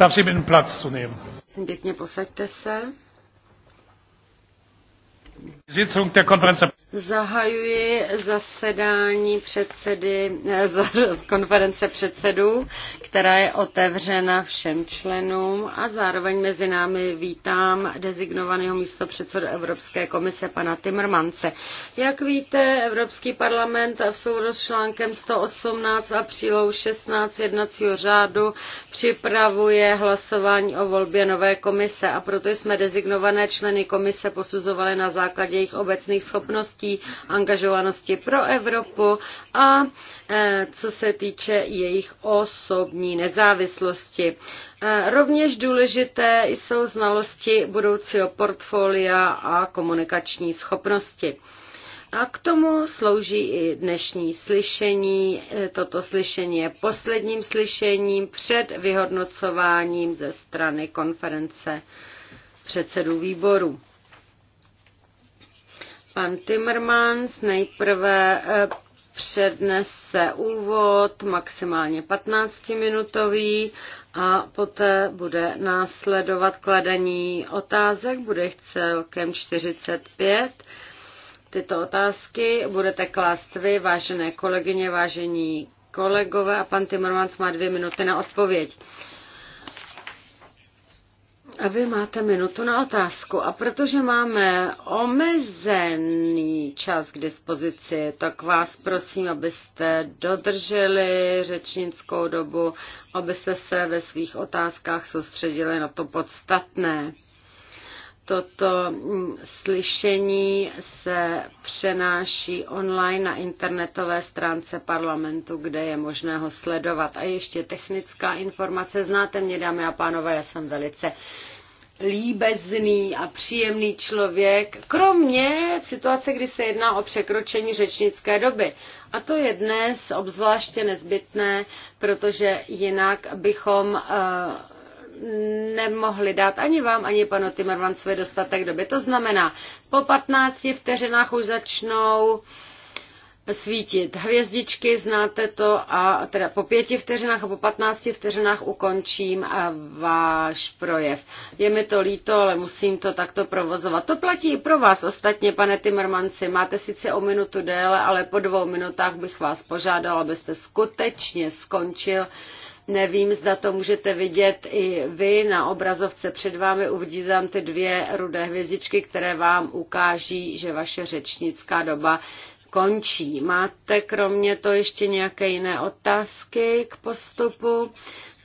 Darf Sie bitten, Platz zu nehmen. Prosím Sitzung der Konferenz Zahajuji zasedání předsedy, eh, konference předsedů, která je otevřena všem členům a zároveň mezi námi vítám dezignovaného místo předsedu Evropské komise pana Timmermance. Jak víte, Evropský parlament v souhru s článkem 118 a přílohou 16 jednacího řádu připravuje hlasování o volbě nové komise a proto jsme dezignované členy komise posuzovali na základě jejich obecných schopností možností angažovanosti pro Evropu a e, co se týče jejich osobní nezávislosti. E, rovněž důležité jsou znalosti budoucího portfolia a komunikační schopnosti. A k tomu slouží i dnešní slyšení. E, toto slyšení je posledním slyšením před vyhodnocováním ze strany konference předsedů výboru. Pan Timmermans nejprve eh, přednese úvod, maximálně 15-minutový, a poté bude následovat kladení otázek, bude jich celkem 45. Tyto otázky budete klást vy, vážené kolegyně, vážení kolegové, a pan Timmermans má dvě minuty na odpověď. A vy máte minutu na otázku. A protože máme omezený čas k dispozici, tak vás prosím, abyste dodrželi řečnickou dobu, abyste se ve svých otázkách soustředili na to podstatné. Toto mm, slyšení se přenáší online na internetové stránce parlamentu, kde je možné ho sledovat. A ještě technická informace. Znáte mě, dámy a pánové, já jsem velice líbezný a příjemný člověk, kromě situace, kdy se jedná o překročení řečnické doby. A to je dnes obzvláště nezbytné, protože jinak bychom uh, nemohli dát ani vám, ani panu Timmermansovi dostatek doby. To znamená, po 15 vteřinách už začnou svítit hvězdičky, znáte to, a teda po pěti vteřinách a po 15 vteřinách ukončím a váš projev. Je mi to líto, ale musím to takto provozovat. To platí i pro vás ostatně, pane Timmermansi. Máte sice o minutu déle, ale po dvou minutách bych vás požádal, abyste skutečně skončil Nevím, zda to můžete vidět i vy na obrazovce před vámi. Uvidíte tam ty dvě rudé hvězdičky, které vám ukáží, že vaše řečnická doba končí. Máte kromě to ještě nějaké jiné otázky k postupu?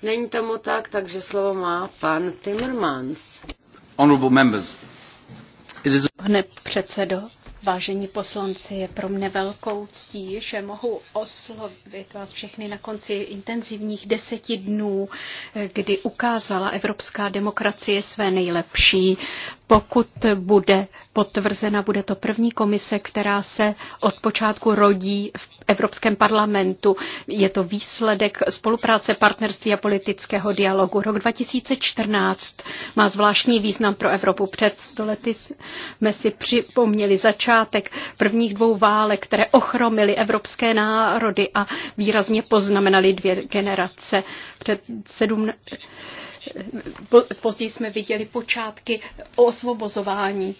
Není tomu tak, takže slovo má pan Timmermans. Honorable members. it is Pane předsedo, Vážení poslanci, je pro mne velkou ctí, že mohu oslovit vás všechny na konci intenzivních deseti dnů, kdy ukázala evropská demokracie své nejlepší. Pokud bude potvrzena, bude to první komise, která se od počátku rodí v Evropském parlamentu. Je to výsledek spolupráce, partnerství a politického dialogu. Rok 2014 má zvláštní význam pro Evropu. Před stolety jsme si připomněli začátek prvních dvou válek, které ochromily evropské národy a výrazně poznamenaly dvě generace. Před sedm Později jsme viděli počátky osvobozování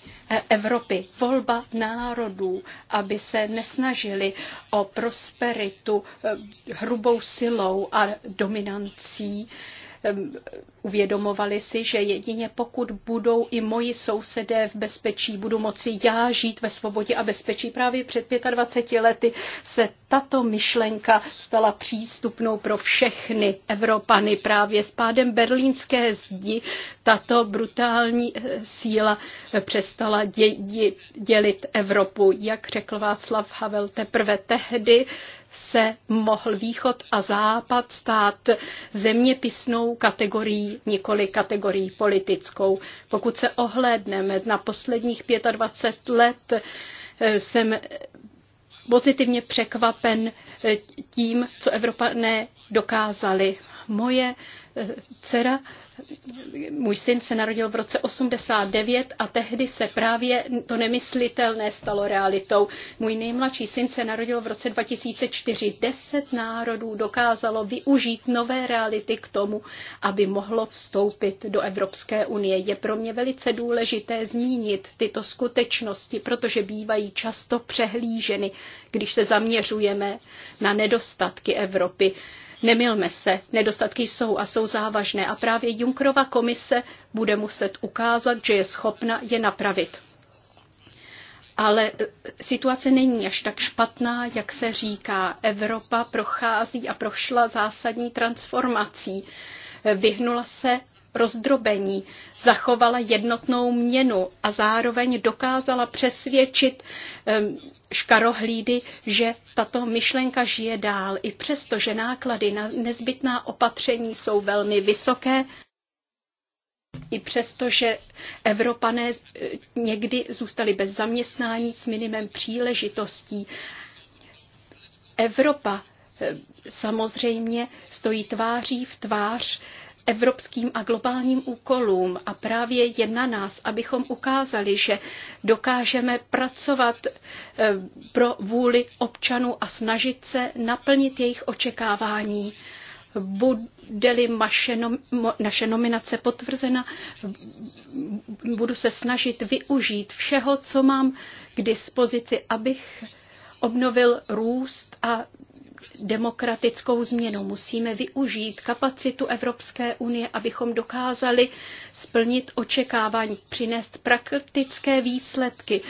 Evropy. Volba národů, aby se nesnažili o prosperitu eh, hrubou silou a dominancí Ehm, uvědomovali si, že jedině pokud budou i moji sousedé v bezpečí, budu moci já žít ve svobodě a bezpečí. Právě před 25 lety se tato myšlenka stala přístupnou pro všechny Evropany. Právě s pádem berlínské zdi tato brutální eh, síla eh, přestala dě- dě- dělit Evropu. Jak řekl Václav Havel, teprve tehdy se mohl východ a západ stát zeměpisnou kategorií, nikoli kategorií politickou. Pokud se ohlédneme na posledních 25 let, eh, jsem pozitivně překvapen eh, tím, co Evropané dokázali. Moje eh, dcera můj syn se narodil v roce 89 a tehdy se právě to nemyslitelné stalo realitou. Můj nejmladší syn se narodil v roce 2004. Deset národů dokázalo využít nové reality k tomu, aby mohlo vstoupit do Evropské unie. Je pro mě velice důležité zmínit tyto skutečnosti, protože bývají často přehlíženy, když se zaměřujeme na nedostatky Evropy. Nemilme se, nedostatky jsou a jsou závažné a právě Junkrova komise bude muset ukázat, že je schopna je napravit. Ale e, situace není až tak špatná, jak se říká. Evropa prochází a prošla zásadní transformací. E, vyhnula se rozdrobení, zachovala jednotnou měnu a zároveň dokázala přesvědčit škarohlídy, že tato myšlenka žije dál, i přesto, že náklady na nezbytná opatření jsou velmi vysoké, i přesto, že Evropané eh, někdy zůstali bez zaměstnání s minimem příležitostí. Evropa eh, samozřejmě stojí tváří v tvář evropským a globálním úkolům a právě je na nás, abychom ukázali, že dokážeme pracovat eh, pro vůli občanů a snažit se naplnit jejich očekávání. Bude-li naše nominace potvrzena, budu se snažit využít všeho, co mám k dispozici, abych obnovil růst a demokratickou změnu. Musíme využít kapacitu Evropské unie, abychom dokázali splnit očekávání, přinést praktické výsledky,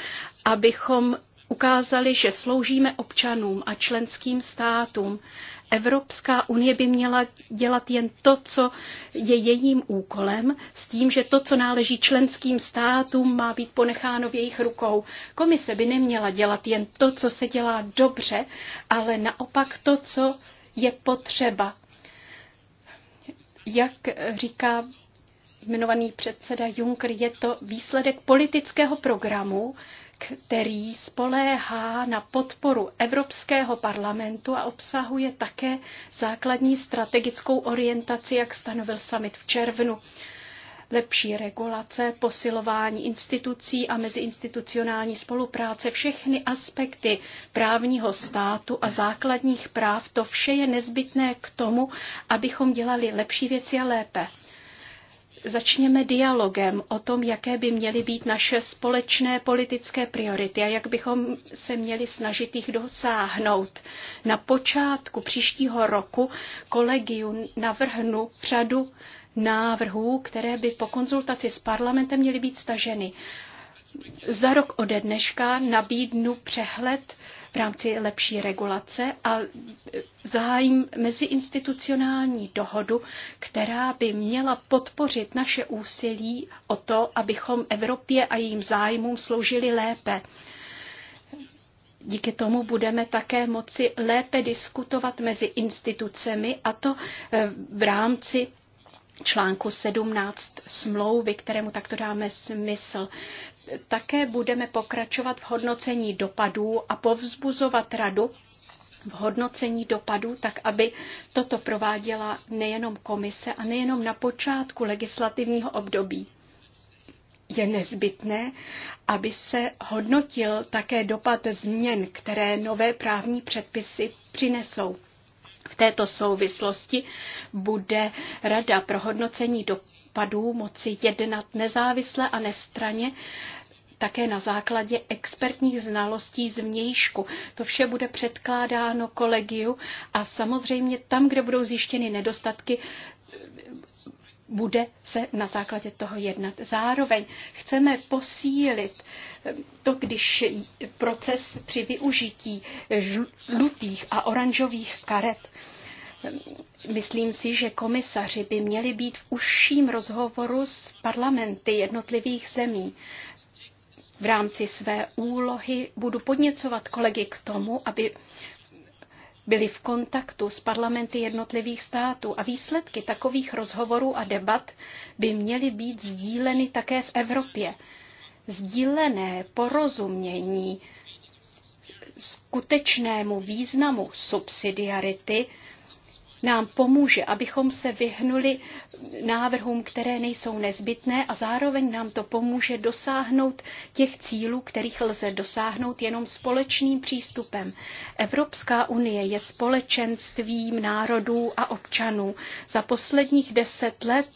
abychom ukázali, že sloužíme občanům a členským státům Evropská unie by měla dělat jen to, co je jejím úkolem, s tím, že to, co náleží členským státům, má být ponecháno v jejich rukou. Komise by neměla dělat jen to, co se dělá dobře, ale naopak to, co je potřeba. Jak říká jmenovaný předseda Juncker, je to výsledek politického programu, který spoléhá na podporu Evropského parlamentu a obsahuje také základní strategickou orientaci, jak stanovil summit v červnu. Lepší regulace, posilování institucí a meziinstitucionální spolupráce, všechny aspekty právního státu a základních práv, to vše je nezbytné k tomu, abychom dělali lepší věci a lépe začněme dialogem o tom, jaké by měly být naše společné politické priority a jak bychom se měli snažit jich dosáhnout. Na počátku příštího roku kolegiu navrhnu řadu návrhů, které by po konzultaci s parlamentem měly být staženy za rok ode dneška nabídnu přehled v rámci lepší regulace a zahájím meziinstitucionální dohodu, která by měla podpořit naše úsilí o to, abychom Evropě a jejím zájmům sloužili lépe. Díky tomu budeme také moci lépe diskutovat mezi institucemi a to eh, v rámci článku 17 smlouvy, kterému takto dáme smysl také budeme pokračovat v hodnocení dopadů a povzbuzovat radu v hodnocení dopadů, tak aby toto prováděla nejenom komise a nejenom na počátku legislativního období. Je nezbytné, aby se hodnotil také dopad změn, které nové právní předpisy přinesou. V této souvislosti bude Rada pro hodnocení dopadů moci jednat nezávisle a nestraně také na základě expertních znalostí z vnějšku. To vše bude předkládáno kolegiu a samozřejmě tam, kde budou zjištěny nedostatky, bude se na základě toho jednat. Zároveň chceme posílit to, když proces při využití žlutých a oranžových karet Myslím si, že komisaři by měli být v užším rozhovoru s parlamenty jednotlivých zemí v rámci své úlohy budu podněcovat kolegy k tomu, aby byli v kontaktu s parlamenty jednotlivých států a výsledky takových rozhovorů a debat by měly být sdíleny také v Evropě. Sdílené porozumění skutečnému významu subsidiarity nám pomůže, abychom se vyhnuli návrhům, které nejsou nezbytné a zároveň nám to pomůže dosáhnout těch cílů, kterých lze dosáhnout jenom společným přístupem. Evropská unie je společenstvím národů a občanů. Za posledních deset let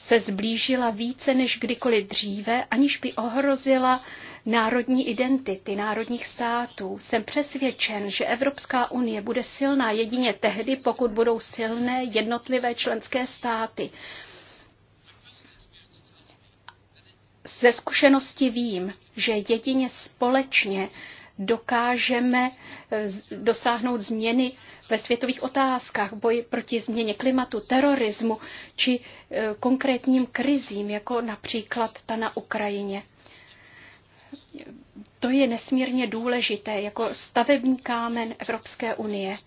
se zblížila více než kdykoliv dříve, aniž by ohrozila národní identity národních států. Jsem přesvědčen, že Evropská unie bude silná jedině tehdy, pokud budou silné jednotlivé členské státy. Ze zkušenosti vím, že jedině společně dokážeme eh, dosáhnout změny ve světových otázkách, boji proti změně klimatu, terorismu či eh, konkrétním krizím, jako například ta na Ukrajině. To je nesmírně důležité jako stavební kámen Evropské unie.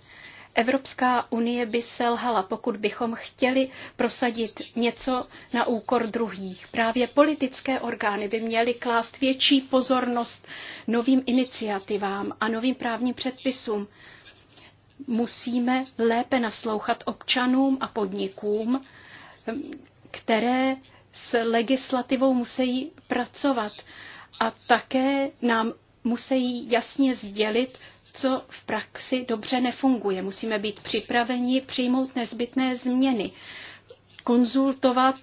Evropská unie by selhala, pokud bychom chtěli prosadit něco na úkor druhých. Právě politické orgány by měly klást větší pozornost novým iniciativám a novým právním předpisům. Musíme lépe naslouchat občanům a podnikům, které s legislativou musí pracovat a také nám musí jasně sdělit, co v praxi dobře nefunguje. Musíme být připraveni přijmout nezbytné změny, konzultovat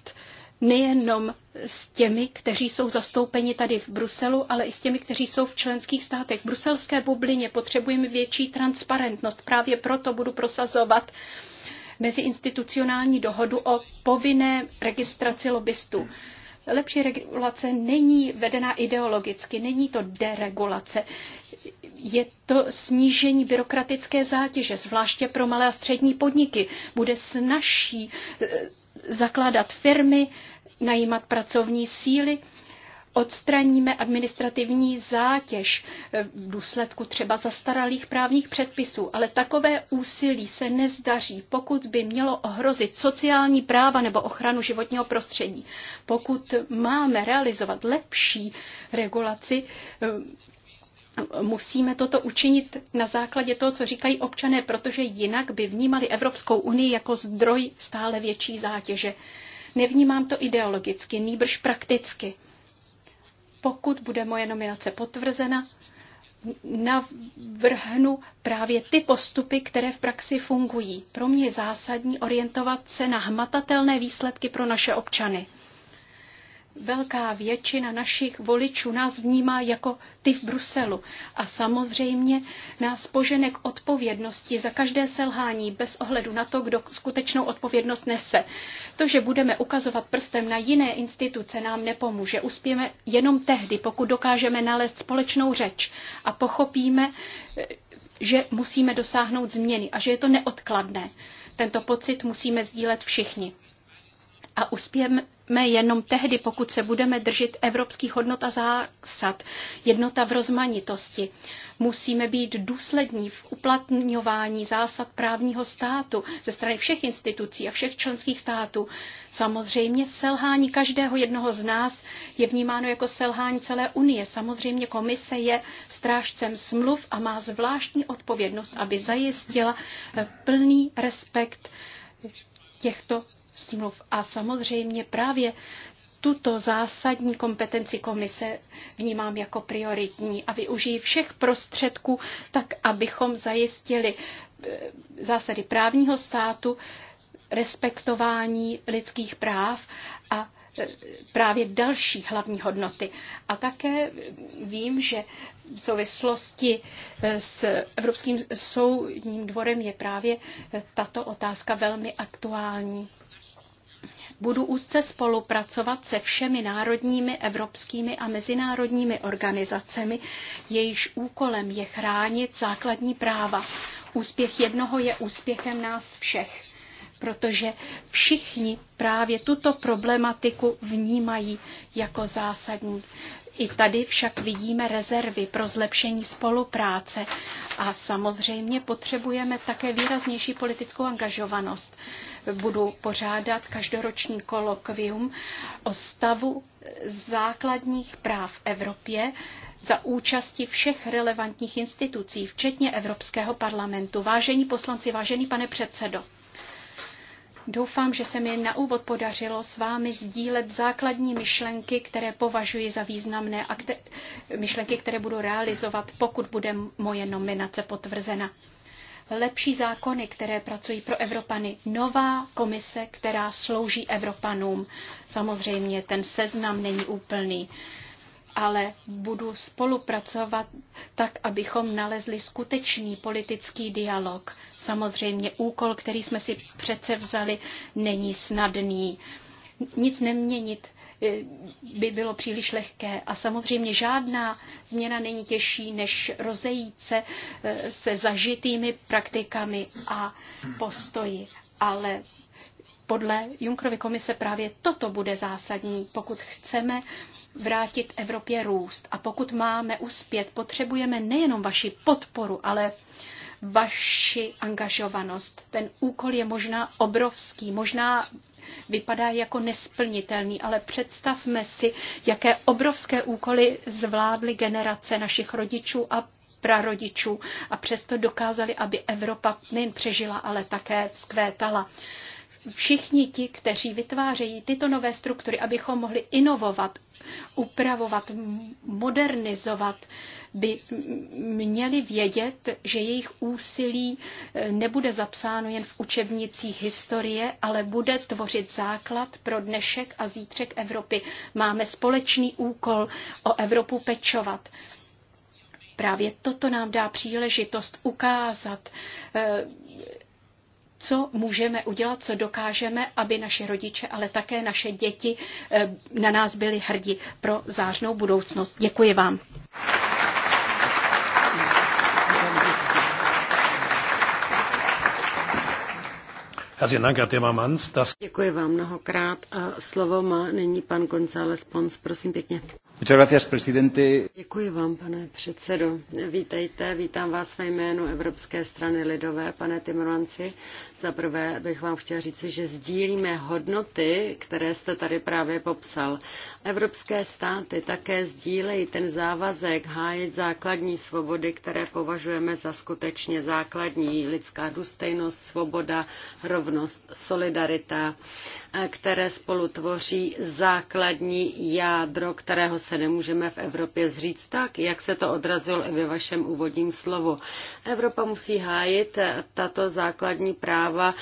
nejenom s těmi, kteří jsou zastoupeni tady v Bruselu, ale i s těmi, kteří jsou v členských státech. V bruselské bublině potřebujeme větší transparentnost. Právě proto budu prosazovat meziinstitucionální dohodu o povinné registraci lobbystů. Lepší regulace není vedená ideologicky, není to deregulace je to snížení byrokratické zátěže, zvláště pro malé a střední podniky. Bude snažší eh, zakládat firmy, najímat pracovní síly, odstraníme administrativní zátěž eh, v důsledku třeba zastaralých právních předpisů, ale takové úsilí se nezdaří, pokud by mělo ohrozit sociální práva nebo ochranu životního prostředí. Pokud máme realizovat lepší regulaci, eh, musíme toto učinit na základě toho, co říkají občané, protože jinak by vnímali Evropskou unii jako zdroj stále větší zátěže. Nevnímám to ideologicky, nýbrž prakticky. Pokud bude moje nominace potvrzena, navrhnu právě ty postupy, které v praxi fungují. Pro mě je zásadní orientovat se na hmatatelné výsledky pro naše občany velká většina našich voličů nás vnímá jako ty v Bruselu. A samozřejmě nás požene k odpovědnosti za každé selhání bez ohledu na to, kdo skutečnou odpovědnost nese. To, že budeme ukazovat prstem na jiné instituce, nám nepomůže. Uspějeme jenom tehdy, pokud dokážeme nalézt společnou řeč a pochopíme, že musíme dosáhnout změny a že je to neodkladné. Tento pocit musíme sdílet všichni a uspějeme jenom tehdy, pokud se budeme držet evropských hodnot a zásad. Jednota v rozmanitosti. Musíme být důslední v uplatňování zásad právního státu ze strany všech institucí a všech členských států. Samozřejmě selhání každého jednoho z nás je vnímáno jako selhání celé Unie. Samozřejmě komise je strážcem smluv a má zvláštní odpovědnost, aby zajistila eh, plný respekt těchto smluv. A samozřejmě právě tuto zásadní kompetenci komise vnímám jako prioritní a využijí všech prostředků tak, abychom zajistili eh, zásady právního státu, respektování lidských práv a právě další hlavní hodnoty. A také vím, že v souvislosti s Evropským soudním dvorem je právě tato otázka velmi aktuální. Budu úzce spolupracovat se všemi národními, evropskými a mezinárodními organizacemi, jejíž úkolem je chránit základní práva. Úspěch jednoho je úspěchem nás všech protože všichni právě tuto problematiku vnímají jako zásadní. I tady však vidíme rezervy pro zlepšení spolupráce a samozřejmě potřebujeme také výraznější politickou angažovanost. Budu pořádat každoroční kolokvium o stavu základních práv v Evropě za účasti všech relevantních institucí, včetně Evropského parlamentu. Vážení poslanci, vážený pane předsedo, Doufám, že se mi na úvod podařilo s vámi sdílet základní myšlenky, které považuji za významné a kte- myšlenky, které budu realizovat, pokud bude moje nominace potvrzena. Lepší zákony, které pracují pro Evropany. Nová komise, která slouží Evropanům. Samozřejmě ten seznam není úplný. Uh, ale budu spolupracovat tak, abychom nalezli skutečný politický dialog. Samozřejmě úkol, který jsme si přece vzali, není snadný. Nic neměnit eh, by bylo příliš lehké. A samozřejmě žádná změna není těžší, než rozejít se eh, se zažitými praktikami a postoji. Ale podle Junkrovy komise právě toto bude zásadní, pokud chceme vrátit Evropě růst. A pokud máme uspět, potřebujeme nejenom vaši podporu, ale vaši angažovanost. Ten úkol je možná obrovský, možná vypadá jako nesplnitelný, ale představme si, jaké obrovské úkoly zvládly generace našich rodičů a prarodičů a přesto dokázali, aby Evropa nejen přežila, ale také vzkvétala všichni ti, kteří vytvářejí tyto nové struktury, abychom mohli inovovat, upravovat, modernizovat, by měli vědět, že jejich úsilí eh, nebude zapsáno jen v učebnicích historie, ale bude tvořit základ pro dnešek a zítřek Evropy. Máme společný úkol o Evropu pečovat. Právě toto nám dá příležitost ukázat eh, co můžeme udělat, co dokážeme, aby naše rodiče, ale také naše děti eh, na nás byli hrdí pro zářnou budoucnost. Děkuji vám. Děkuji vám mnohokrát a slovo má nyní pan González Pons. Prosím pěkně. Děkuji vám, pane předsedající Vítejte, vítám vás ve jménu Evropské strany lidové, pane Timmermansi. Za prvé bych vám chtěla říci, že sdílíme hodnoty, které jste tady právě popsal. Evropské státy také sdílejí ten závazek hájit základní svobody, které považujeme za skutečně základní. Lidská důstojnost, svoboda, rovnost, solidarita, které spolu tvoří základní jádro, kterého se nemůžeme v Evropě zříct tak, jak se to odrazilo i ve vašem úvodním slovu. Evropa musí hájit tato základní práva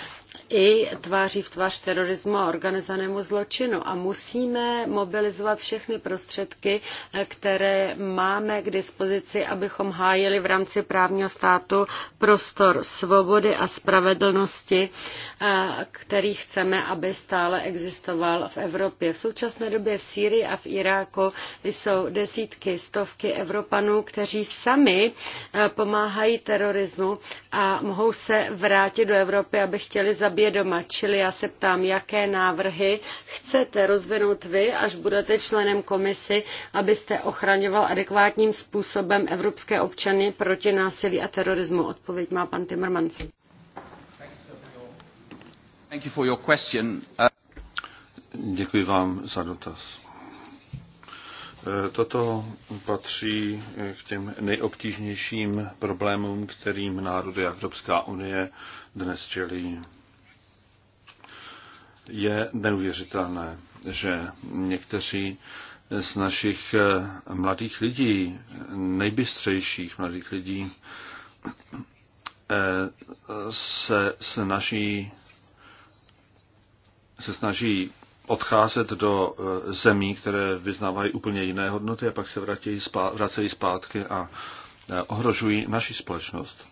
i tváří v tvář terorismu a organizovanému zločinu. A musíme mobilizovat všechny prostředky, které máme k dispozici, abychom hájili v rámci právního státu prostor svobody a spravedlnosti, eh, který chceme, aby stále existoval v Evropě. V současné době v Sýrii a v Iráku jsou desítky, stovky Evropanů, kteří sami eh, pomáhají terorismu a mohou se vrátit do Evropy, aby chtěli zabít doma. Čili já se ptám, jaké návrhy chcete rozvinout vy, až budete členem komisy, abyste ochraňoval adekvátním způsobem evropské občany proti násilí a terorismu. Odpověď má pan Timmermans. Uh, děkuji vám za dotaz. Uh, toto patří k těm nejobtížnějším problémům, kterým národy Evropská unie dnes čelí. Je neuvěřitelné, že někteří z našich eh, mladých lidí, nejbystřejších mladých lidí, eh, se snaží, se snaží odcházet do eh, zemí, které vyznávají úplně jiné hodnoty a pak se vracejí zpátky a ohrožují naši společnost.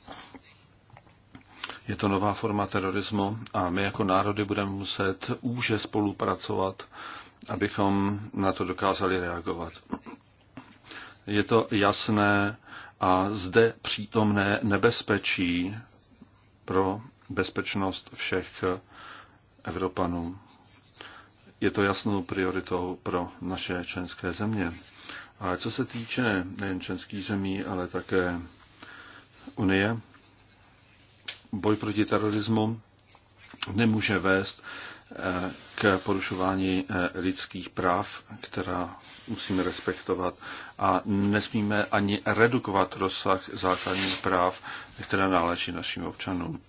Je to nová forma terorismu a my jako národy budeme muset úže spolupracovat, abychom na to dokázali reagovat. Je to jasné a zde přítomné nebezpečí pro bezpečnost všech Evropanů. Je to jasnou prioritou pro naše členské země. Ale co se týče nejen členských zemí, ale také Unie, boj proti terorismu nemůže vést eh, k porušování eh, lidských práv, která musíme respektovat a nesmíme ani redukovat rozsah základních práv, které náleží našim občanům.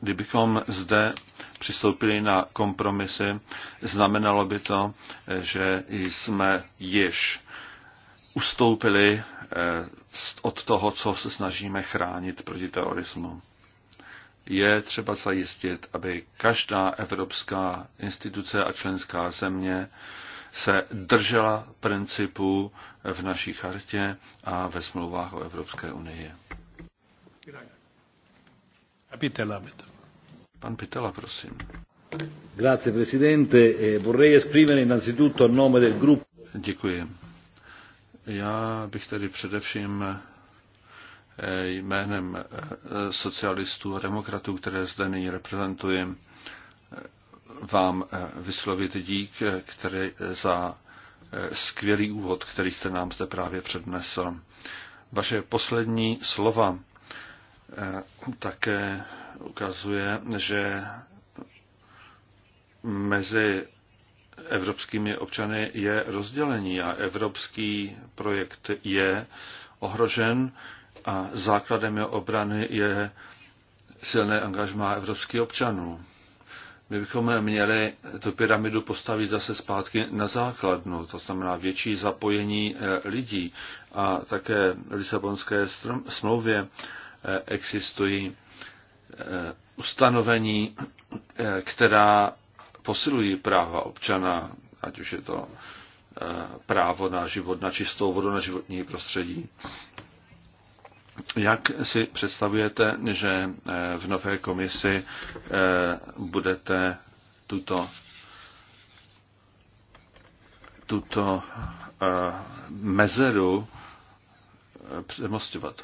Kdybychom zde přistoupili na kompromisy, znamenalo by to, eh, že jsme již ustoupili od toho, co se snažíme chránit proti terorismu je třeba zajistit, aby každá evropská instituce a členská země se držela principů v naší chartě a ve smlouvách o Evropské unii. Pan Pitela, prosím. Grazie Presidente, eh, vorrei esprimere innanzitutto a nome del gruppo. Děkuji. Já bych tedy především Eh, jménem eh, socialistů a demokratů, které zde nyní reprezentuji, eh, vám vyslovit dík který za skvělý úvod, který jste nám zde právě přednesl. Vaše poslední slova také ukazuje, že mezi evropskými občany je rozdělení a evropský projekt je ohrožen a základem jeho obrany je silné angažmá evropských občanů. My bychom měli tu pyramidu postavit zase zpátky na základnu, to znamená větší zapojení eh, lidí. A také v Lisabonské smlouvě eh, existují eh, ustanovení, která posilují práva občana, ať už je to právo na život, na čistou vodu, na životní prostředí. Jak si představujete, že eh, v nové komisi eh, budete tuto, tuto eh, mezeru přemostovat?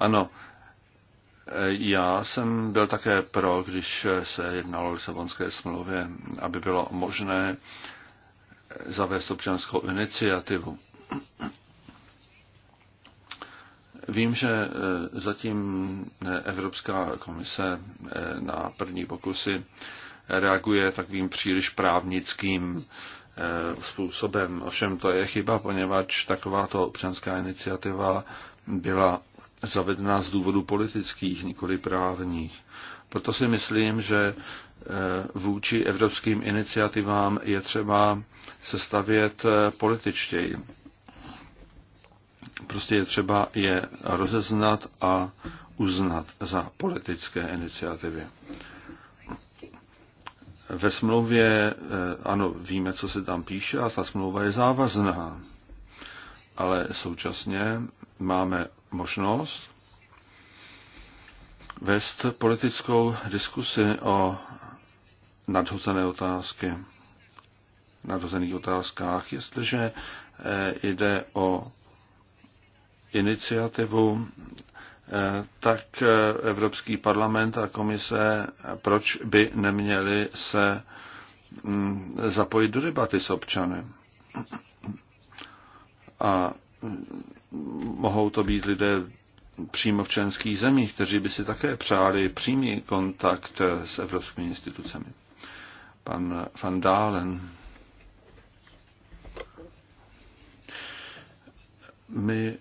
Ano, já jsem byl také pro, když se jednalo o Lisabonské smlouvě, aby bylo možné zavést občanskou iniciativu. Vím, že eh, zatím eh, Evropská komise eh, na první pokusy reaguje takovým příliš právnickým způsobem. Ovšem to je chyba, poněvadž takováto občanská iniciativa byla zavedena z důvodu politických, nikoli právních. Proto si myslím, že vůči evropským iniciativám je třeba se stavět političtěji. Prostě je třeba je rozeznat a uznat za politické iniciativy. Ve smlouvě, eh, ano, víme, co se tam píše a ta smlouva je závazná, ale současně máme možnost vést politickou diskusi o nadhozené otázky, nadhozených otázkách, jestliže eh, jde o iniciativu, eh, tak eh, Evropský parlament a komise, proč by neměli se mm, zapojit do debaty s občany. A mm, mohou to být lidé přímo v členských zemích, kteří by si také přáli přímý kontakt s evropskými institucemi. Pan Van Dalen. My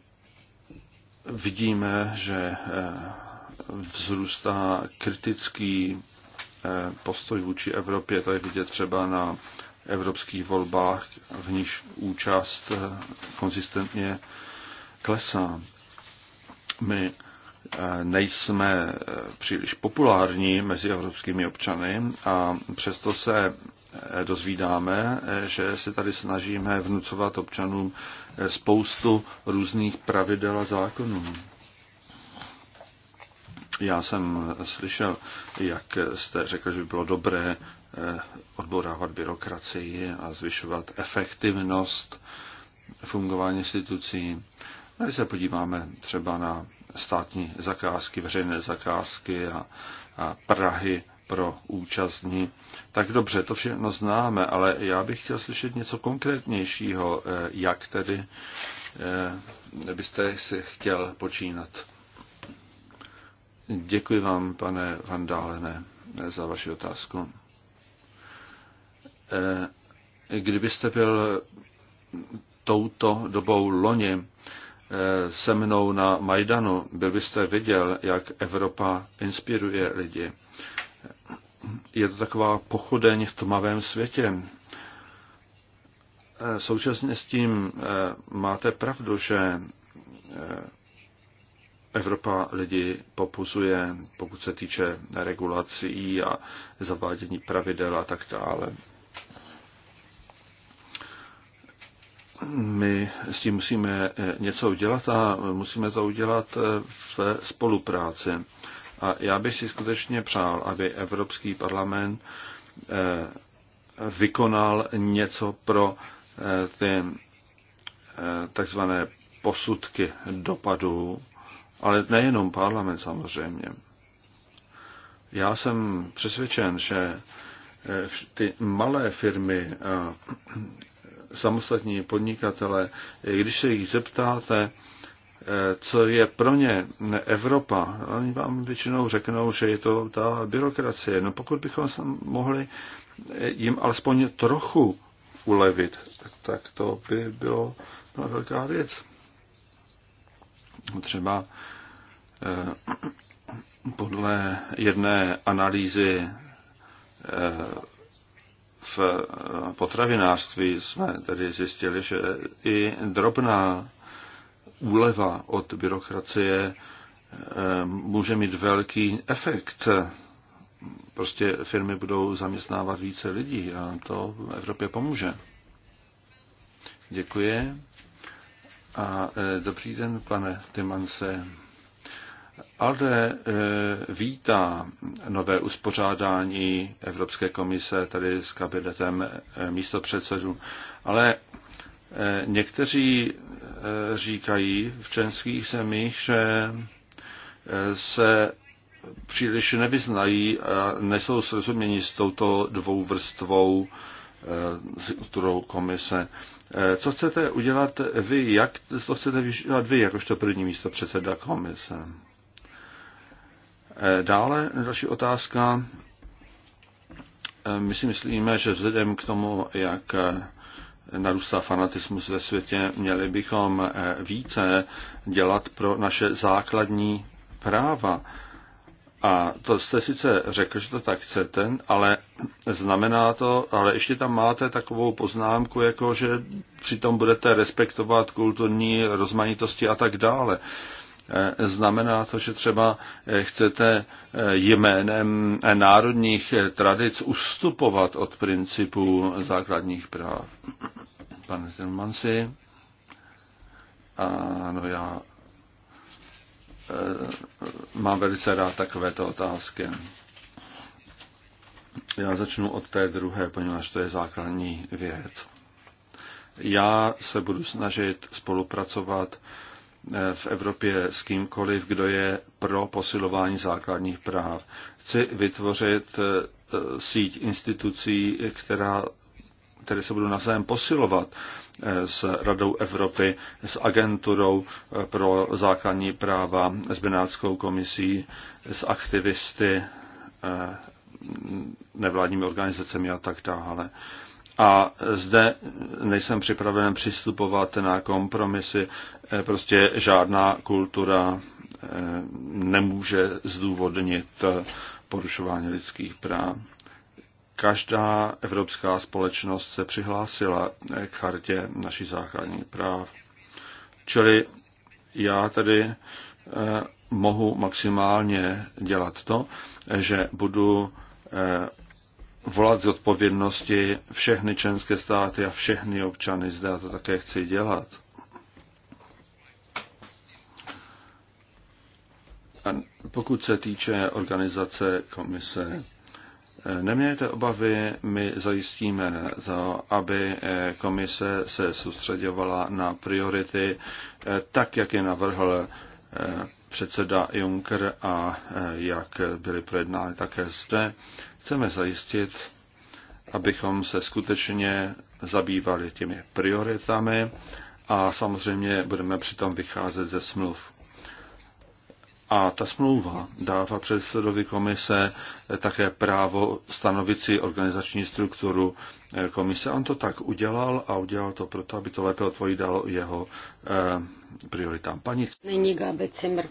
vidíme, že eh, vzrůstá kritický eh, postoj vůči Evropě. To je vidět třeba na evropských volbách, v níž účast eh, konzistentně klesá. My nejsme příliš populární mezi evropskými občany a přesto se Eh, dozvídáme, eh, že se tady snažíme vnucovat občanům eh, spoustu různých pravidel a zákonů. Já jsem slyšel, jak jste řekl, že by bylo dobré odborávat byrokracii a zvyšovat efektivnost fungování institucí. Když se podíváme třeba na státní zakázky, veřejné zakázky a, a Prahy pro účastní tak dobře, to všechno známe, ale já bych chtěl slyšet něco konkrétnějšího, eh, jak tedy eh, byste si chtěl počínat. Děkuji vám, pane Vandálené, za vaši otázku. Eh, kdybyste byl touto dobou loni se mnou na Majdanu, byl byste viděl, jak Evropa inspiruje lidi je to taková pochodeň v tmavém světě. E, současně s tím e, máte pravdu, že e, Evropa lidi popuzuje, pokud se týče regulací a zavádění pravidel a tak dále. My s tím musíme něco udělat a musíme to udělat v spolupráci. A já bych si skutečně přál, aby Evropský parlament eh, vykonal něco pro eh, ty eh, takzvané posudky dopadů, ale nejenom parlament samozřejmě. Já jsem přesvědčen, že ty malé firmy, samostatní podnikatele, když se jich zeptáte, co je pro ně Evropa, oni vám většinou řeknou, že je to ta byrokracie. No pokud bychom se mohli jim alespoň trochu ulevit, tak to by bylo byla velká věc. Třeba eh, podle jedné analýzy eh, v eh, potravinářství jsme tedy zjistili, že i drobná úleva od byrokracie eh, může mít velký efekt. Prostě firmy budou zaměstnávat více lidí a to v Evropě pomůže. Děkuji. A eh, dobrý den, pane Timance. ALDE eh, vítá nové uspořádání Evropské komise tady s kabinetem místopředsedů, ale Eh, někteří eh, říkají v členských zemích, že eh, se příliš nevyznají a nesou srozumění s touto dvouvrstvou strukturou komise. Co chcete udělat vy, jak to chcete udělat vy, jakožto první místo předseda komise? Dále další otázka. My si myslíme, že vzhledem k tomu, jak narůstá fanatismus ve světě, měli bychom eh, více dělat pro naše základní práva. A to jste sice řekl, že to tak chcete, ale znamená to, ale ještě tam máte takovou poznámku, jako že přitom budete respektovat kulturní rozmanitosti a tak dále. Eh, znamená to, že třeba eh, chcete eh, jménem národních tradic ustupovat od principů základních práv. Pane Zemmansi? ano, já mám velice rád takovéto otázky. Já začnu od té druhé, poněvadž to je základní věc. Já se budu snažit spolupracovat v Evropě s kýmkoliv, kdo je pro posilování základních práv. Chci vytvořit eh, síť institucí, která, které se budou navzájem posilovat eh, s Radou Evropy, s agenturou eh, pro základní práva, s Benátskou komisí, s aktivisty, nevládními organizacemi a tak dále. A zde nejsem připraven přistupovat na kompromisy. Eh, prostě žádná kultura eh, nemůže zdůvodnit eh, porušování lidských práv. Každá evropská společnost se přihlásila k chartě naší základních práv. Čili já tady mohu maximálně dělat to, že budu volat z odpovědnosti všechny členské státy a všechny občany. Zde já to také chci dělat. A pokud se týče organizace komise, nemějte obavy, my zajistíme to, aby komise se soustředovala na priority tak, jak je navrhl eh, předseda Juncker a eh, jak byly projednány také zde. Chceme zajistit, abychom se skutečně zabývali těmi prioritami a samozřejmě budeme přitom vycházet ze smluv. A ta smlouva dává předsedovi komise také právo stanovit si organizační strukturu komise. On to tak udělal a udělal to proto, aby to lépe odpovídalo jeho eh, prioritám. Paní. Nyní Gábe Cimr.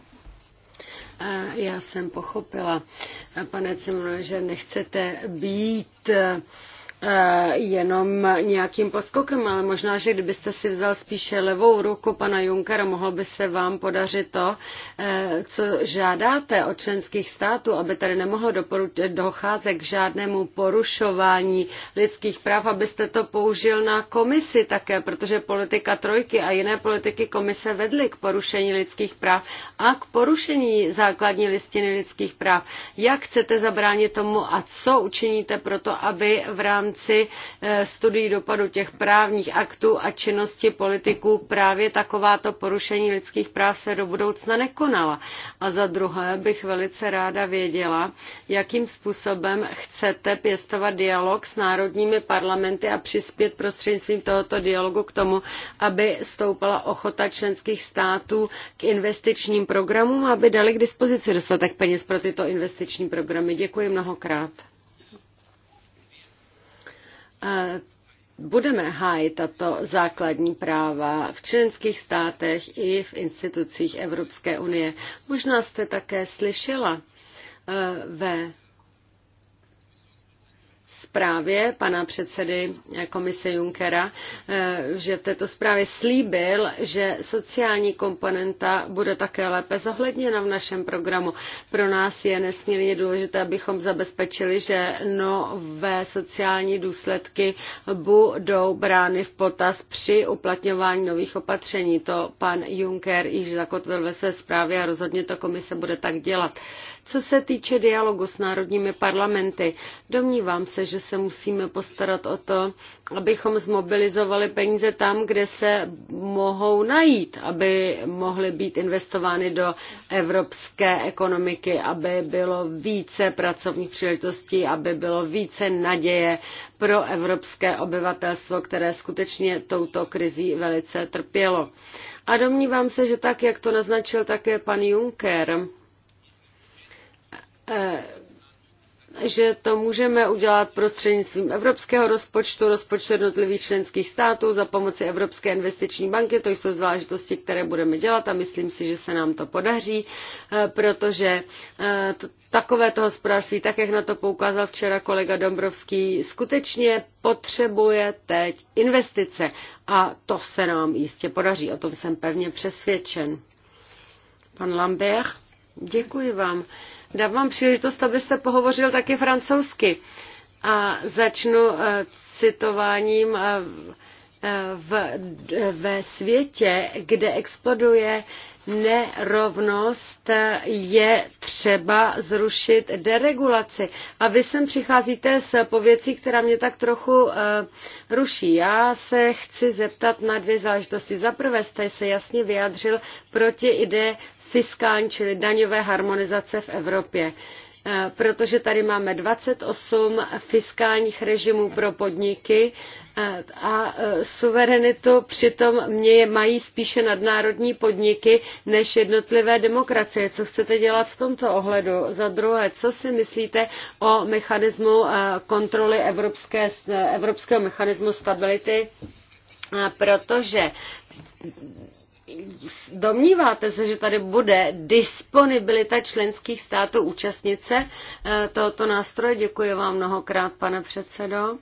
Já jsem pochopila, pane cimrmane že nechcete být Eh, jenom nějakým poskokem, ale možná, že kdybyste si vzal spíše levou ruku pana Junkera, mohlo by se vám podařit to, eh, co žádáte od členských států, aby tady nemohlo docházet k žádnému porušování lidských práv, abyste to použil na komisi také, protože politika trojky a jiné politiky komise vedly k porušení lidských práv a k porušení základní listiny lidských práv. Jak chcete zabránit tomu a co učiníte proto, aby v rámci rámci eh, studií dopadu těch právních aktů a činnosti politiků právě takováto porušení lidských práv se do budoucna nekonala. A za druhé bych velice ráda věděla, jakým způsobem chcete pěstovat dialog s národními parlamenty a přispět prostřednictvím tohoto dialogu k tomu, aby stoupala ochota členských států k investičním programům, aby dali k dispozici dostatek peněz pro tyto investiční programy. Děkuji mnohokrát budeme hájit tato základní práva v členských státech i v institucích Evropské unie. Možná jste také slyšela eh, ve zprávě pana předsedy komise Junckera, eh, že v této zprávě slíbil, že sociální komponenta bude také lépe zohledněna v našem programu. Pro nás je nesmírně důležité, abychom zabezpečili, že nové sociální důsledky budou brány v potaz při uplatňování nových opatření. To pan Juncker již zakotvil ve své zprávě a rozhodně to komise bude tak dělat. Co se týče dialogu s národními parlamenty, domnívám se, že se musíme postarat o to, abychom zmobilizovali peníze tam, kde se mohou najít, aby mohly být investovány do evropské ekonomiky, aby bylo více pracovních příležitostí, aby bylo více naděje pro evropské obyvatelstvo, které skutečně touto krizí velice trpělo. A domnívám se, že tak, jak to naznačil také pan Juncker, Eh, že to můžeme udělat prostřednictvím evropského rozpočtu, rozpočtu jednotlivých členských států za pomoci Evropské investiční banky. To jsou záležitosti, které budeme dělat a myslím si, že se nám to podaří, eh, protože eh, takovéto hospodářství, tak jak na to poukázal včera kolega Dombrovský, skutečně potřebuje teď investice a to se nám jistě podaří, o tom jsem pevně přesvědčen. Pan Lambert, děkuji vám dám vám příležitost, abyste pohovořil taky francouzsky. A začnu eh, citováním eh, v, eh, ve světě, kde exploduje nerovnost, je třeba zrušit deregulaci. A vy sem přicházíte s pověcí, která mě tak trochu uh, ruší. Já se chci zeptat na dvě záležitosti. Za prvé jste se jasně vyjádřil proti ide fiskální, čili daňové harmonizace v Evropě e, protože tady máme 28 fiskálních režimů pro podniky e, a e, suverenitu přitom mě mají spíše nadnárodní podniky než jednotlivé demokracie. Co chcete dělat v tomto ohledu? Za druhé, co si myslíte o mechanismu kontroly evropské, evropského mechanismu stability? Protože Domníváte se, že tady bude disponibilita členských států účastnice eh, tohoto nástroje? Děkuji vám mnohokrát, pane předsedo.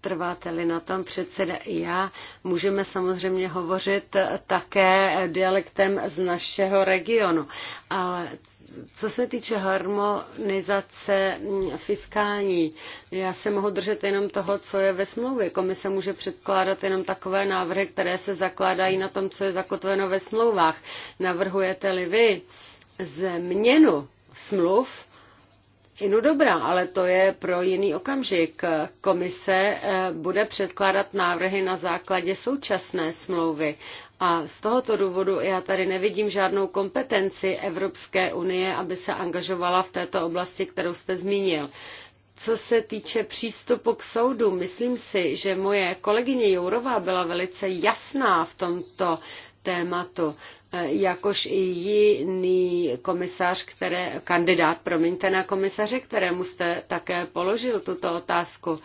trváte-li na tom předseda i já, můžeme samozřejmě hovořit také dialektem z našeho regionu. Ale co se týče harmonizace fiskální, já se mohu držet jenom toho, co je ve smlouvě. Komise může předkládat jenom takové návrhy, které se zakládají na tom, co je zakotveno ve smlouvách. Navrhujete-li vy změnu smluv, Inu dobrá, ale to je pro jiný okamžik. Komise eh, bude předkládat návrhy na základě současné smlouvy a z tohoto důvodu já tady nevidím žádnou kompetenci Evropské unie, aby se angažovala v této oblasti, kterou jste zmínil. Co se týče přístupu k soudu, myslím si, že moje kolegyně Jourová byla velice jasná v tomto tématu, eh, jakož i jiný komisař, které, kandidát, promiňte, na komisaře, kterému jste také položil tuto otázku.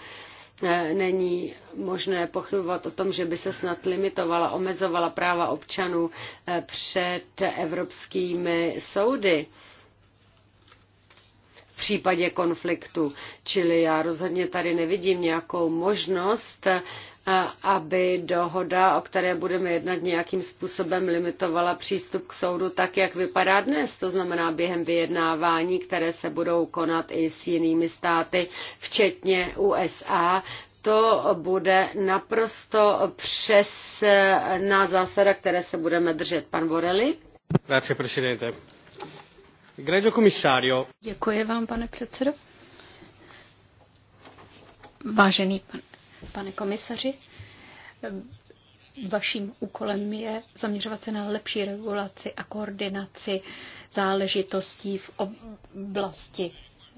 E, není možné pochybovat o tom, že by se snad limitovala, omezovala práva občanů e, před evropskými soudy v případě konfliktu. Čili já rozhodně tady nevidím nějakou možnost aby dohoda, o které budeme jednat, nějakým způsobem limitovala přístup k soudu tak, jak vypadá dnes, to znamená během vyjednávání, které se budou konat i s jinými státy, včetně USA, to bude naprosto přes na zásada, které se budeme držet. Pan Borelli? Grazie, presidente. Grejo komisario. Děkuji vám, pane předsedo. Vážený pan pane komisaři. Vaším úkolem je zaměřovat se na lepší regulaci a koordinaci záležitostí v oblasti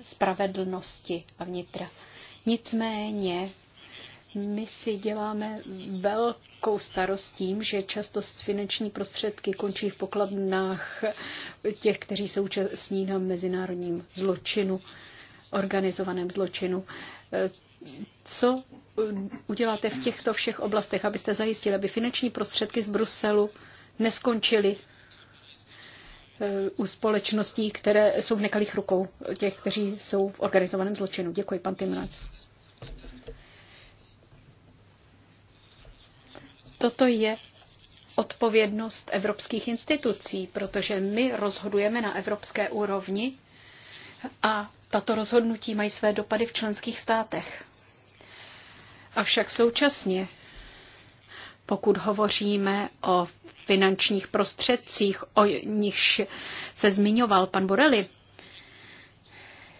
spravedlnosti a vnitra. Nicméně my si děláme velkou starost tím, že často finanční prostředky končí v pokladnách těch, kteří se účastní na mezinárodním zločinu, organizovaném zločinu co eh, uděláte v těchto všech oblastech, abyste zajistili, aby finanční prostředky z Bruselu neskončily eh, u společností, které jsou v nekalých rukou těch, kteří jsou v organizovaném zločinu. Děkuji, pan Timnac. Toto je odpovědnost evropských institucí, protože my rozhodujeme na evropské úrovni a tato rozhodnutí mají své dopady v členských státech. Avšak současně, pokud hovoříme o finančních prostředcích, o nichž se zmiňoval pan Borelli,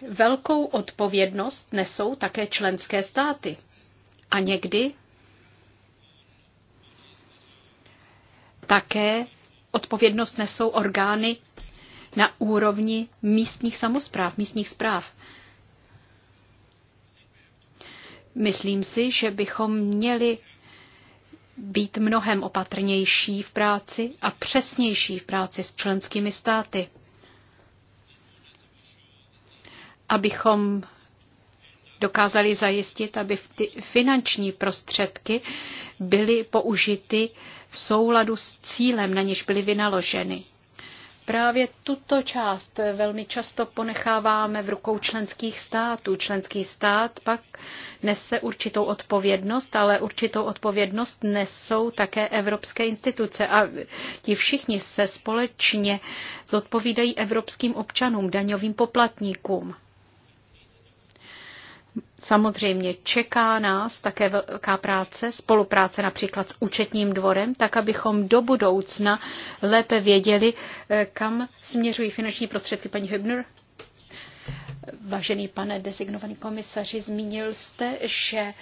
velkou odpovědnost nesou také členské státy. A někdy také odpovědnost nesou orgány na úrovni místních samozpráv, místních zpráv. Myslím si, že bychom měli být mnohem opatrnější v práci a přesnější v práci s členskými státy, abychom dokázali zajistit, aby ty finanční prostředky byly použity v souladu s cílem, na něž byly vynaloženy. Právě tuto část velmi často ponecháváme v rukou členských států. Členský stát pak nese určitou odpovědnost, ale určitou odpovědnost nesou také evropské instituce a ti všichni se společně zodpovídají evropským občanům, daňovým poplatníkům. Samozřejmě čeká nás také velká práce, spolupráce například s účetním dvorem, tak abychom do budoucna lépe věděli, eh, kam směřují finanční prostředky paní Hübner. Vážený pane designovaný komisaři, zmínil jste, že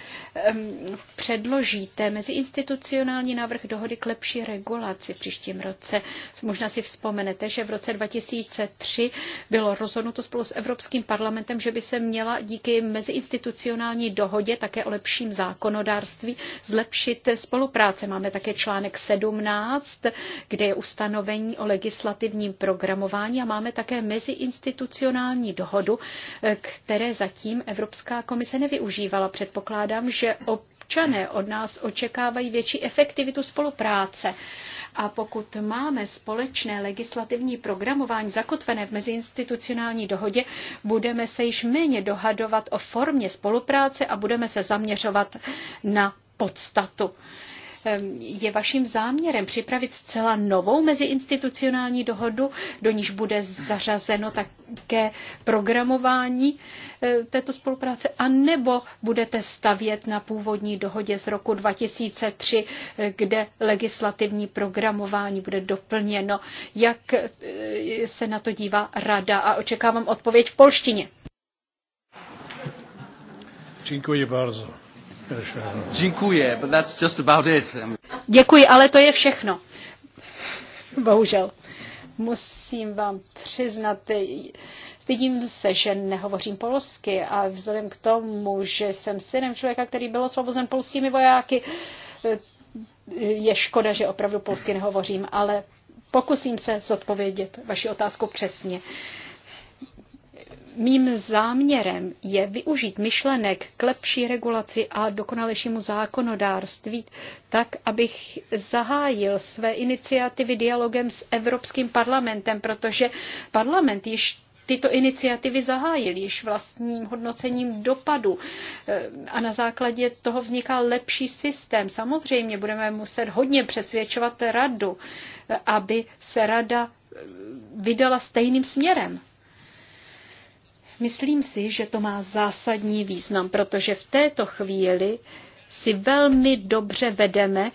předložíte meziinstitucionální návrh dohody k lepší regulaci v příštím roce. Možná si vzpomenete, že v roce 2003 bylo rozhodnuto spolu s Evropským parlamentem, že by se měla díky meziinstitucionální dohodě také o lepším zákonodárství zlepšit spolupráce. Máme také článek 17, kde je ustanovení o legislativním programování a máme také meziinstitucionální dohodu, které zatím Evropská komise nevyužívala. Předpokládám, že občané od nás očekávají větší efektivitu spolupráce. A pokud máme společné legislativní programování zakotvené v meziinstitucionální dohodě, budeme se již méně dohadovat o formě spolupráce a budeme se zaměřovat na podstatu je vaším záměrem připravit zcela novou meziinstitucionální dohodu, do níž bude zařazeno také programování eh, této spolupráce, anebo budete stavět na původní dohodě z roku 2003, eh, kde legislativní programování bude doplněno. Jak eh, se na to dívá rada a očekávám odpověď v polštině. Dziękuję bardzo. Děkuji, ale to je všechno. Bohužel. Musím vám přiznat, Stydím se, že nehovořím polsky a vzhledem k tomu, že jsem synem člověka, který byl osvobozen polskými vojáky, je škoda, že opravdu polsky nehovořím, ale pokusím se zodpovědět vaši otázku přesně. Uh, Mým záměrem je využít myšlenek k lepší regulaci a dokonalejšímu zákonodárství tak, abych zahájil své iniciativy dialogem s Evropským parlamentem, protože parlament již tyto iniciativy zahájil již vlastním hodnocením dopadu e, a na základě toho vzniká lepší systém. Samozřejmě budeme muset hodně přesvědčovat radu, e, aby se rada e, vydala stejným směrem. Myslím si, že to má zásadní význam, protože v této chvíli si velmi dobře vedeme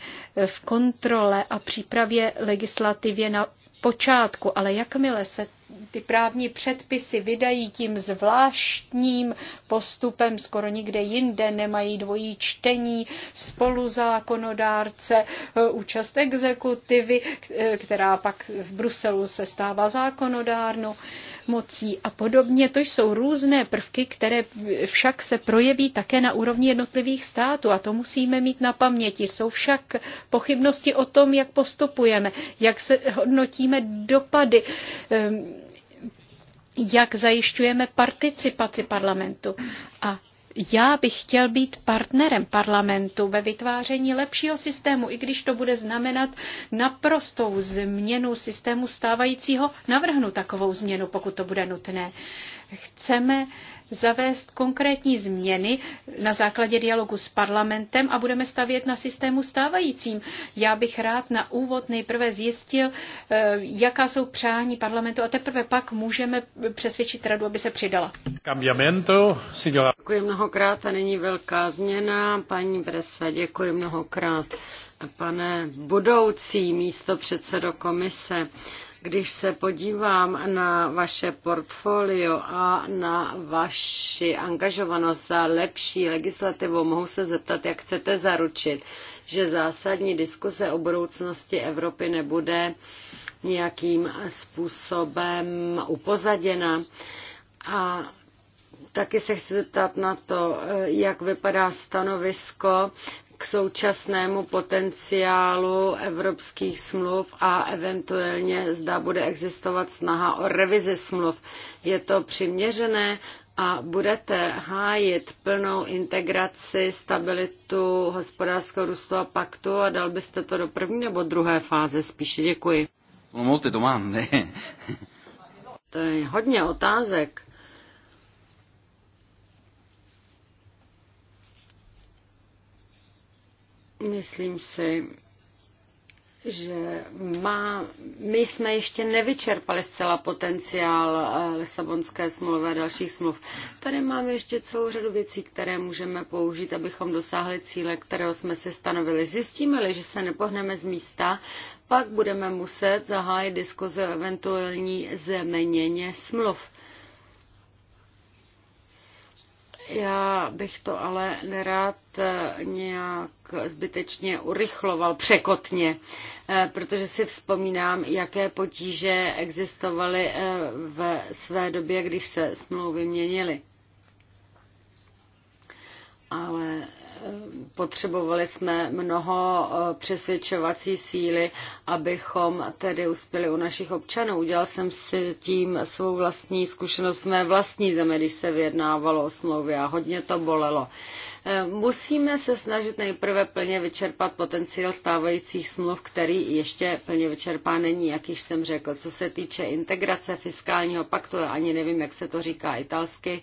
v kontrole a přípravě legislativě na počátku, ale jakmile se ty právní předpisy vydají tím zvláštním postupem, skoro nikde jinde nemají dvojí čtení, spoluzákonodárce, e, účast exekutivy, e, která pak v Bruselu se stává zákonodárnou mocí a podobně. To jsou různé prvky, které však se projeví také na úrovni jednotlivých států a to musíme mít na paměti. Jsou však pochybnosti o tom, jak postupujeme, jak se hodnotíme dopady jak zajišťujeme participaci parlamentu. A já bych chtěl být partnerem parlamentu ve vytváření lepšího systému, i když to bude znamenat naprostou změnu systému stávajícího, navrhnu takovou změnu, pokud to bude nutné. Chceme zavést konkrétní změny na základě dialogu s parlamentem a budeme stavět na systému stávajícím. Já bych rád na úvod nejprve zjistil, eh, jaká jsou přání parlamentu a teprve pak můžeme přesvědčit radu, aby se přidala. Děkuji mnohokrát a není velká změna. Paní Bresa, děkuji mnohokrát. Pane budoucí místo předsedo komise, když se podívám na vaše portfolio a na vaši angažovanost za lepší legislativu, mohu se zeptat, jak chcete zaručit, že zásadní diskuse o budoucnosti Evropy nebude nějakým způsobem upozaděna. A taky se chci zeptat na to, jak vypadá stanovisko k současnému potenciálu evropských smluv a eventuálně zda bude existovat snaha o revizi smluv. Je to přiměřené a budete hájit plnou integraci, stabilitu hospodářského růstu a paktu a dal byste to do první nebo druhé fáze spíše? Děkuji. to je hodně otázek. Myslím si, že má, my jsme ještě nevyčerpali zcela potenciál eh, Lisabonské smlouvy a dalších smluv. Tady máme ještě celou řadu věcí, které můžeme použít, abychom dosáhli cíle, kterého jsme si stanovili. Zjistíme-li, že se nepohneme z místa, pak budeme muset zahájit diskuze o eventuální zeměněně smluv. Já bych to ale nerád eh, nějak zbytečně urychloval překotně, eh, protože si vzpomínám, jaké potíže existovaly eh, v své době, když se smlouvy měnily. Ale potřebovali jsme mnoho eh, přesvědčovací síly, abychom tedy uspěli u našich občanů. Udělal jsem si tím svou vlastní zkušenost v mé vlastní zemi, když se vyjednávalo o smlouvě a hodně to bolelo. Eh, musíme se snažit nejprve plně vyčerpat potenciál stávajících smluv, který ještě plně vyčerpá není, jak již jsem řekl. Co se týče integrace fiskálního paktu, ani nevím, jak se to říká italsky,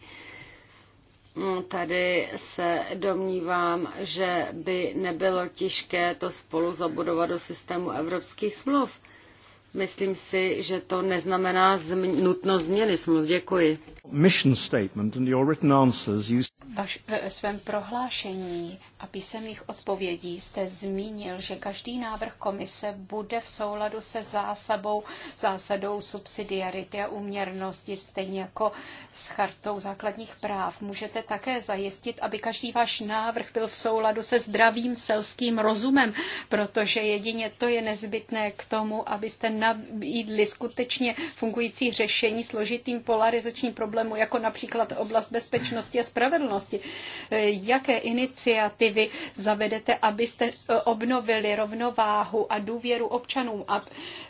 Tady se domnívám, že by nebylo těžké to spolu zabudovat do systému evropských smluv. Myslím si, že to neznamená zm- nutnost změny smluv. Děkuji. Mission statement and your written answers you... Vaš, ve svém prohlášení a písemných odpovědí jste zmínil, že každý návrh komise bude v souladu se zásadou, zásadou subsidiarity a uměrnosti, stejně jako s chartou základních práv. Můžete také zajistit, aby každý váš návrh byl v souladu se zdravým selským rozumem, protože jedině to je nezbytné k tomu, abyste nabídli skutečně fungující řešení složitým polarizačním problému, jako například oblast bezpečnosti a spravedlnosti spravedlnosti. E, jaké iniciativy zavedete, abyste e, obnovili rovnováhu a důvěru občanům,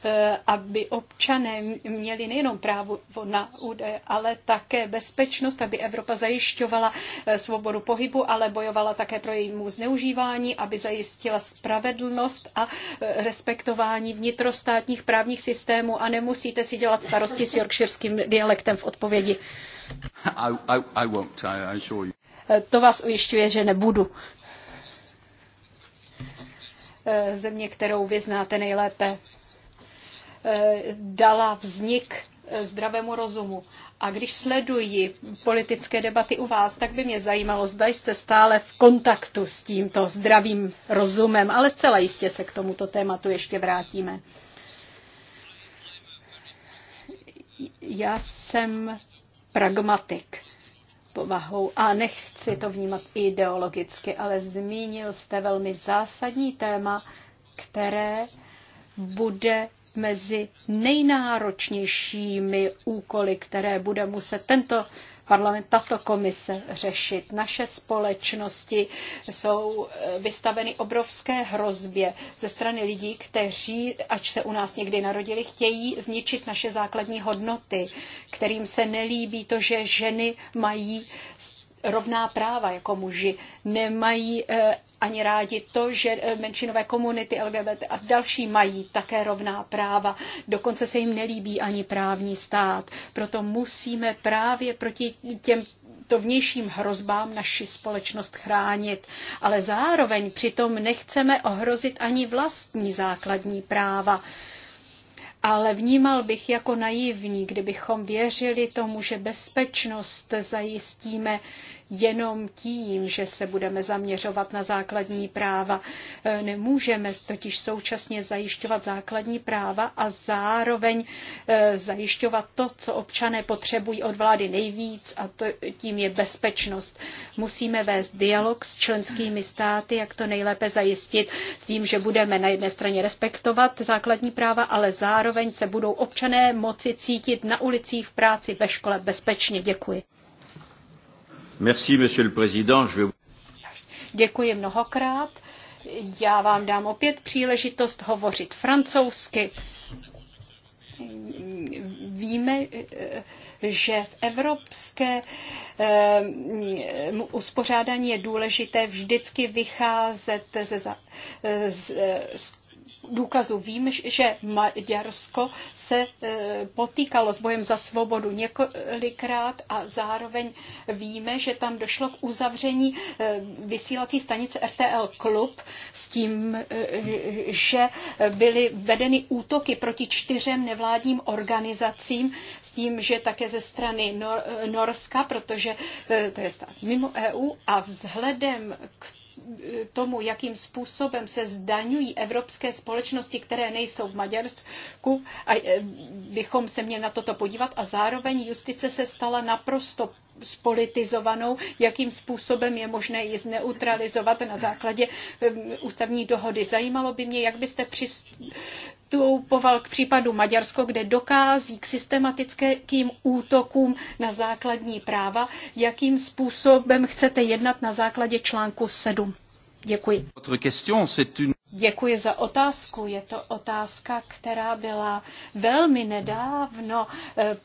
e, aby občané měli nejenom právo na údaje, ale také bezpečnost, aby Evropa zajišťovala svobodu pohybu, ale bojovala také pro jejímu zneužívání, aby zajistila spravedlnost a respektování vnitrostátních právních systémů a nemusíte si dělat starosti s yorkshireským dialektem v odpovědi. I, I, I won't, I, you. Eh, to vás ujišťuje, že nebudu. Eh, země, kterou vy znáte nejlépe, eh, dala vznik zdravému rozumu. A když sleduji politické debaty u vás, tak by mě zajímalo, zda jste stále v kontaktu s tímto zdravým rozumem, ale zcela jistě se k tomuto tématu ještě vrátíme. Já jsem pragmatik povahou a nechci to vnímat ideologicky, ale zmínil jste velmi zásadní téma, které bude mezi nejnáročnějšími úkoly, které bude muset tento parlament, tato komise řešit. Naše společnosti jsou eh, vystaveny obrovské hrozbě ze strany lidí, kteří, ač se u nás někdy narodili, chtějí zničit naše základní hodnoty, kterým se nelíbí to, že ženy mají rovná práva jako muži, nemají eh, ani rádi to, že eh, menšinové komunity LGBT a další mají také rovná práva. Dokonce se jim nelíbí ani právní stát. Proto musíme právě proti těm to vnějším hrozbám naši společnost chránit, ale zároveň přitom nechceme ohrozit ani vlastní základní práva ale vnímal bych jako naivní, kdybychom věřili tomu, že bezpečnost zajistíme jenom tím, že se budeme zaměřovat na základní práva. E, nemůžeme totiž současně zajišťovat základní práva a zároveň e, zajišťovat to, co občané potřebují od vlády nejvíc a to, tím je bezpečnost. Musíme vést dialog s členskými státy, jak to nejlépe zajistit s tím, že budeme na jedné straně respektovat základní práva, ale zároveň se budou občané moci cítit na ulicích, v práci, ve škole bezpečně. Děkuji. Děkuji mnohokrát. Já vám dám opět příležitost hovořit francouzsky. Víme, že v evropské eh, uspořádání je důležité vždycky vycházet ze, z, z důkazů. Vím, že Maďarsko se e, potýkalo s bojem za svobodu několikrát a zároveň víme, že tam došlo k uzavření e, vysílací stanice RTL Klub s tím, e, že byly vedeny útoky proti čtyřem nevládním organizacím s tím, že také ze strany Norska, protože to je stát mimo EU a vzhledem k tomu, jakým způsobem se zdaňují evropské společnosti, které nejsou v Maďarsku, a e, bychom se měli na toto podívat. A zároveň justice se stala naprosto spolitizovanou, jakým způsobem je možné ji zneutralizovat na základě e, ústavní dohody. Zajímalo by mě, jak byste přist přistupoval k případu Maďarsko, kde dokází k systematickým útokům na základní práva. Jakým způsobem chcete jednat na základě článku 7? Děkuji. Děkuji za otázku. Je to otázka, která byla velmi nedávno eh,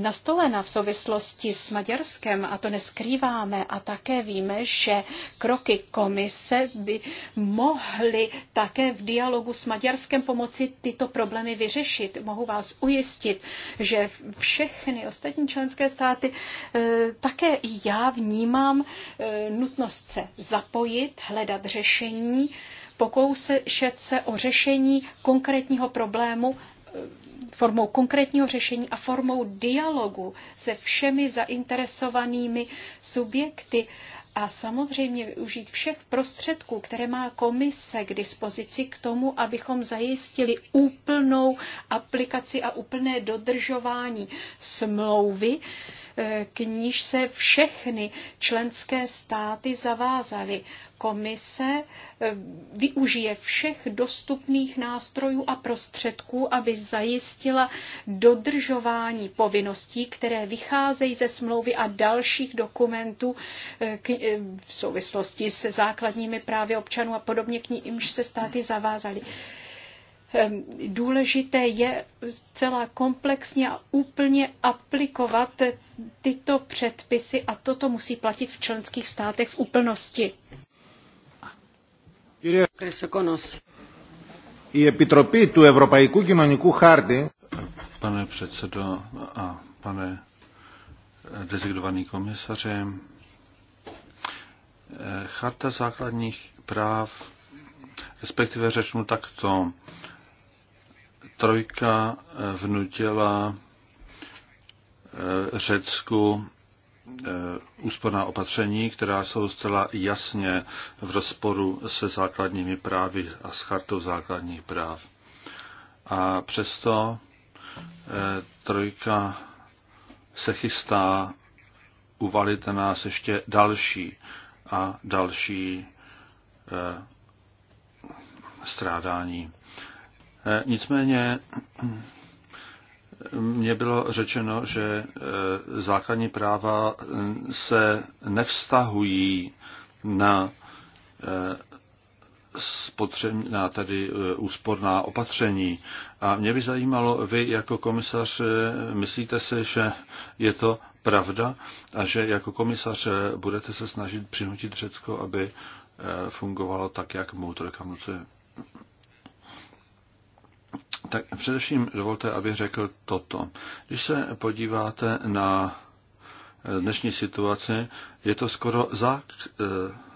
nastolena v souvislosti s Maďarskem a to neskrýváme. A také víme, že kroky komise by mohly také v dialogu s Maďarskem pomoci tyto problémy vyřešit. Mohu vás ujistit, že všechny ostatní členské státy eh, také i já vnímám eh, nutnost se zapojit, hledat řešení pokoušet se o řešení konkrétního problému eh, formou konkrétního řešení a formou dialogu se všemi zainteresovanými subjekty a samozřejmě využít všech prostředků, které má komise k dispozici k tomu, abychom zajistili úplnou aplikaci a úplné dodržování smlouvy, E, k níž se všechny členské státy zavázaly. Komise e, využije všech dostupných nástrojů a prostředků, aby zajistila dodržování povinností, které vycházejí ze smlouvy a dalších dokumentů e, v souvislosti se základními právy občanů a podobně, k nímž se státy zavázaly. Ehm, důležité je celá komplexně a úplně aplikovat tyto předpisy a toto musí platit v členských státech v úplnosti. Η Επιτροπή του Ευρωπαϊκού Κοινωνικού Χάρτη Pane předsedo a pane designovaný komisaře, eh, Charta základních práv, respektive řečnu takto, trojka eh, vnutila eh, Řecku eh, úsporná opatření, která jsou zcela jasně v rozporu se základními právy a s chartou základních práv. A přesto trojka se chystá uvalit na nás ještě další a další strádání. Eh, nicméně mně bylo řečeno, že eh, základní práva eh, se nevztahují na na tedy úsporná opatření. A mě by zajímalo, vy jako komisař, myslíte si, že je to pravda a že jako komisař budete se snažit přinutit Řecko, aby fungovalo tak, jak mu to tak především dovolte, abych řekl toto. Když se podíváte na eh, dnešní situaci, je to skoro eh,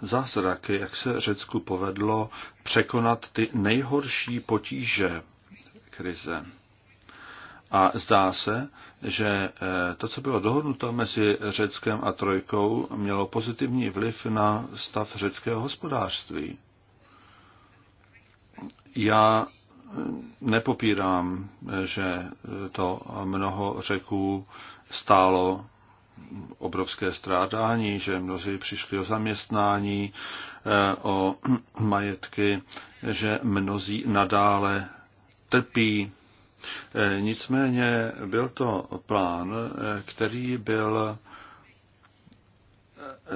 zázrak, jak se Řecku povedlo překonat ty nejhorší potíže krize. A zdá se, že eh, to, co bylo dohodnuto mezi Řeckem a Trojkou, mělo pozitivní vliv na stav řeckého hospodářství. Já nepopírám, že to mnoho řeků stálo obrovské strádání, že mnozí přišli o zaměstnání, eh, o majetky, že mnozí nadále trpí. Eh, nicméně byl to plán, eh, který byl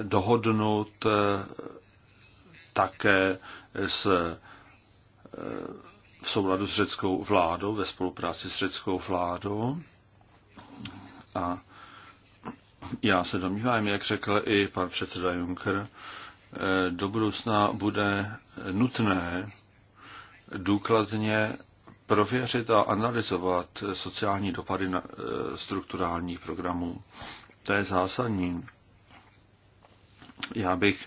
dohodnut také s v souladu s řeckou vládou, ve spolupráci s řeckou vládou. A já se domnívám, jak řekl i pan předseda Juncker, eh, do budoucna bude nutné důkladně prověřit a analyzovat sociální dopady na eh, strukturálních programů. To je zásadní. Já bych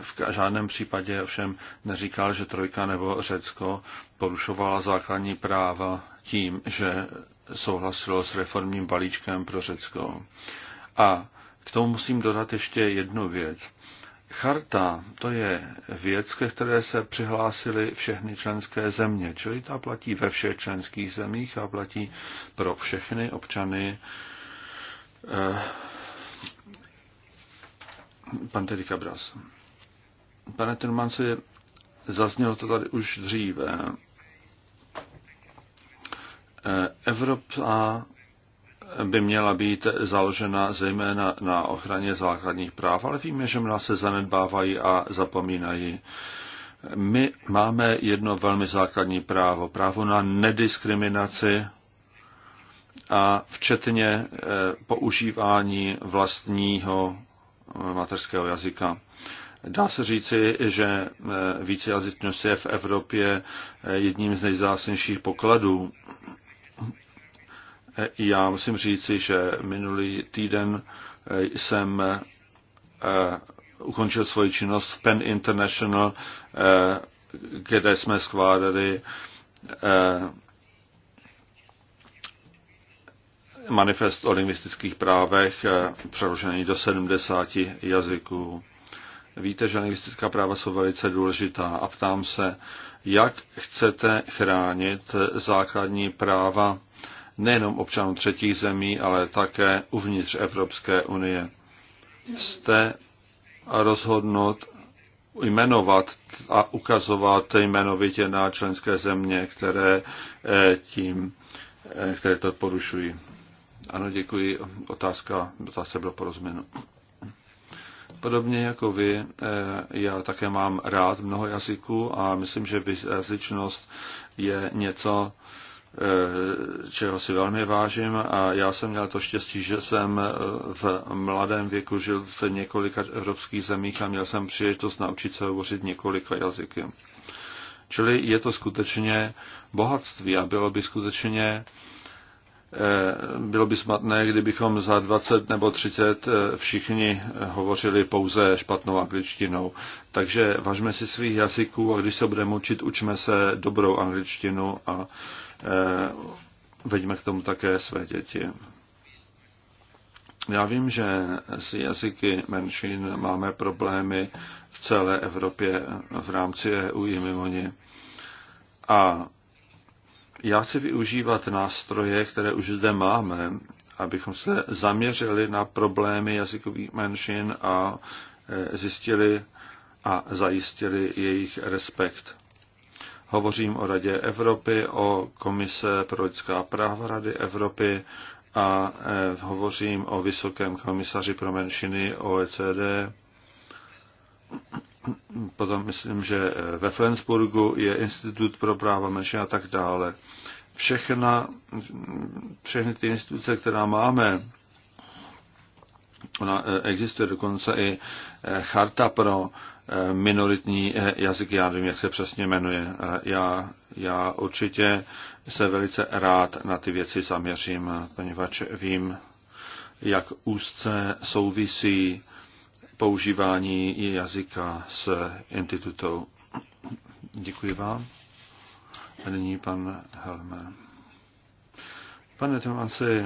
v žádném případě ovšem neříkal, že Trojka nebo Řecko porušovala základní práva tím, že souhlasilo s reformním balíčkem pro Řecko. A k tomu musím dodat ještě jednu věc. Charta to je věc, ke které se přihlásily všechny členské země, čili ta platí ve všech členských zemích a platí pro všechny občany. Eh, pan Tedy Cabras. Pane Trumanci, zaznělo to tady už dříve. Evropa by měla být založena zejména na ochraně základních práv, ale víme, že mnoha se zanedbávají a zapomínají. My máme jedno velmi základní právo, právo na nediskriminaci a včetně eh, používání vlastního mateřského jazyka. Dá se říci, že eh, vícejazyčnost je v Evropě eh, jedním z nejzásnějších pokladů. Eh, já musím říci, že minulý týden jsem ukončil svoji činnost v Pen International, kde jsme skládali manifest o lingvistických právech přeložený do 70 jazyků. Víte, že lingvistická práva jsou velice důležitá a ptám se, jak chcete chránit základní práva nejenom občanů třetích zemí, ale také uvnitř Evropské unie. Jste rozhodnut jmenovat a ukazovat jmenovitě na členské země, které eh, tím, eh, které to porušují. Ano, děkuji. Otázka, otázka byla porozuměna. Podobně jako vy, eh, já také mám rád mnoho jazyků a myslím, že jazyčnost je něco, eh, čeho si velmi vážím a já jsem měl to štěstí, že jsem eh, v mladém věku žil v několika evropských zemích a měl jsem příležitost naučit se hovořit několika jazyky. Čili je to skutečně bohatství a bylo by skutečně Eh, bylo by smatné, kdybychom za 20 nebo 30 eh, všichni hovořili pouze špatnou angličtinou. Takže važme si svých jazyků a když se budeme učit, učme se dobrou angličtinu a eh, veďme k tomu také své děti. Já vím, že s jazyky menšin máme problémy v celé Evropě v rámci EU i mimo ně. A já chci využívat nástroje, které už zde máme, abychom se zaměřili na problémy jazykových menšin a e, zjistili a zajistili jejich respekt. Hovořím o Radě Evropy, o Komise pro lidská práva Rady Evropy a e, hovořím o Vysokém komisaři pro menšiny OECD potom myslím, že ve Flensburgu je Institut pro práva menšin a tak dále. Všechna, všechny ty instituce, která máme, ona eh, existuje dokonce i eh, charta pro eh, minoritní jazyky, já nevím, jak se přesně jmenuje. Já, já určitě se velice rád na ty věci zaměřím, poněvadž vím, jak úzce souvisí používání jazyka s institutou. Děkuji vám. A nyní pan Helmer. Pane Tomáci,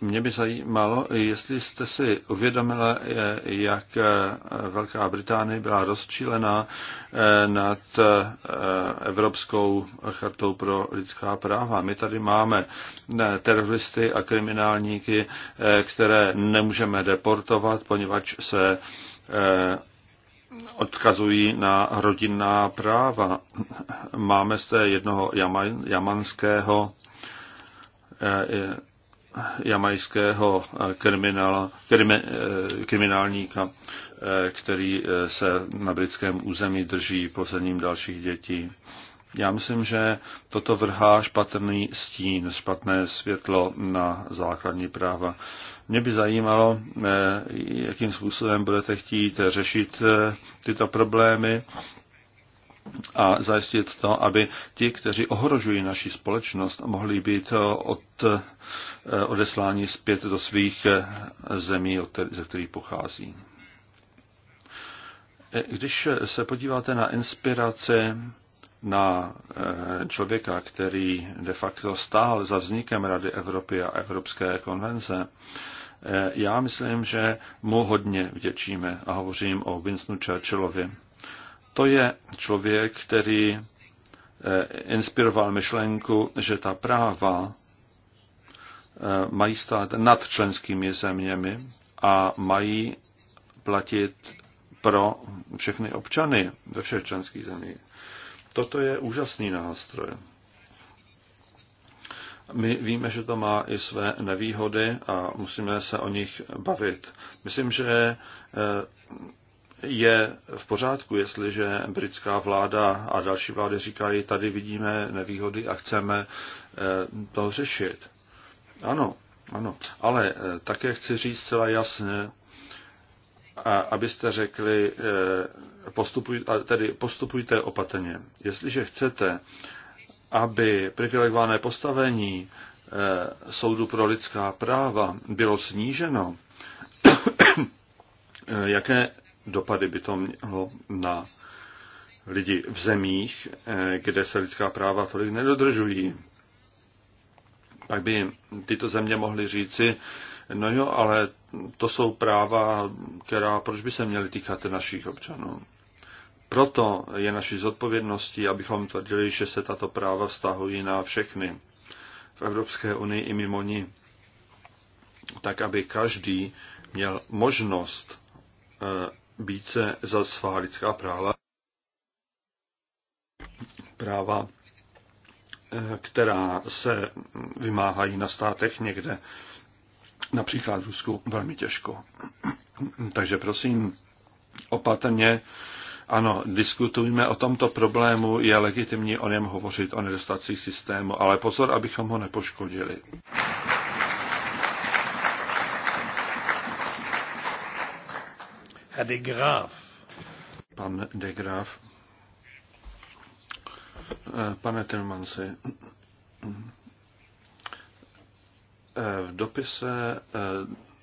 mě by zajímalo, jestli jste si uvědomila, eh, jak eh, Velká Británie byla rozčílená eh, nad Evropskou chartou pro lidská práva. My tady máme teroristy a kriminálníky, které nemůžeme deportovat, poněvadž se odkazují na rodinná práva. Máme zde jednoho jamanského jamajského eh, krimi, eh, kriminálníka, eh, který se na britském území drží posledním dalších dětí. Já myslím, že toto vrhá špatný stín, špatné světlo na základní práva. Mě by zajímalo, jakým způsobem budete chtít řešit tyto problémy a zajistit to, aby ti, kteří ohrožují naši společnost, mohli být eh, od, eh, odesláni zpět do svých eh, zemí, ze kterých pochází. Když se podíváte na inspirace na člověka, který de facto stál za vznikem Rady Evropy a Evropské konvence, já myslím, že mu hodně vděčíme a hovořím o Winstonu Churchillovi to je člověk, který eh, inspiroval myšlenku, že ta práva eh, mají stát nad členskými zeměmi a mají platit pro všechny občany ve všech členských zemích. Toto je úžasný nástroj. My víme, že to má i své nevýhody a musíme se o nich bavit. Myslím, že eh, je v pořádku, jestliže britská vláda a další vlády říkají, tady vidíme nevýhody a chceme eh, to řešit. Ano, ano, ale eh, také chci říct zcela jasně, a abyste řekli, eh, postupuj, tedy postupujte opatrně. Jestliže chcete, aby privilegované postavení soudu pro lidská práva bylo sníženo, jaké dopady by to mělo na lidi v zemích, eh, kde se lidská práva tolik nedodržují. Pak by tyto země mohly říci, no jo, ale to jsou práva, která proč by se měly týkat našich občanů. Proto je naší zodpovědností, abychom tvrdili, že se tato práva vztahují na všechny v Evropské unii i mimo ní, tak aby každý měl možnost eh, více za svá lidská práva, práva, eh, která se vymáhají na státech někde, například v Rusku, velmi těžko. Takže prosím, opatrně, ano, diskutujme o tomto problému, je legitimní o něm hovořit, o nedostacích systému, ale pozor, abychom ho nepoškodili. Herr de Graaf. Pan de Graaf. Eh, pane Tilmansi, eh, v dopise eh,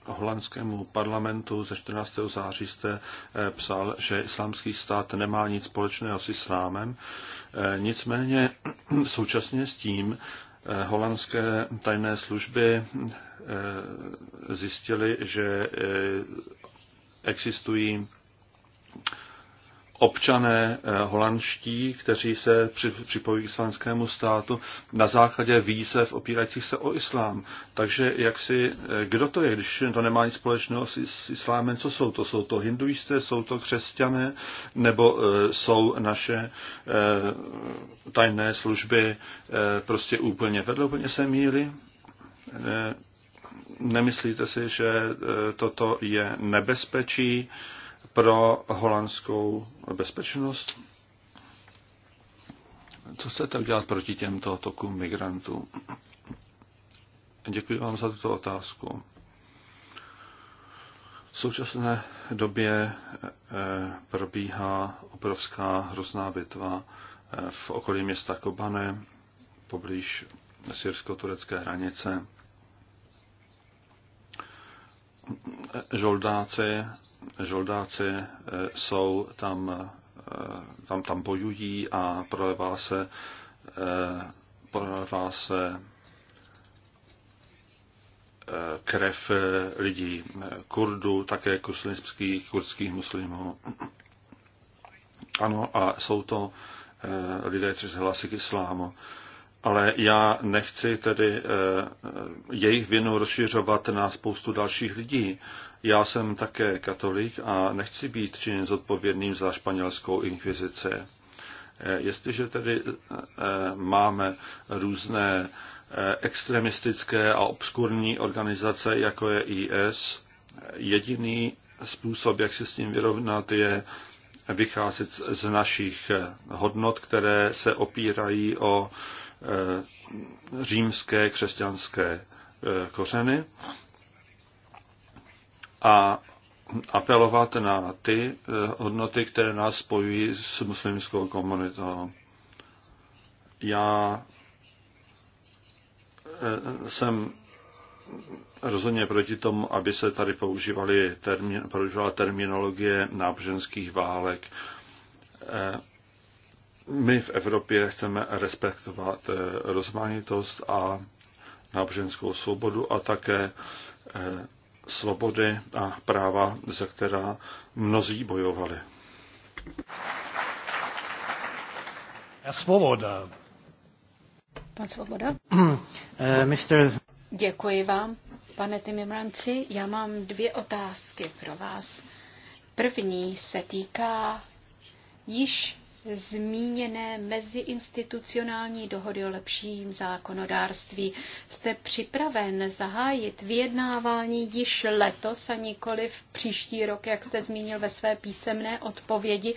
holandskému parlamentu ze 14. září jste psal, že islámský stát nemá nic společného s islámem. Nicméně současně s tím holandské tajné služby zjistili, že existují občané eh, holandští, kteří se připojí k islámskému státu na základě výzev opírajících se o islám. Takže jak si, eh, kdo to je, když to nemá nic společného s, islámem, co jsou to? Jsou to hinduisté, jsou to křesťané, nebo eh, jsou naše tajné služby prostě úplně vedle, úplně se míli? nemyslíte si, že e, toto je nebezpečí pro holandskou bezpečnost? Co chcete udělat proti těmto tokům migrantů? Děkuji vám za tuto otázku. V současné době e, probíhá obrovská hrozná bitva e, v okolí města Kobane, poblíž syrsko-turecké hranice žoldáci, žoldáci eh, jsou tam, eh, tam, tam bojují a projevá se, eh, projevá se krev lidí Kurdů, také kuslimských, kurdských muslimů. Ano, a jsou to lidé, kteří se hlásí k islámu ale já nechci tedy eh, jejich vinu rozšiřovat na spoustu dalších lidí. Já jsem také katolik a nechci být činěn zodpovědným za španělskou inkvizici. Eh, jestliže tedy eh, máme různé extremistické a obskurní organizace, jako je IS, jediný způsob, jak se s tím vyrovnat, je vycházet z našich hodnot, které se opírají o Eh, římské křesťanské eh, kořeny a apelovat na ty eh, hodnoty, které nás spojují s muslimskou komunitou. Já jsem rozhodně proti tomu, aby se tady používali používala terminologie náboženských válek my v Evropě chceme respektovat eh, rozmanitost a náboženskou svobodu a také eh, svobody a práva, za která mnozí bojovali. Svoboda. Pan Svoboda. uh, eh, Mr. Děkuji vám, pane Timimranci. Já mám dvě otázky pro vás. První se týká již zmíněné meziinstitucionální dohody o lepším zákonodárství. Jste připraven zahájit vyjednávání již letos a nikoli v příští rok, jak jste zmínil ve své písemné odpovědi,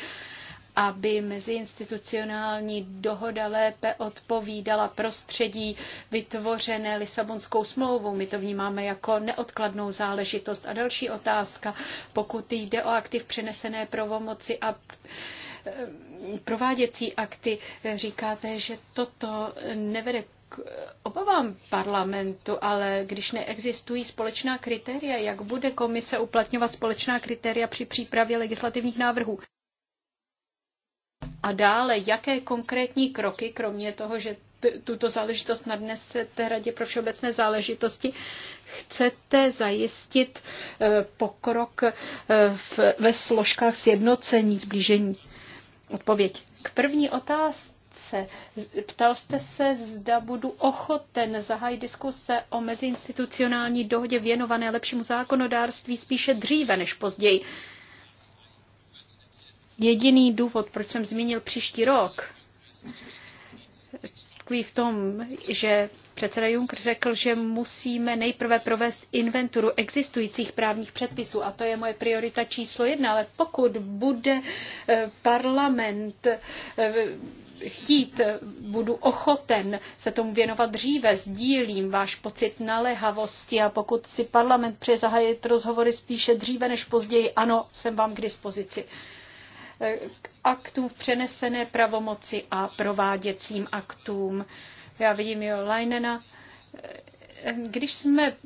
aby meziinstitucionální dohoda lépe odpovídala prostředí vytvořené Lisabonskou smlouvou. My to vnímáme jako neodkladnou záležitost. A další otázka, pokud jde o aktiv přenesené provomoci a Eh, prováděcí akty eh, říkáte, že toto nevede k obavám parlamentu, ale když neexistují společná kritéria, jak bude komise uplatňovat společná kritéria při přípravě legislativních návrhů? A dále, jaké konkrétní kroky, kromě toho, že tuto záležitost nadnesete Radě pro všeobecné záležitosti, chcete zajistit eh, pokrok ve složkách sjednocení, zblížení? odpověď. K první otázce. Ptal jste se, zda budu ochoten zahájit diskuse o meziinstitucionální dohodě věnované lepšímu zákonodárství spíše dříve než později. Jediný důvod, proč jsem zmínil příští rok, tkví v tom, že předseda Juncker řekl, že musíme nejprve provést inventuru existujících právních předpisů a to je moje priorita číslo jedna, ale pokud bude eh, parlament eh, chtít, eh, budu ochoten se tomu věnovat dříve, sdílím váš pocit naléhavosti a pokud si parlament přeje zahájit rozhovory spíše dříve než později, ano, jsem vám k dispozici aktům v přenesené pravomoci a prováděcím aktům. Já vidím jo Leinena. Když jsme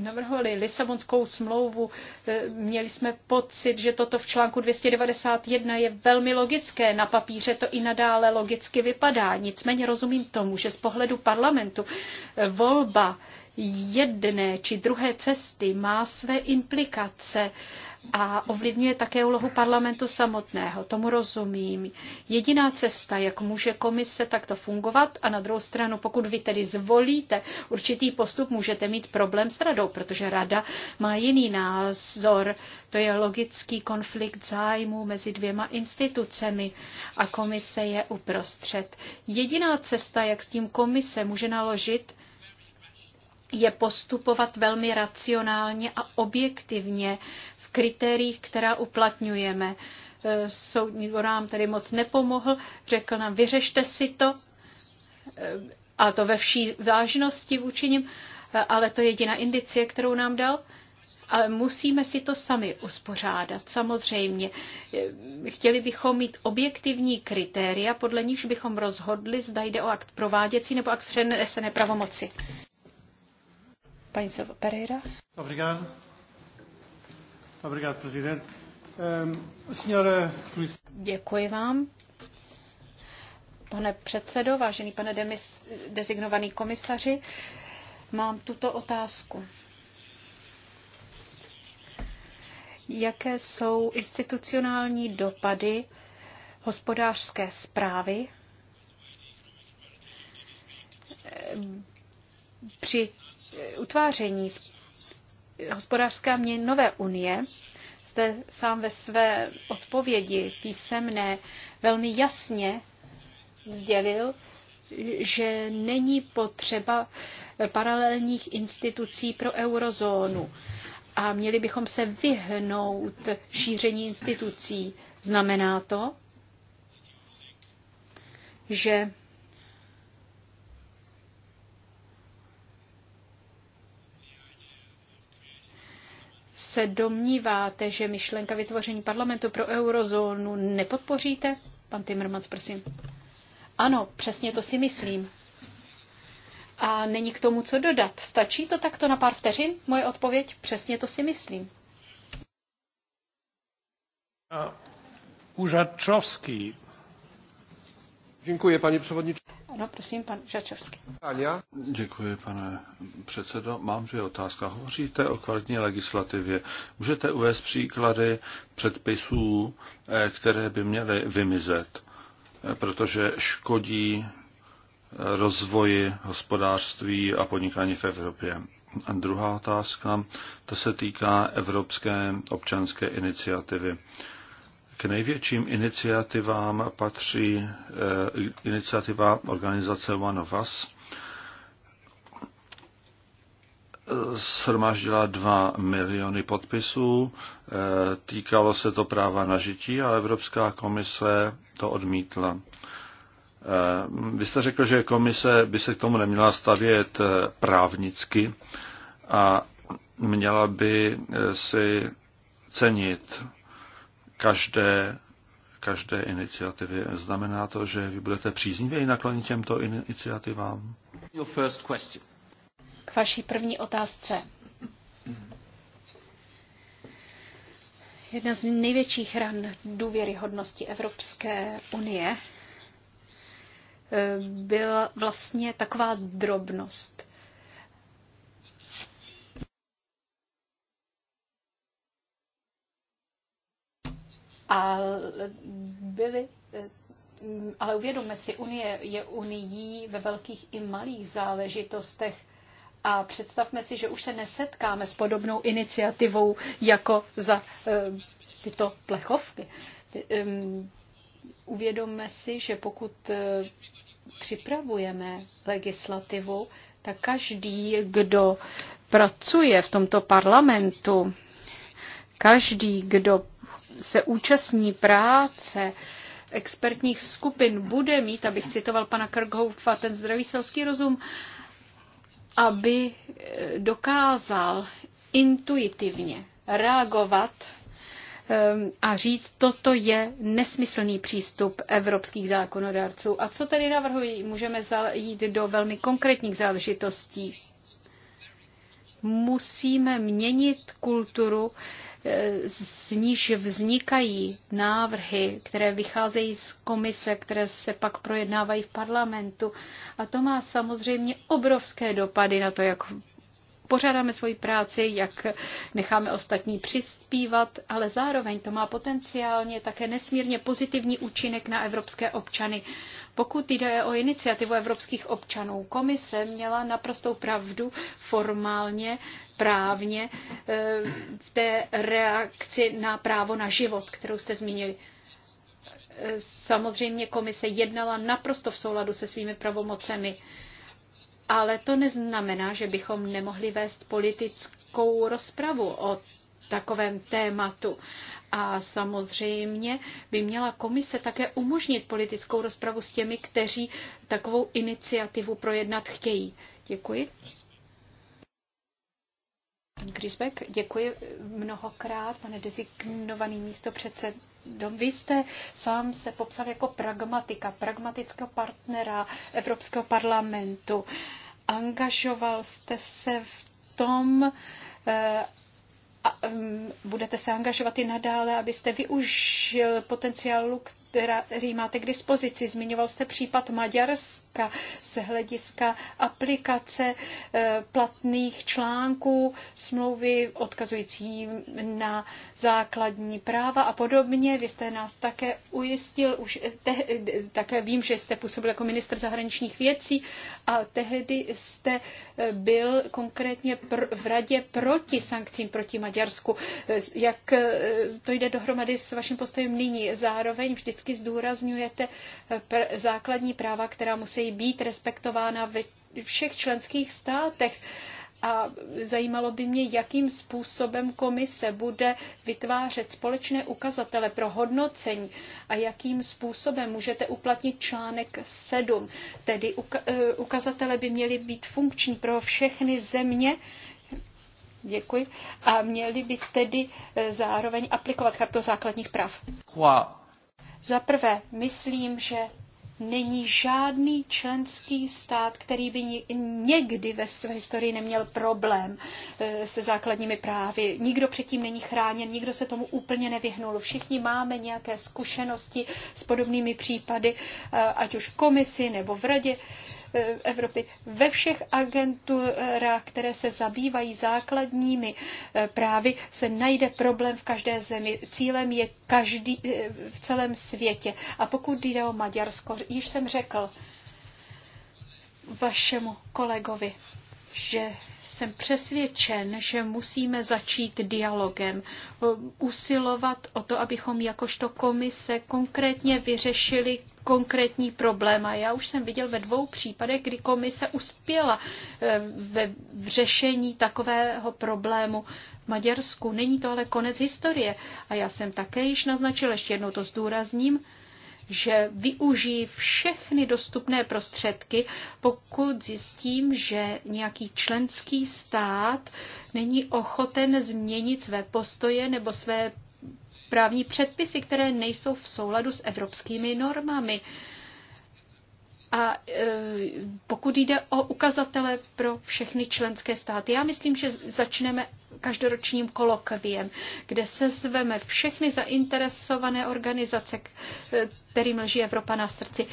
navrhovali Lisabonskou smlouvu, měli jsme pocit, že toto v článku 291 je velmi logické. Na papíře to i nadále logicky vypadá. Nicméně rozumím tomu, že z pohledu parlamentu volba jedné či druhé cesty má své implikace a ovlivňuje také úlohu parlamentu samotného. Tomu rozumím. Jediná cesta, jak může komise takto fungovat a na druhou stranu, pokud vy tedy zvolíte určitý postup, můžete mít problém s radou, protože rada má jiný názor. To je logický konflikt zájmů mezi dvěma institucemi a komise je uprostřed. Jediná cesta, jak s tím komise může naložit, je postupovat velmi racionálně a objektivně kritériích, která uplatňujeme. E, soudní dvor nám tedy moc nepomohl, řekl nám, vyřešte si to, e, a to ve vší vážnosti vůči nim, e, ale to je jediná indicie, kterou nám dal. Ale musíme si to sami uspořádat, samozřejmě. Chtěli bychom mít objektivní kritéria, podle nichž bychom rozhodli, zda jde o akt prováděcí nebo akt přenesené pravomoci. Paní Silva Pereira. Obrigado. Ehm, Děkuji vám. Pane předsedo, vážený pane demis, designovaný komisaři, mám tuto otázku. Jaké jsou institucionální dopady hospodářské zprávy při utváření hospodářská měnové unie jste sám ve své odpovědi písemné velmi jasně sdělil, že není potřeba paralelních institucí pro eurozónu a měli bychom se vyhnout šíření institucí. Znamená to, že se domníváte, že myšlenka vytvoření parlamentu pro eurozónu nepodpoříte? Pan Timmermans, prosím. Ano, přesně to si myslím. A není k tomu co dodat. Stačí to takto na pár vteřin? Moje odpověď? Přesně to si myslím. Uřadčovský. Děkuji, paní předsedající. Ano, prosím, pan Žačovský. Děkuji, pane předsedo. Mám dvě otázka. Hovoříte o kvalitní legislativě. Můžete uvést příklady předpisů, eh, které by měly vymizet, eh, protože škodí eh, rozvoji hospodářství a podnikání v Evropě. A druhá otázka, to se týká Evropské občanské iniciativy. K největším iniciativám patří eh, iniciativa organizace One of Us. Shromáždila 2 miliony podpisů, eh, týkalo se to práva na žití, ale Evropská komise to odmítla. Eh, vy jste řekl, že komise by se k tomu neměla stavět právnicky a měla by si cenit každé, každé iniciativy. Znamená to, že vy budete příznivěji nakloněni těmto iniciativám? K vaší první otázce. Jedna z největších ran důvěryhodnosti Evropské unie eh, byla vlastně taková drobnost. A byly eh, ale uvědomme si, Unie je unií ve velkých i malých záležitostech. A představme si, že už se nesetkáme s podobnou iniciativou jako za eh, tyto plechovky. uvědomme si, že pokud eh, připravujeme legislativu, tak každý, kdo pracuje v tomto parlamentu, každý, kdo se účastní práce expertních skupin bude mít, abych citoval pana Krghoufa, ten zdravý selský rozum, aby eh, dokázal intuitivně reagovat eh, a říct, toto je nesmyslný přístup evropských zákonodárců. A co tedy navrhuji? Můžeme jít do velmi konkrétních záležitostí. Musíme měnit kulturu Eh, z níž vznikají návrhy, které vycházejí z komise, které se pak projednávají v parlamentu. A to má samozřejmě obrovské dopady na to, jak pořádáme svoji práci, jak necháme ostatní přispívat, ale zároveň to má potenciálně také nesmírně pozitivní účinek na evropské občany. Pokud jde o iniciativu evropských občanů, komise měla naprostou pravdu formálně, právně eh, v té reakci na právo na život, kterou jste zmínili. Samozřejmě komise jednala naprosto v souladu se svými pravomocemi, ale to neznamená, že bychom nemohli vést politickou rozpravu o takovém tématu. A samozřejmě by měla komise také umožnit politickou rozpravu s těmi, kteří takovou iniciativu projednat chtějí. Děkuji. Pan Grisbeck, děkuji mnohokrát, pane designovaný místo předsedo. Vy jste sám se popsal jako pragmatika, pragmatického partnera Evropského parlamentu. Angažoval jste se v tom, eh, a um, budete se angažovat i nadále, abyste využil potenciál který máte k dispozici. Zmiňoval jste případ Maďarska z hlediska aplikace eh, platných článků smlouvy odkazující na základní práva a podobně. Vy jste nás také ujistil, už eh, te, eh, také vím, že jste působil jako minister zahraničních věcí a tehdy jste byl konkrétně pr- v radě proti sankcím proti Maďarsku. Jak to jde dohromady s vaším postojem nyní? Zároveň vždy vždycky zdůrazňujete eh, základní práva, která musí být respektována ve všech členských státech. A zajímalo by mě, jakým způsobem komise bude vytvářet společné ukazatele pro hodnocení a jakým způsobem můžete uplatnit článek 7. Tedy eh, ukazatele by měly být funkční pro všechny země, Děkuji. A měli by tedy eh, zároveň aplikovat chartu základních práv. Za prvé, myslím, že není žádný členský stát, který by někdy ve své historii neměl problém eh, se základními právy. Nikdo předtím není chráněn, nikdo se tomu úplně nevyhnul. Všichni máme nějaké zkušenosti s podobnými případy, eh, ať už v komisi nebo v radě. Eh, Evropy, ve všech agenturách, které se zabývají základními eh, právy, se najde problém v každé zemi. Cílem je každý eh, v celém světě. A pokud jde o Maďarsko, již jsem řekl vašemu kolegovi, že jsem přesvědčen, že musíme začít dialogem, usilovat o to, abychom jakožto komise konkrétně vyřešili konkrétní problém. A já už jsem viděl ve dvou případech, kdy komise uspěla eh, ve řešení takového problému v Maďarsku. Není to ale konec historie. A já jsem také již naznačil, ještě jednou to zdůrazním, že využijí všechny dostupné prostředky, pokud zjistím, že nějaký členský stát není ochoten změnit své postoje nebo své právní předpisy, které nejsou v souladu s evropskými normami. A e, pokud jde o ukazatele pro všechny členské státy, já myslím, že začneme každoročním kolokviem, kde se zveme všechny zainteresované organizace, kterým leží Evropa na srdci,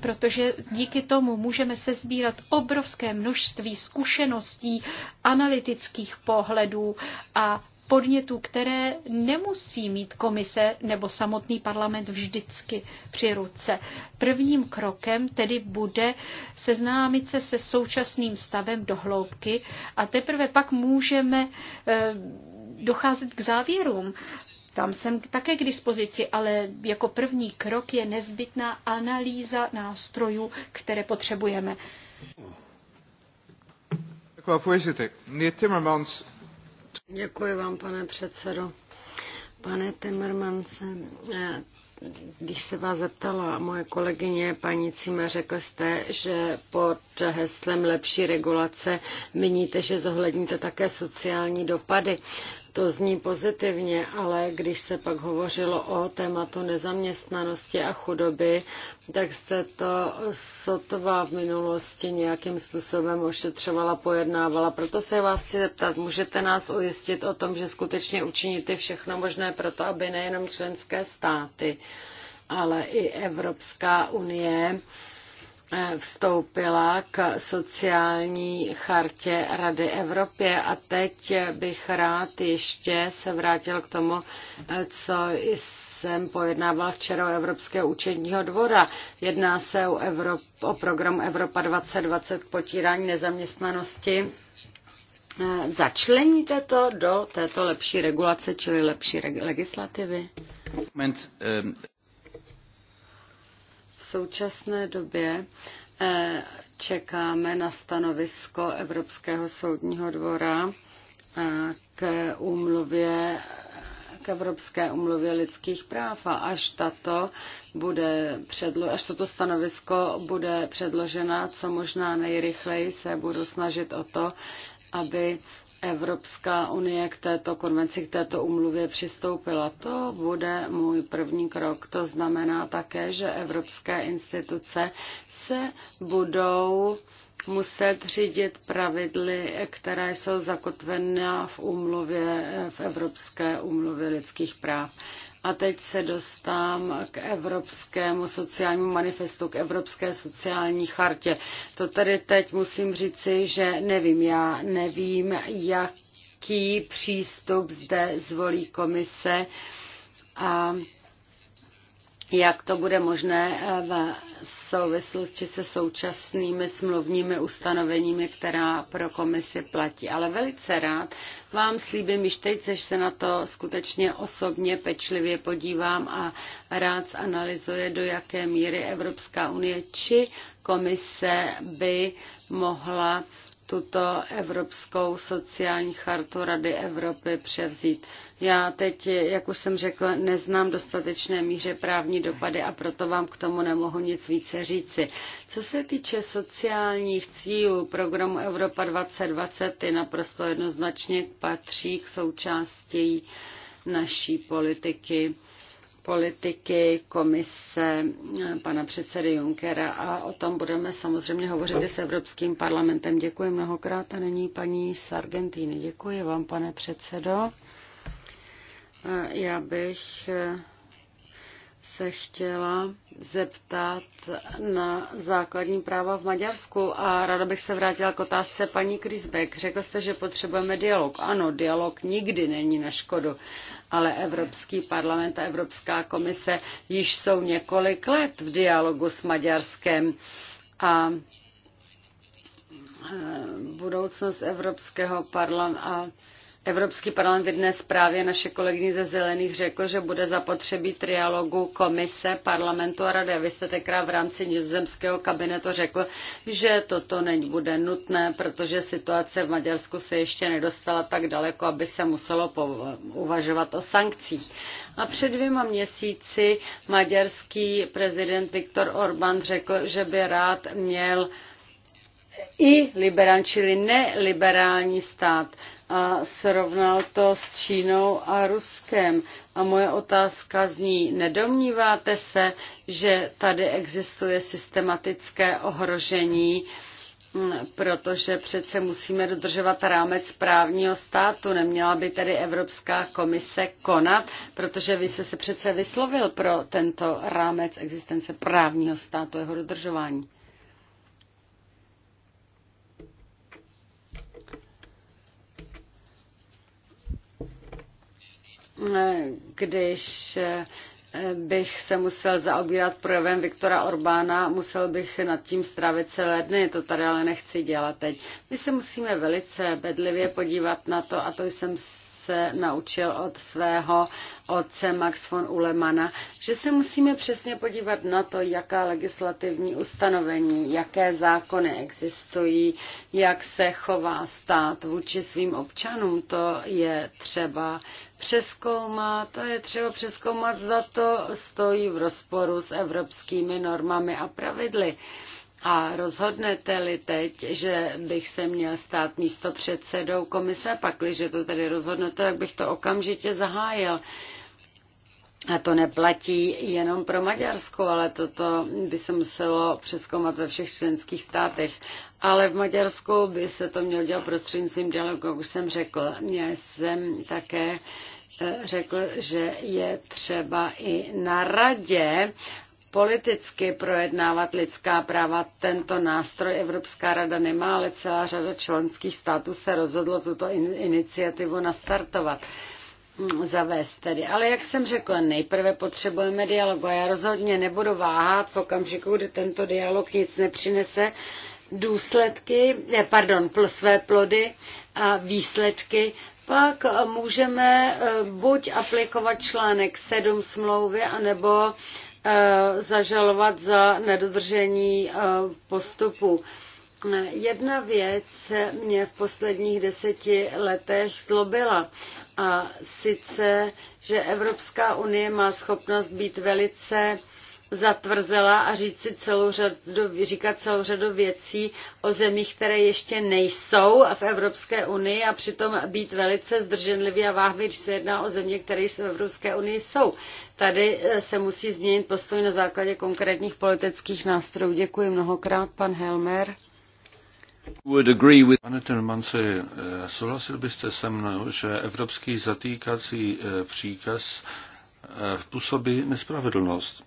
protože díky tomu můžeme se sbírat obrovské množství zkušeností, analytických pohledů a podnětů, které nemusí mít komise nebo samotný parlament vždycky při ruce. Prvním krokem tedy bude seznámit se se současným stavem dohloubky a teprve pak můžeme Eh, docházet k závěrům. Tam jsem také k dispozici, ale jako první krok je nezbytná analýza nástrojů, které potřebujeme. Děkuji vám, pane předsedo. Pane Timmermanse, eh, když se vás zeptala moje kolegyně paní Cima, řekl jste, že pod heslem lepší regulace míníte, že zohledníte také sociální dopady. To zní pozitivně, ale když se pak hovořilo o tématu nezaměstnanosti a chudoby, tak jste to sotva v minulosti nějakým způsobem ošetřovala, pojednávala. Proto se vás chci zeptat, můžete nás ujistit o tom, že skutečně učiníte všechno možné pro to, aby nejenom členské státy, ale i Evropská unie vstoupila k sociální chartě Rady Evropy a teď bych rád ještě se vrátil k tomu, co jsem pojednával včera o Evropského účetního dvora. Jedná se o, Evrop, o program Evropa 2020 k potírání nezaměstnanosti. Začleníte to do této lepší regulace, čili lepší legislativy? Moment, um současné době eh, čekáme na stanovisko Evropského soudního dvora eh, k úmluvě k Evropské umluvě lidských práv a až, tato bude předlo- až toto stanovisko bude předložena, co možná nejrychleji se budu snažit o to, aby Evropská unie k této konvenci, k této umluvě přistoupila. To bude můj první krok. To znamená také, že evropské instituce se budou muset řídit pravidly, která jsou zakotvené v umluvě, v Evropské umluvě lidských práv. A teď se dostám k Evropskému sociálnímu manifestu, k Evropské sociální chartě. To tady teď musím říci, že nevím, já nevím, jaký přístup zde zvolí komise a jak to bude možné eh, v souvislosti se současnými smluvními ustanoveními, která pro komisi platí. Ale velice rád vám slíbím již teď, že se na to skutečně osobně pečlivě podívám a rád analyzuje, do jaké míry Evropská unie či komise by mohla tuto Evropskou sociální chartu Rady Evropy převzít. Já teď, jak už jsem řekla, neznám dostatečné míře právní dopady a proto vám k tomu nemohu nic více říci. Co se týče sociálních cílů programu Evropa 2020, ty naprosto jednoznačně patří k součástí naší politiky politiky komise eh, pana předsedy Junckera a o tom budeme samozřejmě hovořit i s Evropským parlamentem. Děkuji mnohokrát a není paní Sargentini. Děkuji vám, pane předsedo. Já bych eh, se chtěla zeptat na základní práva v Maďarsku a ráda bych se vrátila k otázce paní Krisbeck. Řekl jste, že potřebujeme dialog. Ano, dialog nikdy není na škodu, ale Evropský parlament a Evropská komise již jsou několik let v dialogu s Maďarskem a eh, budoucnost Evropského parlamentu Evropský parlament v dnes právě naše kolegyně ze Zelených řekl, že bude zapotřebí trialogu komise, parlamentu a rady. Vy jste tenkrát v rámci nizozemského kabinetu řekl, že toto nebude nutné, protože situace v Maďarsku se ještě nedostala tak daleko, aby se muselo uvažovat o sankcích. A před dvěma měsíci maďarský prezident Viktor Orbán řekl, že by rád měl i liberální, čili neliberální stát a srovnal to s Čínou a Ruskem. A moje otázka zní, nedomníváte se, že tady existuje systematické ohrožení mm, protože přece musíme dodržovat rámec právního státu. Neměla by tedy Evropská komise konat, protože vy jste se přece vyslovil pro tento rámec existence právního státu, jeho dodržování. když eh, bych se musel zaobírat projevem Viktora Orbána, musel bych nad tím strávit celé dny, to tady ale nechci dělat teď. My se musíme velice bedlivě podívat na to, a to jsem se naučil od svého otce Max von Ulemana, že se musíme přesně podívat na to, jaká legislativní ustanovení, jaké zákony existují, jak se chová stát vůči svým občanům. To je třeba přeskoumat, to je třeba přeskoumat, zda to stojí v rozporu s evropskými normami a pravidly. A rozhodnete-li teď, že bych se měl stát místo předsedou komise, pakliže to tedy rozhodnete, tak bych to okamžitě zahájil. A to neplatí jenom pro Maďarsko, ale toto by se muselo přeskoumat ve všech členských státech. Ale v Maďarsku by se to mělo dělat prostřednictvím dialogu, jak už jsem řekl. Já jsem také eh, řekl, že je třeba i na radě politicky projednávat lidská práva. Tento nástroj Evropská rada nemá, ale celá řada členských států se rozhodlo tuto iniciativu nastartovat hm, zavést tedy. Ale jak jsem řekla, nejprve potřebujeme dialogu a já rozhodně nebudu váhat v okamžiku, kdy tento dialog nic nepřinese, důsledky, eh, pardon, pl své plody a výsledky, pak můžeme eh, buď aplikovat článek 7 smlouvy, anebo Eh, zažalovat za nedodržení eh, postupu. Jedna věc mě v posledních deseti letech zlobila a sice, že Evropská unie má schopnost být velice zatvrzela a říct si celou řadu, říkat celou řadu věcí o zemích, které ještě nejsou v Evropské unii a přitom být velice zdrženlivý a váhavý, když se jedná o země, které v Evropské unii jsou. Tady eh, se musí změnit postoj na základě konkrétních politických nástrojů. Děkuji mnohokrát, pan Helmer. Pane Tilmanci, eh, souhlasil byste se mnou, že evropský zatýkací eh, příkaz působí nespravedlnost.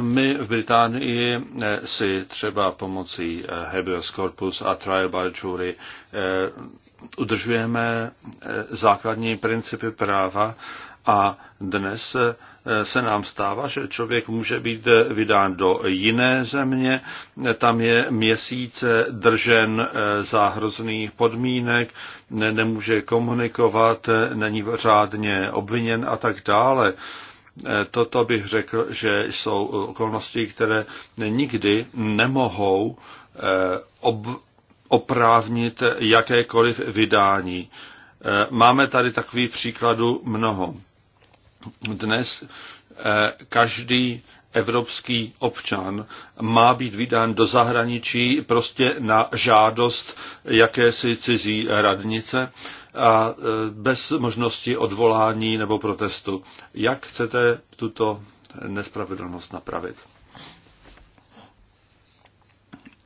My v Británii eh, si třeba pomocí eh, habeas corpus a trial by jury eh, udržujeme základní principy práva a dnes se nám stává, že člověk může být vydán do jiné země, tam je měsíce držen za hrozných podmínek, nemůže komunikovat, není řádně obviněn a tak dále. Eh, toto bych řekl, že jsou eh, okolnosti, které nikdy nemohou eh, ob, oprávnit jakékoliv vydání. Máme tady takových příkladů mnoho. Dnes každý evropský občan má být vydán do zahraničí prostě na žádost jakési cizí radnice a e, bez možnosti odvolání nebo protestu. Jak chcete tuto nespravedlnost napravit?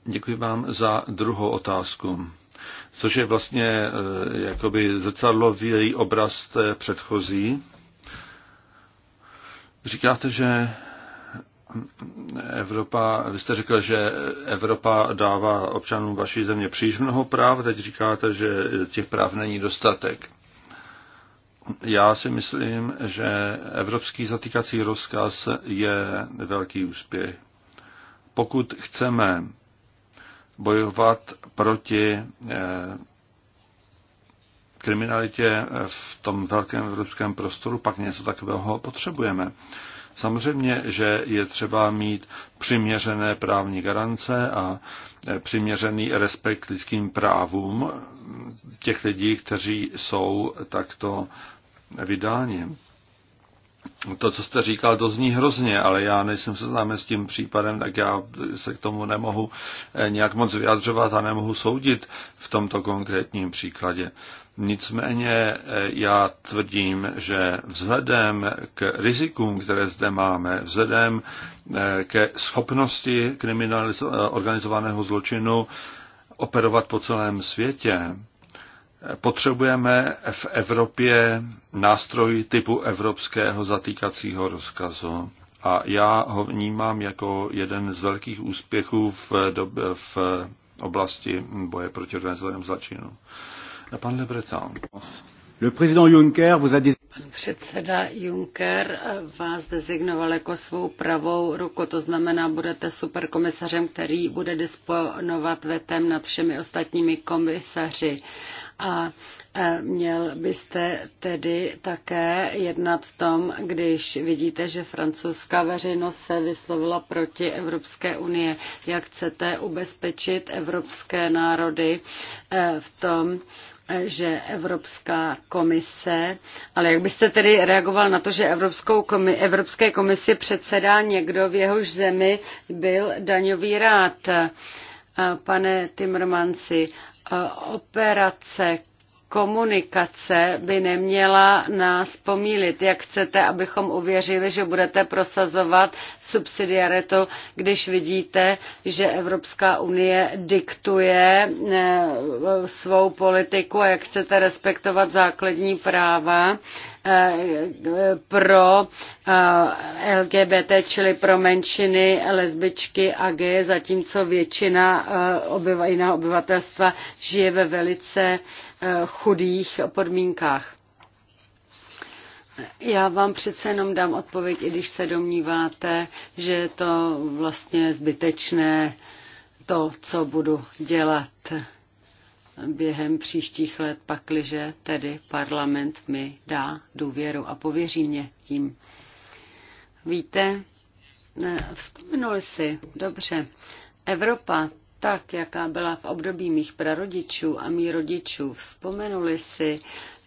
Děkuji vám za druhou otázku, což je vlastně e, jakoby zrcadlový obraz té předchozí. Říkáte, že Evropa, vy jste řekl, že Evropa dává občanům vaší země příliš mnoho práv, teď říkáte, že těch práv není dostatek. Já si myslím, že evropský zatýkací rozkaz je velký úspěch. Pokud chceme bojovat proti eh, kriminalitě v tom velkém evropském prostoru, pak něco takového potřebujeme. Samozřejmě, že je třeba mít přiměřené právní garance a eh, přiměřený respekt k lidským právům těch lidí, kteří jsou takto vydáni to, co jste říkal, to zní hrozně, ale já nejsem seznámen s tím případem, tak já se k tomu nemohu eh, nějak moc vyjadřovat a nemohu soudit v tomto konkrétním příkladě. Nicméně eh, já tvrdím, že vzhledem k rizikům, které zde máme, vzhledem eh, ke schopnosti organizovaného zločinu operovat po celém světě, potřebujeme v Evropě nástroj typu evropského zatýkacího rozkazu. A já ho vnímám jako jeden z velkých úspěchů v, době, v oblasti boje proti organizovanému zločinu. Pan Le Breton. Le président Juncker vous a dit... Pan předseda Juncker vás dezignoval jako svou pravou ruku, to znamená, budete superkomisařem, který bude disponovat vetem nad všemi ostatními komisaři a e, měl byste tedy také jednat v tom, když vidíte, že francouzská veřejnost se vyslovila proti Evropské unie. Jak chcete ubezpečit evropské národy e, v tom, e, že Evropská komise, ale jak byste tedy reagoval na to, že Evropskou komi, Evropské komisi předsedá někdo v jehož zemi byl daňový rád? Pane Timrmanci, operace, komunikace by neměla nás pomílit. Jak chcete, abychom uvěřili, že budete prosazovat subsidiaritu, když vidíte, že Evropská unie diktuje eh, svou politiku a jak chcete respektovat základní práva eh, pro eh, LGBT, čili pro menšiny, lesbičky a geje, zatímco většina obyva, jiného obyvatelstva žije ve velice uh, Eh, chudých podmínkách. Já vám přece jenom dám odpověď, i když se domníváte, že je to vlastně zbytečné to, co budu dělat během příštích let, pakliže tedy parlament mi dá důvěru a pověří mě tím. Víte, eh, vzpomenuli si, dobře, Evropa tak, jaká byla v období mých prarodičů a mých rodičů, vzpomenuli si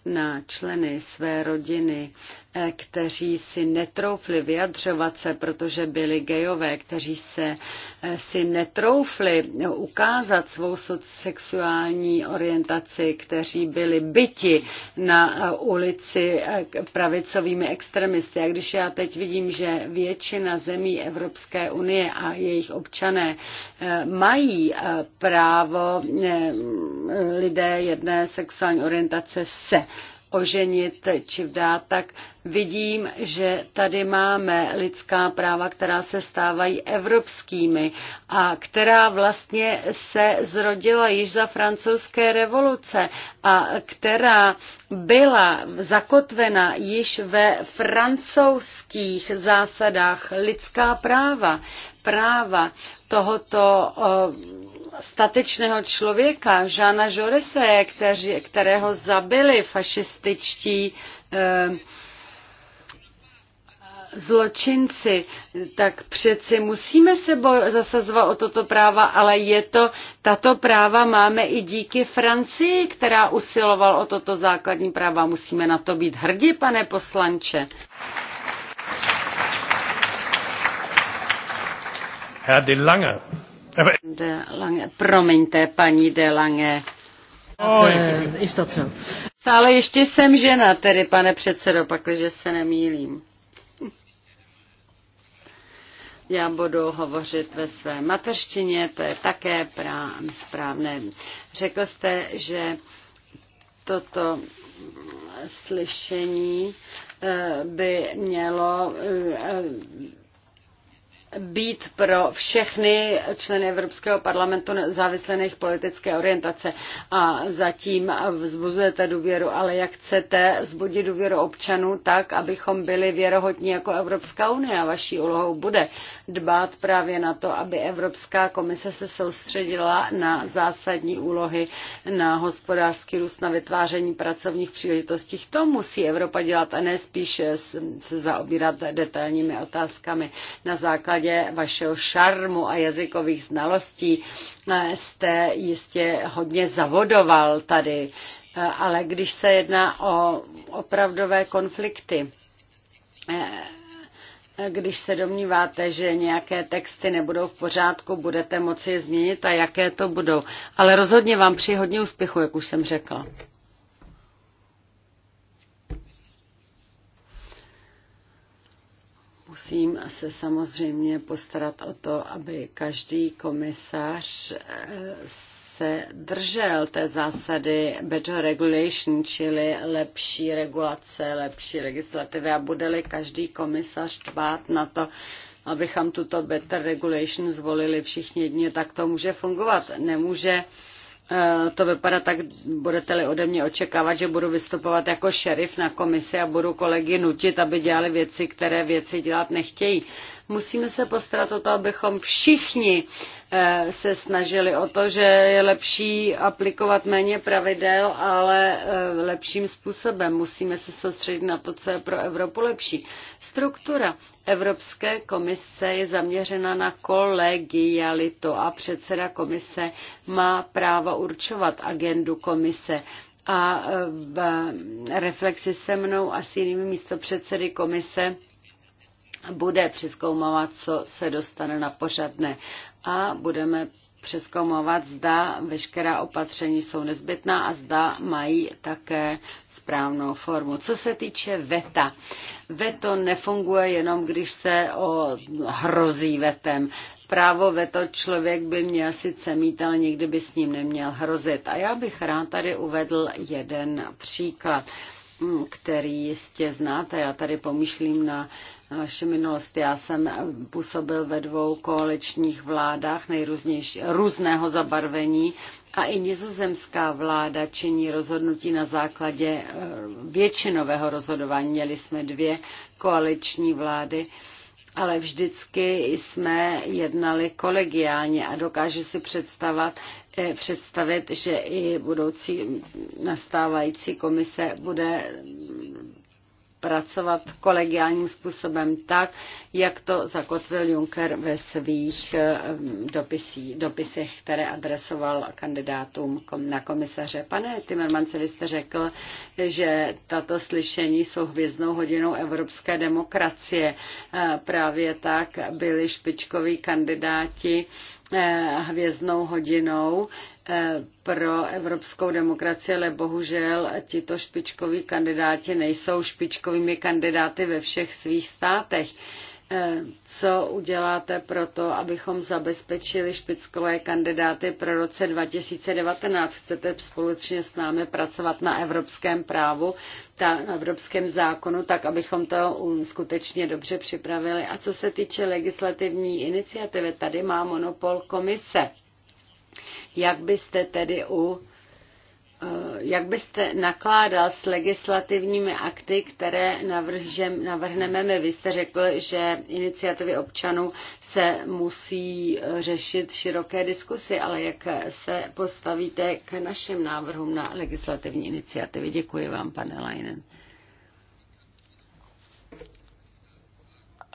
na členy své rodiny, Eh, kteří si netroufli vyjadřovat se, protože byli gejové, kteří se eh, si netroufli ukázat svou sexuální orientaci, kteří byli byti na eh, ulici pravicovými extremisty. A když já teď vidím, že většina zemí Evropské unie a jejich občané mají právo lidé jedné sexuální orientace se oženit či vdát, tak vidím, že tady máme lidská práva, která se stávají evropskými a která vlastně se zrodila již za francouzské revoluce a která byla zakotvena již ve francouzských zásadách lidská práva, práva tohoto eh, statečného člověka, Žána Žorese, kteři, kterého zabili fašističtí eh, zločinci, tak přeci musíme se zasazovat o toto práva, ale je to, tato práva máme i díky Francii, která usiloval o toto základní práva. Musíme na to být hrdí, pane poslanče. Herr de Lange. De Lange. Promiňte, paní De Lange. Ale ještě jsem žena, tedy pane předsedo, pakliže se nemýlím. Já budu hovořit ve své mateřštině, to je také správné. Řekl jste, že toto slyšení eh, by mělo eh, být pro všechny členy Evropského parlamentu nezávisle na jejich politické orientace a zatím vzbuzujete důvěru, ale jak chcete vzbudit důvěru občanů tak, abychom byli věrohodní jako Evropská unie a vaší úlohou bude dbát právě na to, aby Evropská komise se soustředila na zásadní úlohy, na hospodářský růst, na vytváření pracovních příležitostí. To musí Evropa dělat a ne spíše se zaobírat detailními otázkami na základě základě vašeho šarmu a jazykových znalostí eh, jste jistě hodně zavodoval tady, eh, ale když se jedná o opravdové konflikty, eh, když se domníváte, že nějaké texty nebudou v pořádku, budete moci je změnit a jaké to budou. Ale rozhodně vám přeji hodně úspěchu, jak už jsem řekla. pokusím se samozřejmě postarat o to, aby každý komisař eh, se držel té zásady better regulation, čili lepší regulace, lepší legislativy a bude-li každý komisař dbát na to, abychom tuto better regulation zvolili všichni jedně, tak to může fungovat. Nemůže Eh, to vypadá tak, budete-li ode mě očekávat, že budu vystupovat jako šerif na komisi a budu kolegy nutit, aby dělali věci, které věci dělat nechtějí. Musíme se postarat o to, abychom všichni eh, se snažili o to, že je lepší aplikovat méně pravidel, ale eh, lepším způsobem. Musíme se soustředit na to, co je pro Evropu lepší. Struktura Evropské komise je zaměřena na kolegialitu a předseda komise má právo určovat agendu komise a v reflexi se mnou a s jinými místopředsedy komise bude přeskoumávat, co se dostane na pořadne a budeme přeskoumovat, zda veškerá opatření jsou nezbytná a zda mají také správnou formu. Co se týče veta, veto nefunguje jenom, když se o, hrozí vetem. Právo veto člověk by měl sice mít, ale nikdy by s ním neměl hrozit. A já bych rád tady uvedl jeden příklad. Hm, který jistě znáte. Já tady pomýšlím na vaše minulost. Já jsem působil ve dvou koaličních vládách nejrůznější, různého zabarvení a i nizozemská vláda činí rozhodnutí na základě eh, většinového rozhodování. Měli jsme dvě koaliční vlády ale vždycky jsme jednali kolegiálně a dokážu si představovat, E, představit, že i budoucí nastávající komise bude pracovat kolegiálním způsobem tak, jak to zakotvil Juncker ve svých e, dopisí, dopisech, které adresoval kandidátům na komisaře. Pane Timmermance, vy jste řekl, že tato slyšení jsou hvězdnou hodinou evropské demokracie. E, právě tak byli špičkoví kandidáti Eh, hvězdnou hodinou eh, pro evropskou demokracii, ale bohužel tito špičkoví kandidáti nejsou špičkovými kandidáty ve všech svých státech. Eh, co uděláte pro to, abychom zabezpečili špickové kandidáty pro roce 2019? Chcete společně s námi pracovat na evropském právu, ta, na evropském zákonu, tak abychom to skutečně dobře připravili? A co se týče legislativní iniciativy, tady má monopol komise. Jak byste tedy u Eh, jak byste nakládal s legislativními akty, které navržem, navrhneme my? Vy jste řekl, že iniciativy občanů se musí eh, řešit široké diskusy, ale jak se postavíte k našim návrhům na legislativní iniciativy? Děkuji vám, pane Leinen.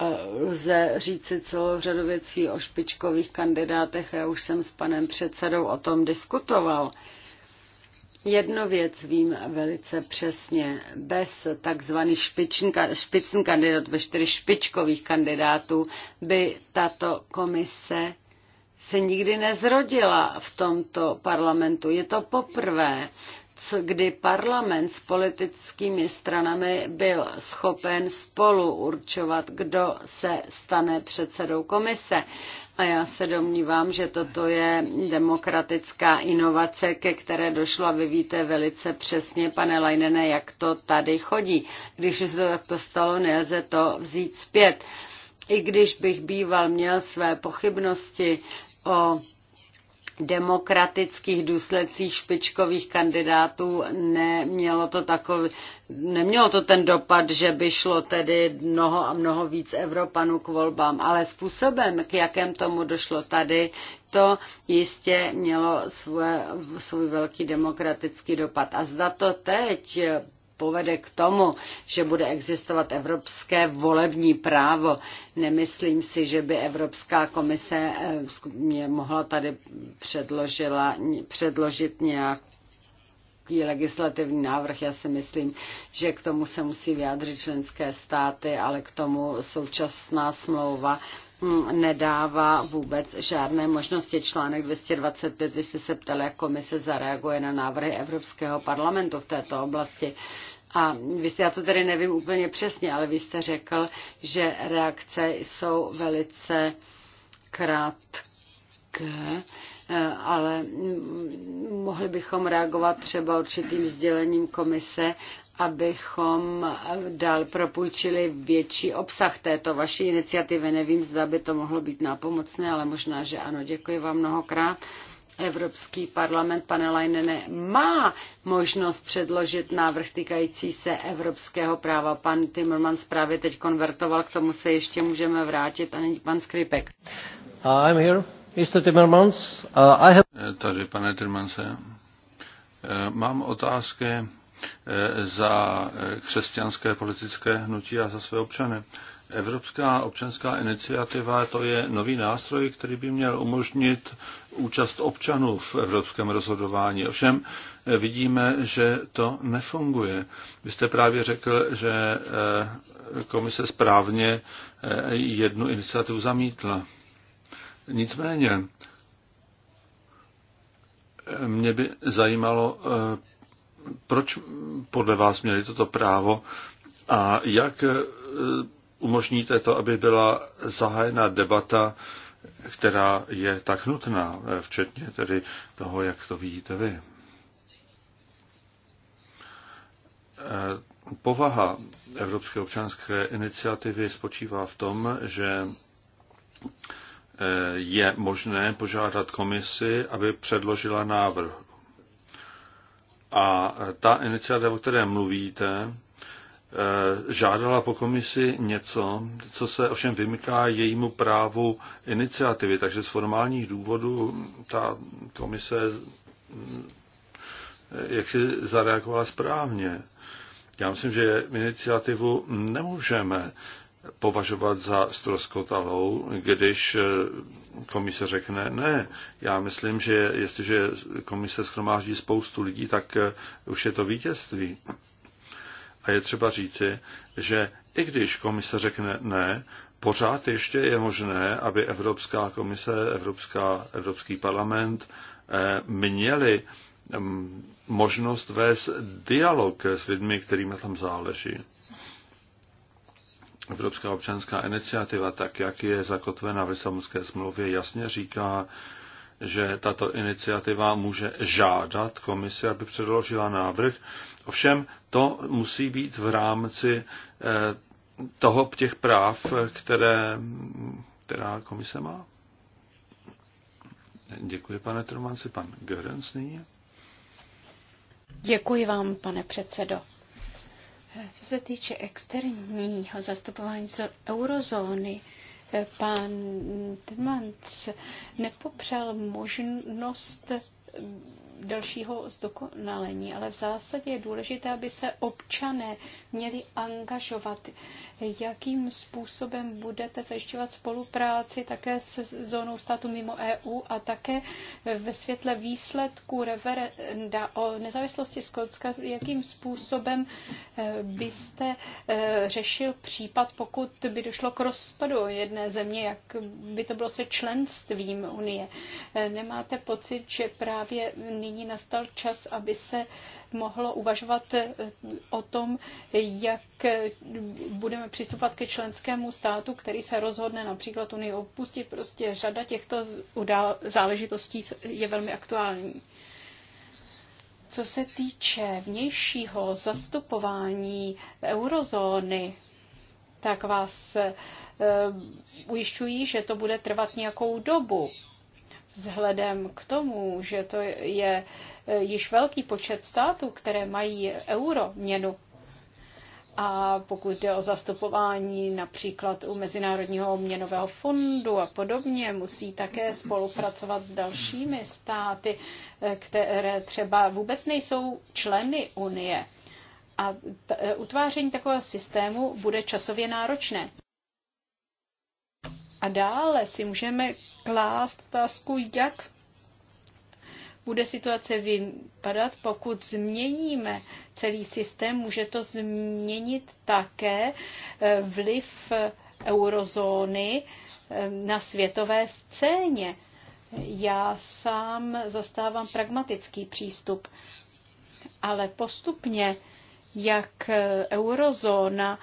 Eh, lze říci celou řadu věcí o špičkových kandidátech. Já už jsem s panem předsedou o tom diskutoval. Jednu věc vím velice přesně. Bez takzvaných špičn kandidátů, bez čtyř špičkových kandidátů, by tato komise se nikdy nezrodila v tomto parlamentu. Je to poprvé, co, kdy parlament s politickými stranami byl schopen spolu určovat, kdo se stane předsedou komise. A já se domnívám, že toto je demokratická inovace, ke které došlo a vy víte velice přesně, pane Lajnene, jak to tady chodí. Když se to takto stalo, nelze to vzít zpět. I když bych býval měl své pochybnosti o demokratických důsledcích špičkových kandidátů nemělo to, takový, nemělo to ten dopad, že by šlo tedy mnoho a mnoho víc Evropanů k volbám, ale způsobem, k jakém tomu došlo tady, to jistě mělo svůj, svůj velký demokratický dopad. A zda to teď povede k tomu, že bude existovat evropské volební právo. Nemyslím si, že by Evropská komise eh, mě mohla tady předložila, předložit nějak nějaký legislativní návrh. Já si myslím, že k tomu se musí vyjádřit členské státy, ale k tomu současná smlouva Mm, nedává vůbec žádné možnosti. Článek 225, vy jste se ptali, jak komise zareaguje na návrhy Evropského parlamentu v této oblasti. A vy jste, já to tedy nevím úplně přesně, ale vy jste řekl, že reakce jsou velice krátké, eh, ale mm, mohli bychom reagovat třeba určitým sdělením komise abychom dál propůjčili větší obsah této vaší iniciativy. Nevím, zda by to mohlo být nápomocné, ale možná, že ano. Děkuji vám mnohokrát. Evropský parlament, pane Leinene, má možnost předložit návrh týkající se evropského práva. Pan Timmermans právě teď konvertoval, k tomu se ještě můžeme vrátit. A není pan Skripek. I'm here. Mr. Timmermans, uh, I have... Eh, tady, pane uh, mám otázky Eh, za eh, křesťanské politické hnutí a za své občany. Evropská občanská iniciativa to je nový nástroj, který by měl umožnit účast občanů v evropském rozhodování. Ovšem eh, vidíme, že to nefunguje. Vy jste právě řekl, že komise správně jednu iniciativu zamítla. Nicméně mě by zajímalo, proč podle vás měli toto právo a jak eh, umožníte to, aby byla zahájena debata, která je tak nutná, eh, včetně tedy toho, jak to vidíte vy. Eh, povaha Evropské občanské iniciativy spočívá v tom, že je možné požádat komisi, aby předložila návrh a ta iniciativa, o které mluvíte, eh, žádala po komisi něco, co se ovšem vymyká jejímu právu iniciativy. Takže z formálních důvodů ta komise eh, jak si zareagovala správně. Já myslím, že iniciativu nemůžeme považovat za stroskotalou, když eh, komise řekne ne. Já myslím, že jestliže komise schromáždí spoustu lidí, tak eh, už je to vítězství. A je třeba říci, že i když komise řekne ne, pořád ještě je možné, aby Evropská komise, Evropská, Evropský parlament eh, měli mm, možnost vést dialog s lidmi, kterým tam záleží. Evropská občanská iniciativa, tak jak je zakotvena v Lisabonské smlouvě, jasně říká, že tato iniciativa může žádat komisi, aby předložila návrh. Ovšem to musí být v rámci eh, toho těch práv, které, která komise má. Děkuji, pane Trumanci. Pan Görens nyní. Děkuji vám, pane předsedo. Co se týče externího zastupování z eurozóny, eh, pan Timans nepopřel možnost dalšího zdokonalení, ale v zásadě je důležité, aby se občané měli angažovat. Jakým způsobem budete zajišťovat spolupráci také s zónou státu mimo EU a také ve světle výsledků referenda o nezávislosti Skotska, jakým způsobem eh, byste eh, řešil případ, pokud by došlo k rozpadu jedné země, jak by to bylo se členstvím Unie. Eh, nemáte pocit, že právě právě nyní nastal čas, aby se mohlo uvažovat eh, o tom, jak eh, budeme přistupovat ke členskému státu, který se rozhodne například Unii opustit. Prostě řada těchto záležitostí je velmi aktuální. Co se týče vnějšího zastupování eurozóny, tak vás eh, ujišťují, že to bude trvat nějakou dobu vzhledem k tomu, že to je e, již velký počet států, které mají euro měnu, a pokud jde o zastupování například u Mezinárodního měnového fondu a podobně, musí také spolupracovat s dalšími státy, e, které třeba vůbec nejsou členy Unie. A e, utváření takového systému bude časově náročné. A dále si můžeme klást otázku, jak bude situace vypadat, pokud změníme celý systém, může to změnit také eh, vliv eh, eurozóny eh, na světové scéně. Já sám zastávám pragmatický přístup, ale postupně, jak eurozóna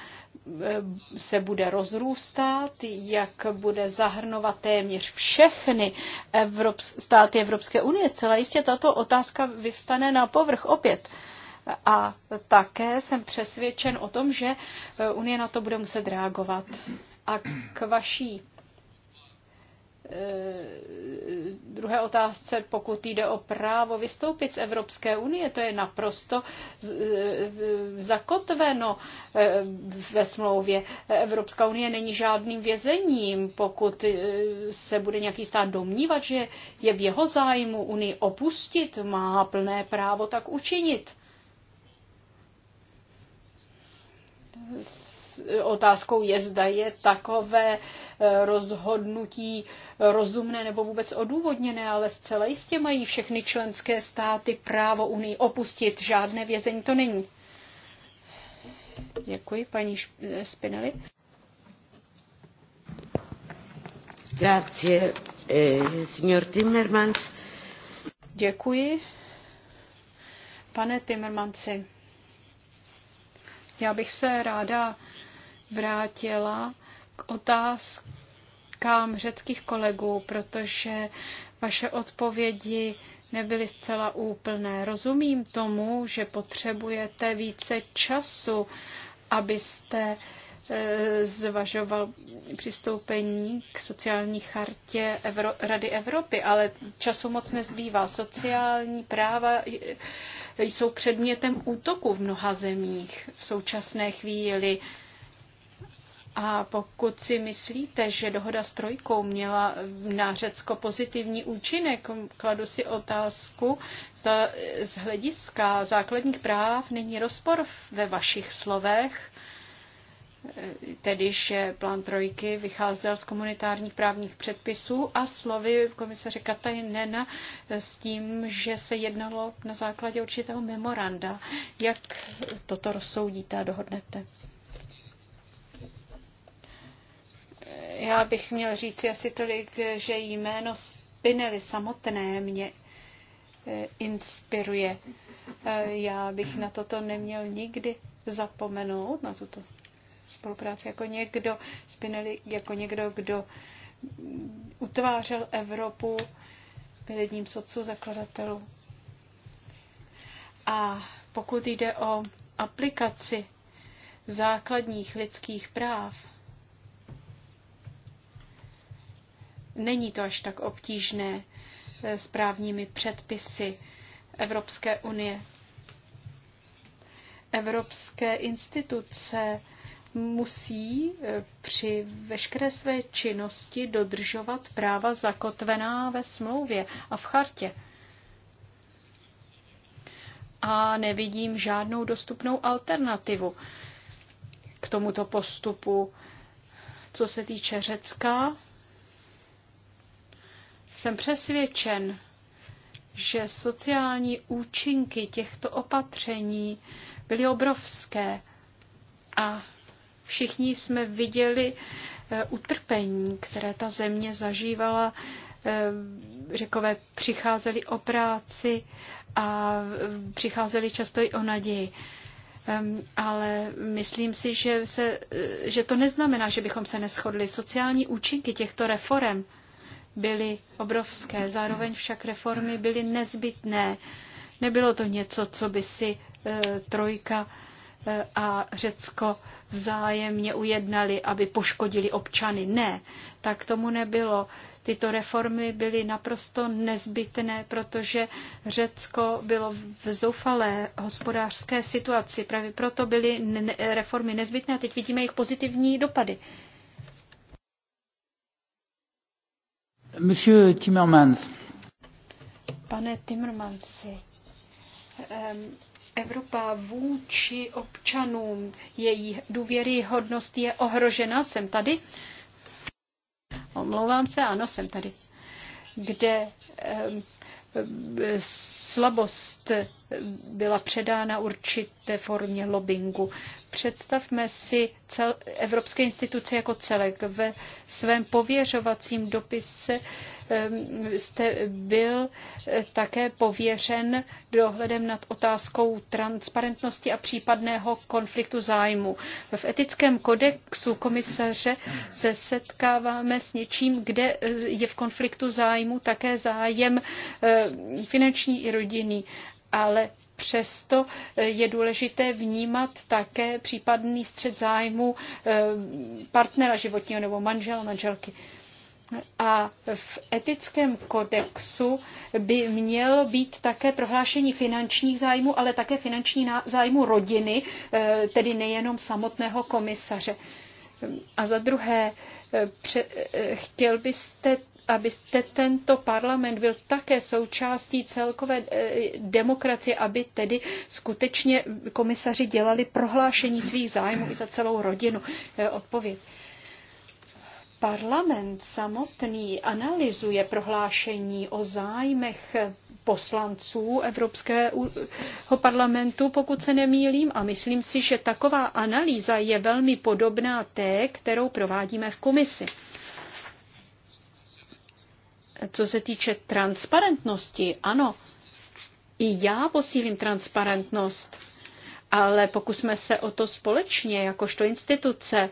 Eh, se bude rozrůstat, jak bude zahrnovat téměř všechny Evrops- státy Evropské unie. Zcela jistě tato otázka vyvstane na povrch opět. A také jsem přesvědčen o tom, že eh, Unie na to bude muset reagovat. A k vaší Eh, druhé otázce, pokud jde o právo vystoupit z Evropské unie, to je naprosto eh, zakotveno eh, ve smlouvě. Evropská unie není žádným vězením, pokud se bude nějaký stát domnívat, že je v jeho zájmu unii opustit, má plné právo tak učinit otázkou je, zda je takové eh, rozhodnutí rozumné nebo vůbec odůvodněné, ale zcela jistě mají všechny členské státy právo Unii opustit. Žádné vězení to není. Děkuji, paní Spinelli. Grazie, eh, signor Timmermans. Děkuji. Pane Timmermansi, já bych se ráda vrátila k otázkám řeckých kolegů, protože vaše odpovědi nebyly zcela úplné. Rozumím tomu, že potřebujete více času, abyste e, zvažoval přistoupení k sociální chartě Evro- Rady Evropy, ale času moc nezbývá. Sociální práva e, jsou předmětem útoku v mnoha zemích v současné chvíli. A pokud si myslíte, že dohoda s trojkou měla na Řecko pozitivní účinek, kladu si otázku, zda z hlediska základních práv není rozpor ve vašich slovech, tedy že plán trojky vycházel z komunitárních právních předpisů a slovy komisaře Katajnena s tím, že se jednalo na základě určitého memoranda. Jak toto rozsoudíte a dohodnete? Já bych měl říct asi tolik, že jméno Spinelli samotné mě eh, inspiruje. Eh, já bych na toto neměl nikdy zapomenout, na tuto spolupráci jako někdo, Spinelli jako někdo, kdo utvářel Evropu, byl jedním z otců zakladatelů. A pokud jde o aplikaci základních lidských práv, Není to až tak obtížné eh, s právními předpisy Evropské unie. Evropské instituce musí eh, při veškeré své činnosti dodržovat práva zakotvená ve smlouvě a v chartě. A nevidím žádnou dostupnou alternativu k tomuto postupu. Co se týče Řecka, jsem přesvědčen, že sociální účinky těchto opatření byly obrovské a všichni jsme viděli eh, utrpení, které ta země zažívala. Eh, Řekové přicházeli o práci a přicházeli často i o naději. Ehm, Ale myslím si, že, se, eh, že to neznamená, že bychom se neschodli. Sociální účinky těchto reform byly obrovské, zároveň však reformy byly nezbytné. Nebylo to něco, co by si e, Trojka e, a Řecko vzájemně ujednali, aby poškodili občany. Ne, tak tomu nebylo. Tyto reformy byly naprosto nezbytné, protože Řecko bylo v zoufalé hospodářské situaci. Právě proto byly reformy nezbytné a teď vidíme jejich pozitivní dopady. Monsieur Timmermans. Pane Timmermansi, Evropa vůči občanům, její důvěryhodnost je ohrožena. Jsem tady? Omlouvám se, ano, jsem tady. Kde slabost byla předána určité formě lobbingu. Představme si cel, evropské instituce jako celek. Ve svém pověřovacím dopise jste byl eh, také pověřen dohledem nad otázkou transparentnosti a případného konfliktu zájmu. V etickém kodexu komisaře se setkáváme s něčím, kde eh, je v konfliktu zájmu také zájem eh, finanční i rodinný ale přesto eh, je důležité vnímat také případný střed zájmu eh, partnera životního nebo manžela, manželky. A v etickém kodexu by měl být také prohlášení finančních zájmů, ale také finanční zájmu rodiny, eh, tedy nejenom samotného komisaře. A za druhé, chtěl byste abyste tento parlament byl také součástí celkové eh, demokracie, aby tedy skutečně komisaři dělali prohlášení svých zájmů i za celou rodinu. Odpověď. Parlament samotný analyzuje prohlášení o zájmech poslanců Evropského parlamentu, pokud se nemýlím, a myslím si, že taková analýza je velmi podobná té, kterou provádíme v komisi. Co se týče transparentnosti, ano, i já posílím transparentnost, ale pokusme se o to společně, jakožto instituce,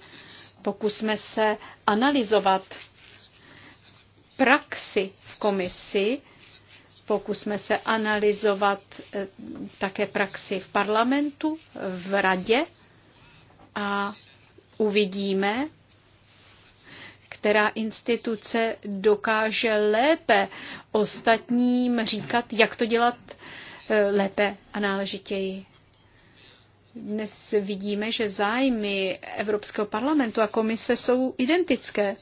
pokusme se analyzovat praxi v komisi, pokusme se analyzovat eh, také praxi v parlamentu, v radě a uvidíme, která instituce dokáže lépe ostatním říkat, jak to dělat eh, lépe a náležitěji. Dnes vidíme, že zájmy Evropského parlamentu a komise jsou identické.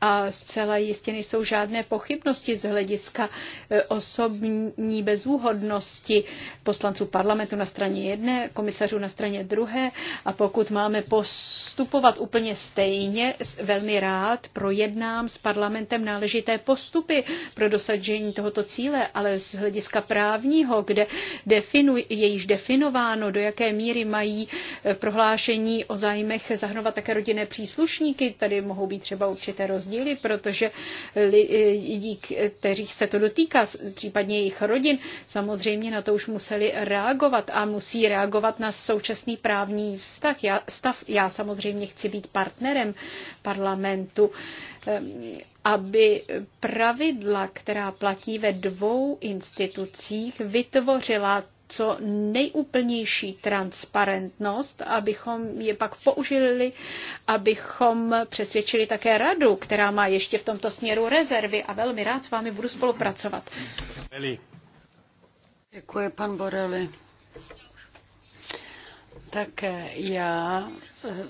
A zcela jistě nejsou žádné pochybnosti z hlediska e, osobní bezúhodnosti poslanců parlamentu na straně jedné, komisařů na straně druhé. A pokud máme postupovat úplně stejně, velmi rád projednám s parlamentem náležité postupy pro dosažení tohoto cíle, ale z hlediska právního, kde je již definováno, do jaké míry mají e, prohlášení o zájmech zahrnovat také rodinné příslušníky, tady mohou být třeba určité rozdíly rozdíly, protože e, lidí, kteří se to dotýká, případně jejich rodin, samozřejmě na to už museli reagovat a musí reagovat na současný právní vztah. Já, stav. Já samozřejmě chci být partnerem parlamentu ehm, aby pravidla, která platí ve dvou institucích, vytvořila co nejúplnější transparentnost, abychom je pak použili, abychom přesvědčili také radu, která má ještě v tomto směru rezervy a velmi rád s vámi budu spolupracovat. Eli. Děkuji, pan Borelli. Tak já eh,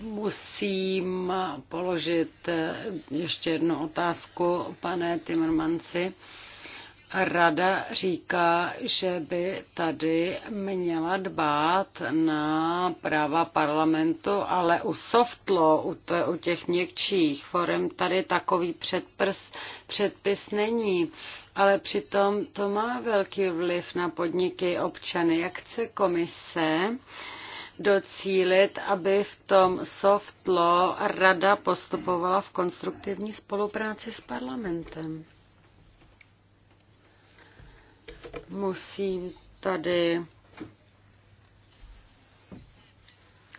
musím položit eh, ještě jednu otázku, pane Timmermansi. Rada říká, že by tady měla dbát na práva parlamentu, ale u softlo, u, u těch měkčích forem tady takový předprs, předpis není. Ale přitom to má velký vliv na podniky občany. Jak chce komise docílit, aby v tom softlo rada postupovala v konstruktivní spolupráci s parlamentem? Musím tady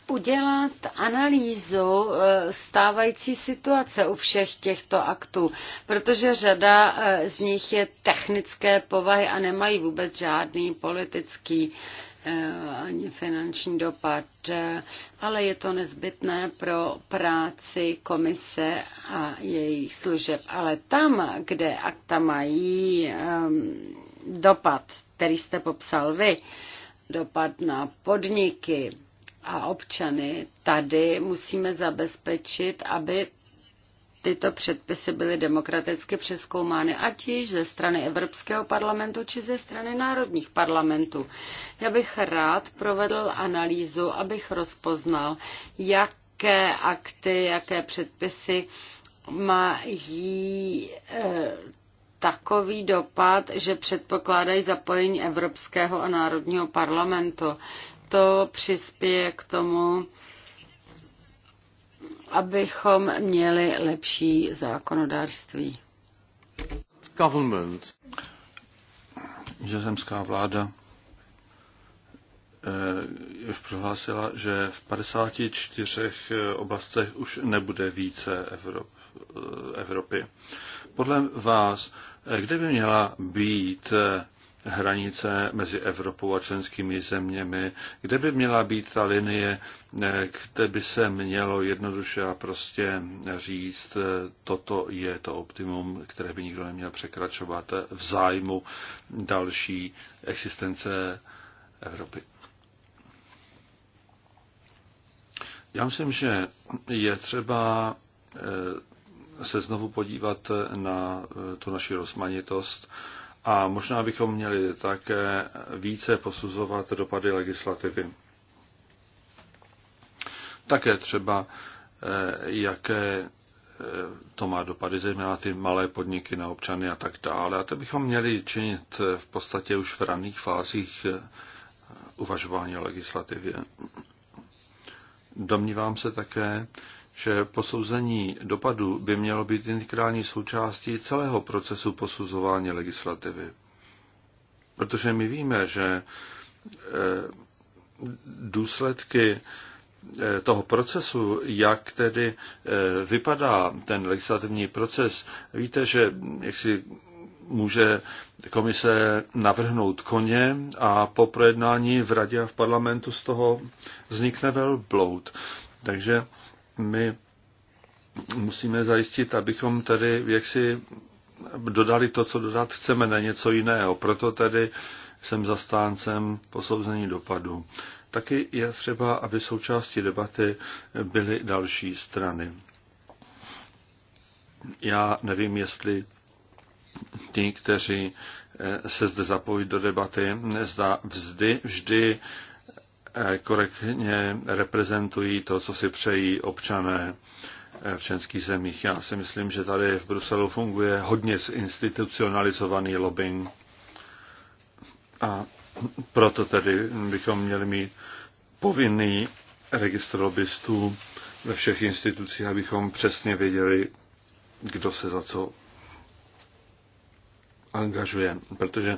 udělat analýzu eh, stávající situace u všech těchto aktů, protože řada eh, z nich je technické povahy a nemají vůbec žádný politický eh, ani finanční dopad, ale je to nezbytné pro práci komise a jejich služeb. Ale tam, kde akta mají um, dopad, který jste popsal vy, dopad na podniky a občany, tady musíme zabezpečit, aby tyto předpisy byly demokraticky přeskoumány, ať již ze strany Evropského parlamentu, či ze strany národních parlamentů. Já bych rád provedl analýzu, abych rozpoznal, jaké akty, jaké předpisy mají eh, takový dopad, že předpokládají zapojení Evropského a Národního parlamentu. To přispěje k tomu, abychom měli lepší zákonodárství. Government. Nizozemská vláda eh, už prohlásila, že v 54 eh, oblastech už nebude více Evropy. Eh, Evropy. Podle vás, eh, kde by měla být eh, hranice mezi Evropou a členskými zeměmi, kde by měla být ta linie, kde by se mělo jednoduše a prostě říct, toto je to optimum, které by nikdo neměl překračovat v zájmu další existence Evropy. Já myslím, že je třeba se znovu podívat na eh, tu naši rozmanitost a možná bychom měli také více posuzovat dopady legislativy. Také třeba, eh, jaké eh, to má dopady, zejména ty malé podniky na občany a tak dále. A to bychom měli činit v podstatě už v raných fázích uvažování o legislativě. Domnívám se také, že posouzení dopadu by mělo být integrální součástí celého procesu posuzování legislativy. Protože my víme, že eh, důsledky eh, toho procesu, jak tedy eh, vypadá ten legislativní proces, víte, že jak si může komise navrhnout koně a po projednání v radě a v parlamentu z toho vznikne velbloud. Takže my musíme zajistit, abychom tedy jaksi dodali to, co dodat chceme, ne něco jiného. Proto tedy jsem zastáncem posouzení dopadu. Taky je třeba, aby součástí debaty byly další strany. Já nevím, jestli ti, kteří eh, se zde zapojí do debaty, zda vždy, vždy Eh, korektně reprezentují to, co si přejí občané eh, v českých zemích. Já si myslím, že tady v Bruselu funguje hodně zinstitucionalizovaný lobbying a proto tedy bychom měli mít povinný registr lobbystů ve všech institucích, abychom přesně věděli, kdo se za co angažuje, protože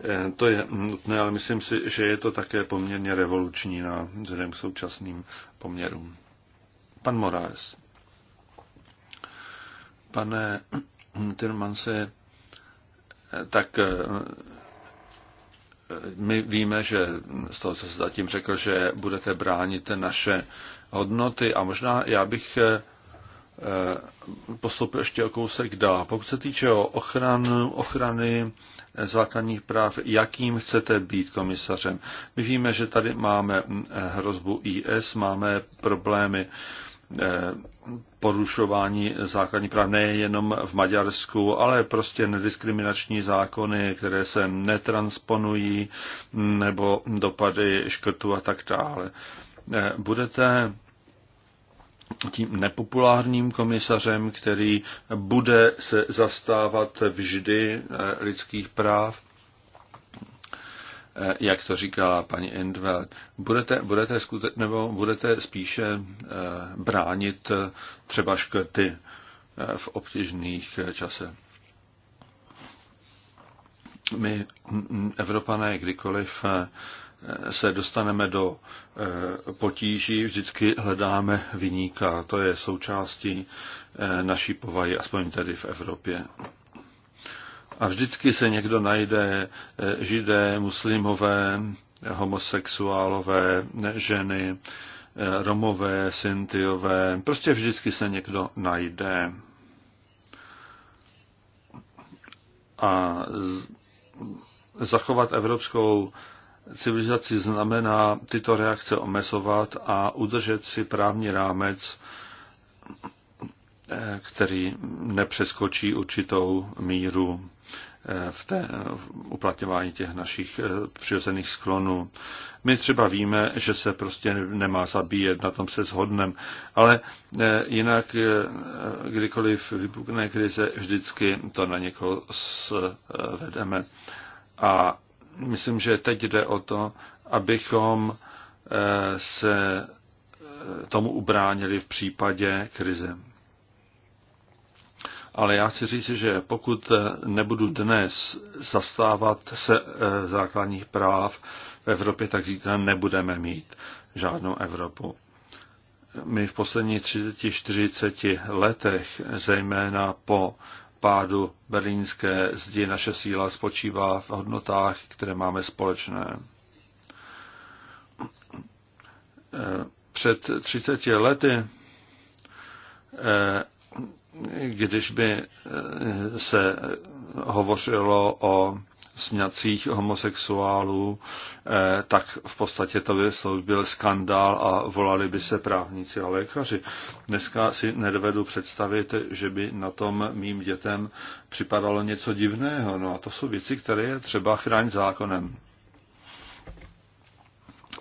eh, to je nutné, ale myslím si, že je to také poměrně revoluční na vzhledem k současným poměrům. Pan Morales. Pane Tilmanse, eh, tak eh, my víme, že z toho, co jste zatím řekl, že budete bránit naše hodnoty a možná já bych Eh, postoupil ještě o kousek dál. Pokud se týče o ochran, ochrany eh, základních práv, jakým chcete být komisařem? My víme, že tady máme mm, eh, hrozbu IS, máme problémy porušování základní práv nejenom v Maďarsku, ale prostě nediskriminační zákony, které se netransponují, nebo dopady škrtu a tak dále. Budete tím nepopulárním komisařem, který bude se zastávat vždy eh, lidských práv, eh, jak to říkala paní Endveld, budete, budete, skute, nebo budete spíše eh, bránit třeba škrty v obtížných časech. My, Evropané, kdykoliv se dostaneme do eh, potíží, vždycky hledáme vyníka. To je součástí eh, naší povahy, aspoň tedy v Evropě. A vždycky se někdo najde eh, židé, muslimové, homosexuálové, ženy, romové, syntiové. Prostě vždycky se někdo najde. A zachovat evropskou civilizaci znamená tyto reakce omezovat a udržet si právní rámec, eh, který nepřeskočí určitou míru eh, v, té, v uplatňování těch našich eh, přirozených sklonů. My třeba víme, že se prostě nemá zabíjet, na tom se shodneme, ale jinak, kdykoliv vypukne krize, vždycky to na někoho svedeme. A myslím, že teď jde o to, abychom eh, se eh, tomu ubránili v případě krize. Ale já chci říct, že pokud eh, nebudu dnes zastávat se základních práv v Evropě, tak zítra nebudeme mít žádnou Evropu. My v posledních 30-40 letech, zejména po pádu berlínské zdi naše síla spočívá v hodnotách, které máme společné. Před 30 lety, eh, když by eh, se hovořilo o sňacích homosexuálů, eh, tak v podstatě to by byl skandál a volali by se právníci a lékaři. Dneska si nedovedu představit, že by na tom mým dětem připadalo něco divného. No a to jsou věci, které je třeba chránit zákonem.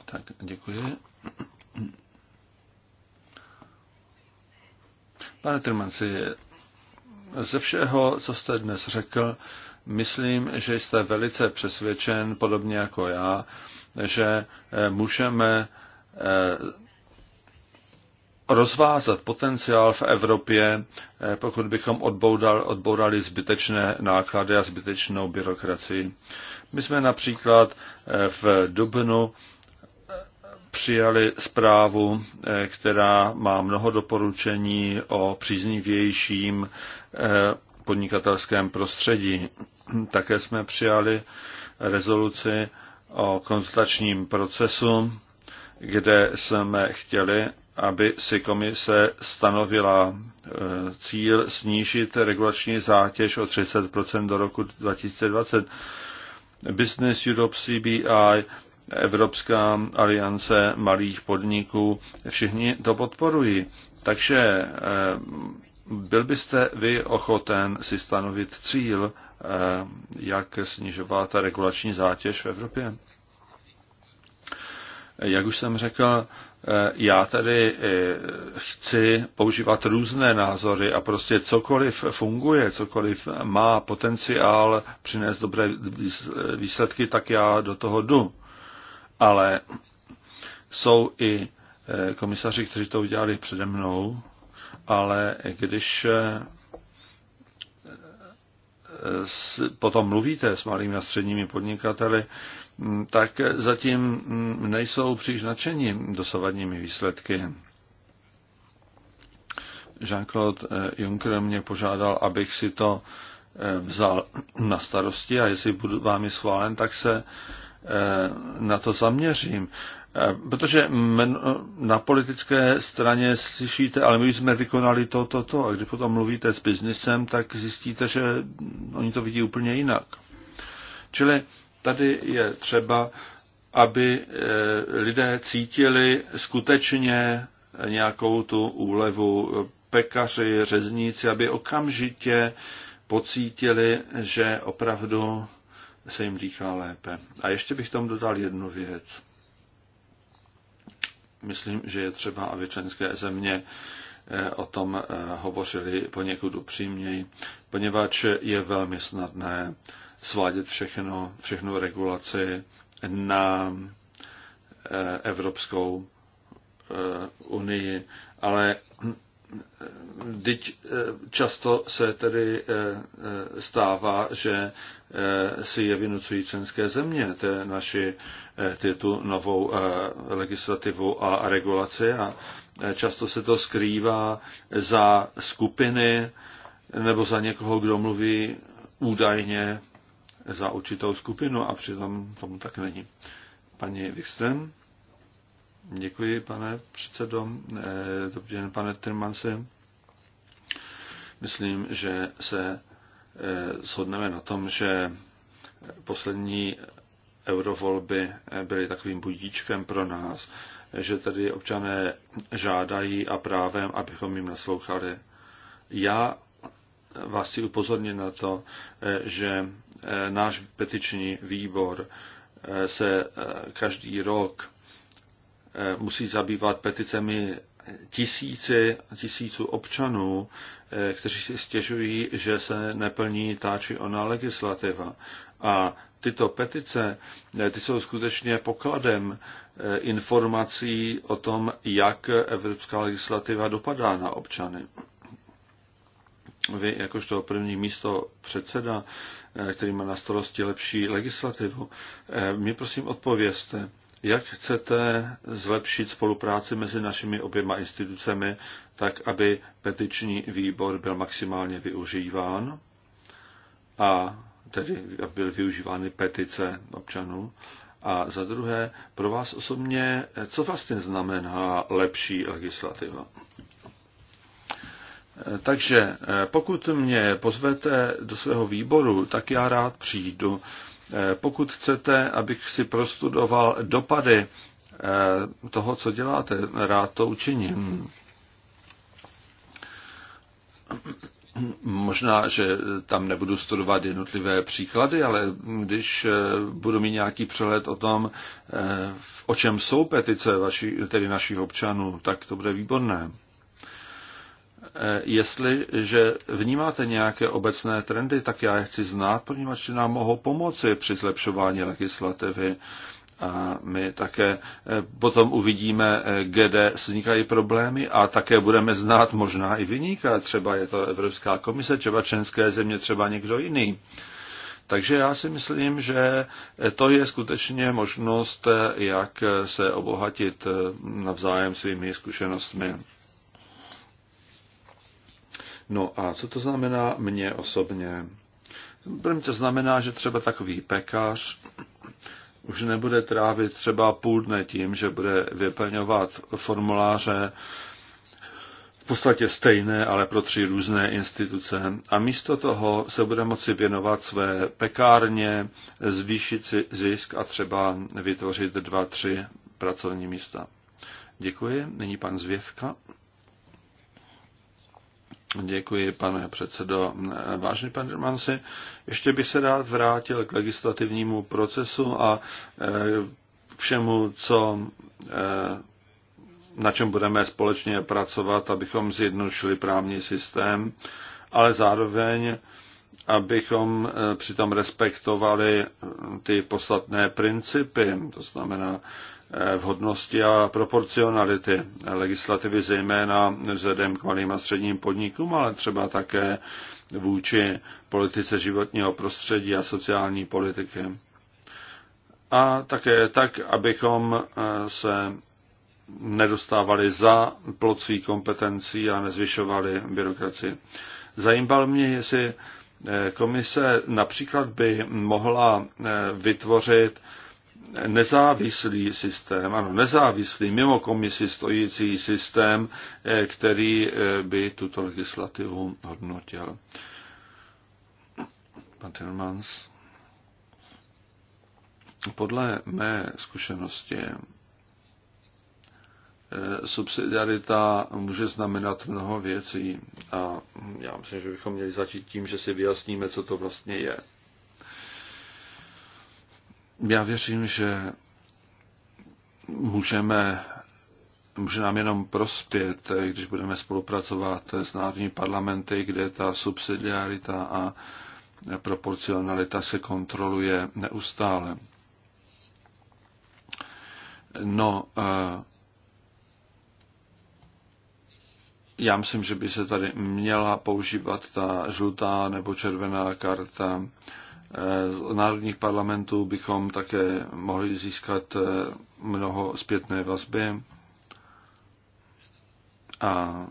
Tak, děkuji. Pane Trmanci, ze všeho, co jste dnes řekl, Myslím, že jste velice přesvědčen, podobně jako já, že eh, můžeme eh, rozvázat potenciál v Evropě, eh, pokud bychom odboudali odbourali zbytečné náklady a zbytečnou byrokracii. My jsme například v Dubnu přijali zprávu, která má mnoho doporučení o příznivějším podnikatelském prostředí. Také jsme přijali rezoluci o konzultačním procesu, kde jsme chtěli, aby si komise stanovila e, cíl snížit regulační zátěž o 30 do roku 2020. Business Europe CBI, Evropská aliance malých podniků, všichni to podporují. Takže e, byl byste vy ochoten si stanovit cíl, eh, jak snižovat regulační zátěž v Evropě? Jak už jsem řekl, eh, já tady eh, chci používat různé názory a prostě cokoliv funguje, cokoliv má potenciál přinést dobré výsledky, tak já do toho jdu. Ale jsou i komisaři, kteří to udělali přede mnou ale když eh, potom mluvíte s malými a středními podnikateli, mm, tak zatím mm, nejsou příliš nadšení dosavadními výsledky. Jean-Claude eh, Juncker mě požádal, abych si to eh, vzal na starosti a jestli budu vámi schválen, tak se na to zaměřím. Eh, protože na politické straně slyšíte, ale my jsme vykonali to, to, to. A když potom mluvíte s biznisem, tak zjistíte, že oni to vidí úplně jinak. Čili tady je třeba, aby eh, lidé cítili skutečně nějakou tu úlevu pekaři, řezníci, aby okamžitě pocítili, že opravdu se jim dýchá lépe. A ještě bych tomu dodal jednu věc myslím, že je třeba, aby členské země eh, o tom eh, hovořili poněkud upřímněji, poněvadž je velmi snadné svádět všechno, všechnu regulaci na eh, Evropskou unii, ale Vždyť eh, často se tedy eh, eh, stává, že si je vynucují členské země, té naši ty tu novou legislativu a regulaci a často se to skrývá za skupiny nebo za někoho, kdo mluví údajně za určitou skupinu a přitom tomu tak není. Paní Wikström. Děkuji, pane předsedo. Eh, dobrý den, pane Trmanse. Myslím, že se eh, shodneme na tom, že poslední eurovolby eh, byly takovým budíčkem pro nás, že tady občané žádají a právem, abychom jim naslouchali. Já vás chci upozornit na to, že náš petiční výbor se každý rok Eh, musí zabývat peticemi tisíci, tisíců občanů, eh, kteří si stěžují, že se neplní ta či ona legislativa. A tyto petice, eh, ty jsou skutečně pokladem informací o tom, jak evropská legislativa dopadá na občany. Vy, jakožto první místo předseda, který má na starosti lepší legislativu, mi prosím odpověste, jak chcete zlepšit spolupráci mezi našimi oběma institucemi, tak aby petiční výbor byl maximálně využíván a tedy aby byly využívány petice občanů? A za druhé, pro vás osobně, co vlastně znamená lepší legislativa? Takže eh, pokud mě pozvete do svého výboru, tak já rád přijdu. Eh, pokud chcete, abych si prostudoval dopady eh, toho, co děláte, rád to učiním. Možná, že tam nebudu studovat jednotlivé příklady, ale když eh, budu mít nějaký přehled o tom, o čem jsou petice vaši, tedy našich občanů, tak to bude výborné. Eh, jestliže vnímáte nějaké obecné trendy, tak já je chci znát, poněvadž nám mohou pomoci při zlepšování legislativy. A my také eh, potom uvidíme, eh, kde vznikají problémy a také budeme znát možná i vyníka. Třeba je to Evropská komise, třeba členské země, třeba někdo jiný. Takže já si myslím, že to je skutečně možnost, jak se obohatit navzájem svými zkušenostmi. No a co to znamená mně osobně? Pro mě to znamená, že třeba takový pekař už nebude trávit třeba půl dne tím, že bude vyplňovat formuláře v podstatě stejné, ale pro tři různé instituce. A místo toho se bude moci věnovat své pekárně, zvýšit si zisk a třeba vytvořit dva, tři pracovní místa. Děkuji. Nyní pan Zvěvka. Děkuji, pane předsedo. Vážený pane Mansi, ještě bych se rád vrátil k legislativnímu procesu a e, všemu, co, e, na čem budeme společně pracovat, abychom zjednodušili právní systém, ale zároveň abychom e, přitom respektovali ty podstatné principy, to znamená vhodnosti a proporcionality legislativy, zejména vzhledem k malým a středním podnikům, ale třeba také vůči politice životního prostředí a sociální politiky. A také tak, abychom eh, se nedostávali za plot svých kompetencí a nezvyšovali byrokracii. Zajímal mě, jestli eh, komise například by mohla eh, vytvořit nezávislý systém, ano, nezávislý, mimo komisi stojící systém, eh, který eh, by tuto legislativu hodnotil. Pan Tilmans. Podle mé zkušenosti eh, subsidiarita může znamenat mnoho věcí a já myslím, že bychom měli začít tím, že si vyjasníme, co to vlastně je. Já věřím, že můžeme může nám jenom prospět, když budeme spolupracovat s národní parlamenty, kde ta subsidiarita a proporcionalita se kontroluje neustále. No, eh, já myslím, že by se tady měla používat ta žlutá nebo červená karta z eh, národních parlamentů bychom také mohli získat eh, mnoho zpětné vazby a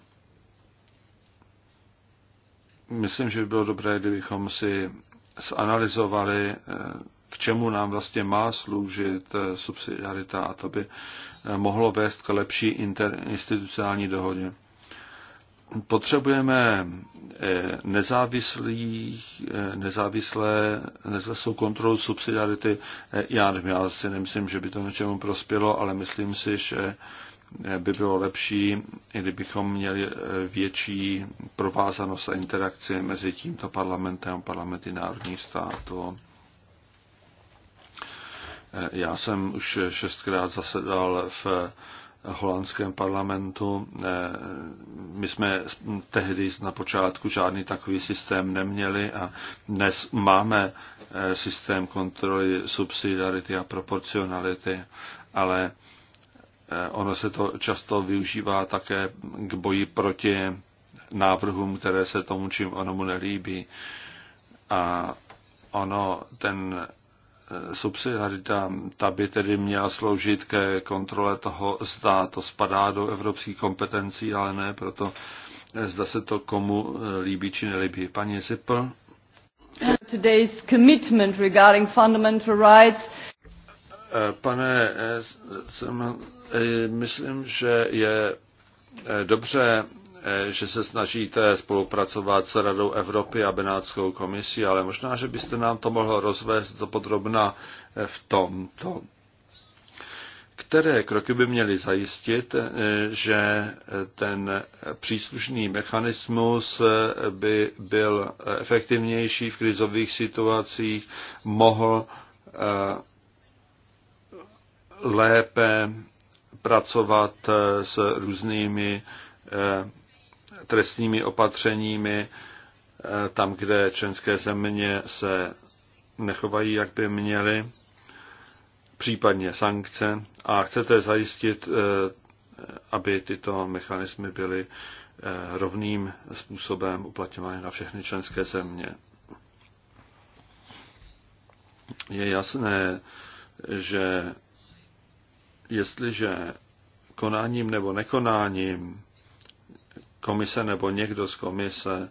myslím, že by bylo dobré, kdybychom si zanalizovali, eh, k čemu nám vlastně má sloužit subsidiarita a to by mohlo vést k lepší interinstitucionální dohodě potřebujeme eh, nezávislý, eh, nezávislé, nezávislou kontrolu subsidiarity. Eh, já nevím, já si nemyslím, že by to něčemu prospělo, ale myslím si, že by bylo lepší, kdybychom měli větší provázanost a interakci mezi tímto parlamentem a parlamenty národních států. Já jsem už šestkrát zasedal v holandském parlamentu. Eh, my jsme tehdy na počátku žádný takový systém neměli a dnes máme eh, systém kontroly subsidiarity a proporcionality, ale eh, ono se to často využívá také k boji proti návrhům, které se tomu čím onomu nelíbí. A ono, ten subsidiarita, ta by tedy měla sloužit ke kontrole toho, zda to spadá do evropských kompetencí, ale ne proto, zda se to komu eh, líbí či nelíbí. Paní Zippel? Today's commitment regarding fundamental rights. Eh, pane, eh, myslím, že je dobře Eh, že se snažíte spolupracovat s Radou Evropy a Benátskou komisí, ale možná, že byste nám to mohl rozvést do podrobna eh, v tomto. Které kroky by měly zajistit, eh, že ten příslušný mechanismus by byl efektivnější v krizových situacích, mohl lépe pracovat s různými trestními opatřeními eh, tam, kde členské země se nechovají, jak by měly, případně sankce a chcete zajistit, eh, aby tyto mechanismy byly eh, rovným způsobem uplatňovány na všechny členské země. Je jasné, že jestliže konáním nebo nekonáním komise nebo někdo z komise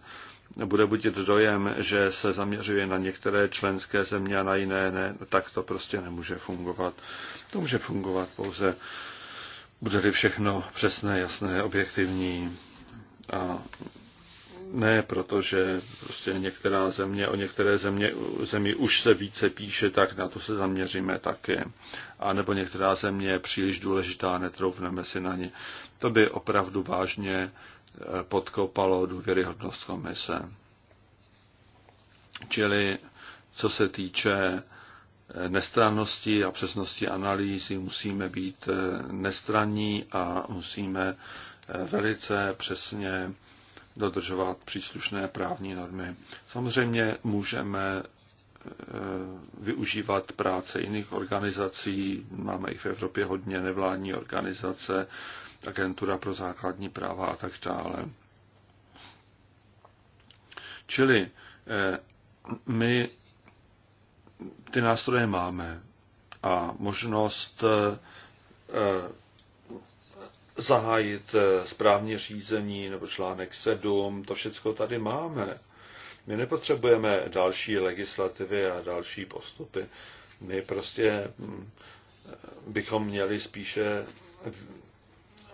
bude budit dojem, že se zaměřuje na některé členské země a na jiné ne, tak to prostě nemůže fungovat. To může fungovat pouze, bude-li všechno přesné, jasné, objektivní a ne proto, že prostě některá země, o některé země, zemi už se více píše, tak na to se zaměříme také. A nebo některá země je příliš důležitá, netroufneme si na ně. To by opravdu vážně podkopalo důvěryhodnost komise. Čili co se týče eh, nestrannosti a přesnosti analýzy, musíme být eh, nestranní a musíme eh, velice přesně dodržovat příslušné právní normy. Samozřejmě můžeme využívat práce jiných organizací, máme i v Evropě hodně nevládní organizace, agentura pro základní práva a tak dále. Čili eh, my ty nástroje máme a možnost eh, zahájit eh, správně řízení nebo článek 7, to všechno tady máme. My nepotřebujeme další legislativy a další postupy. My prostě hm, bychom měli spíše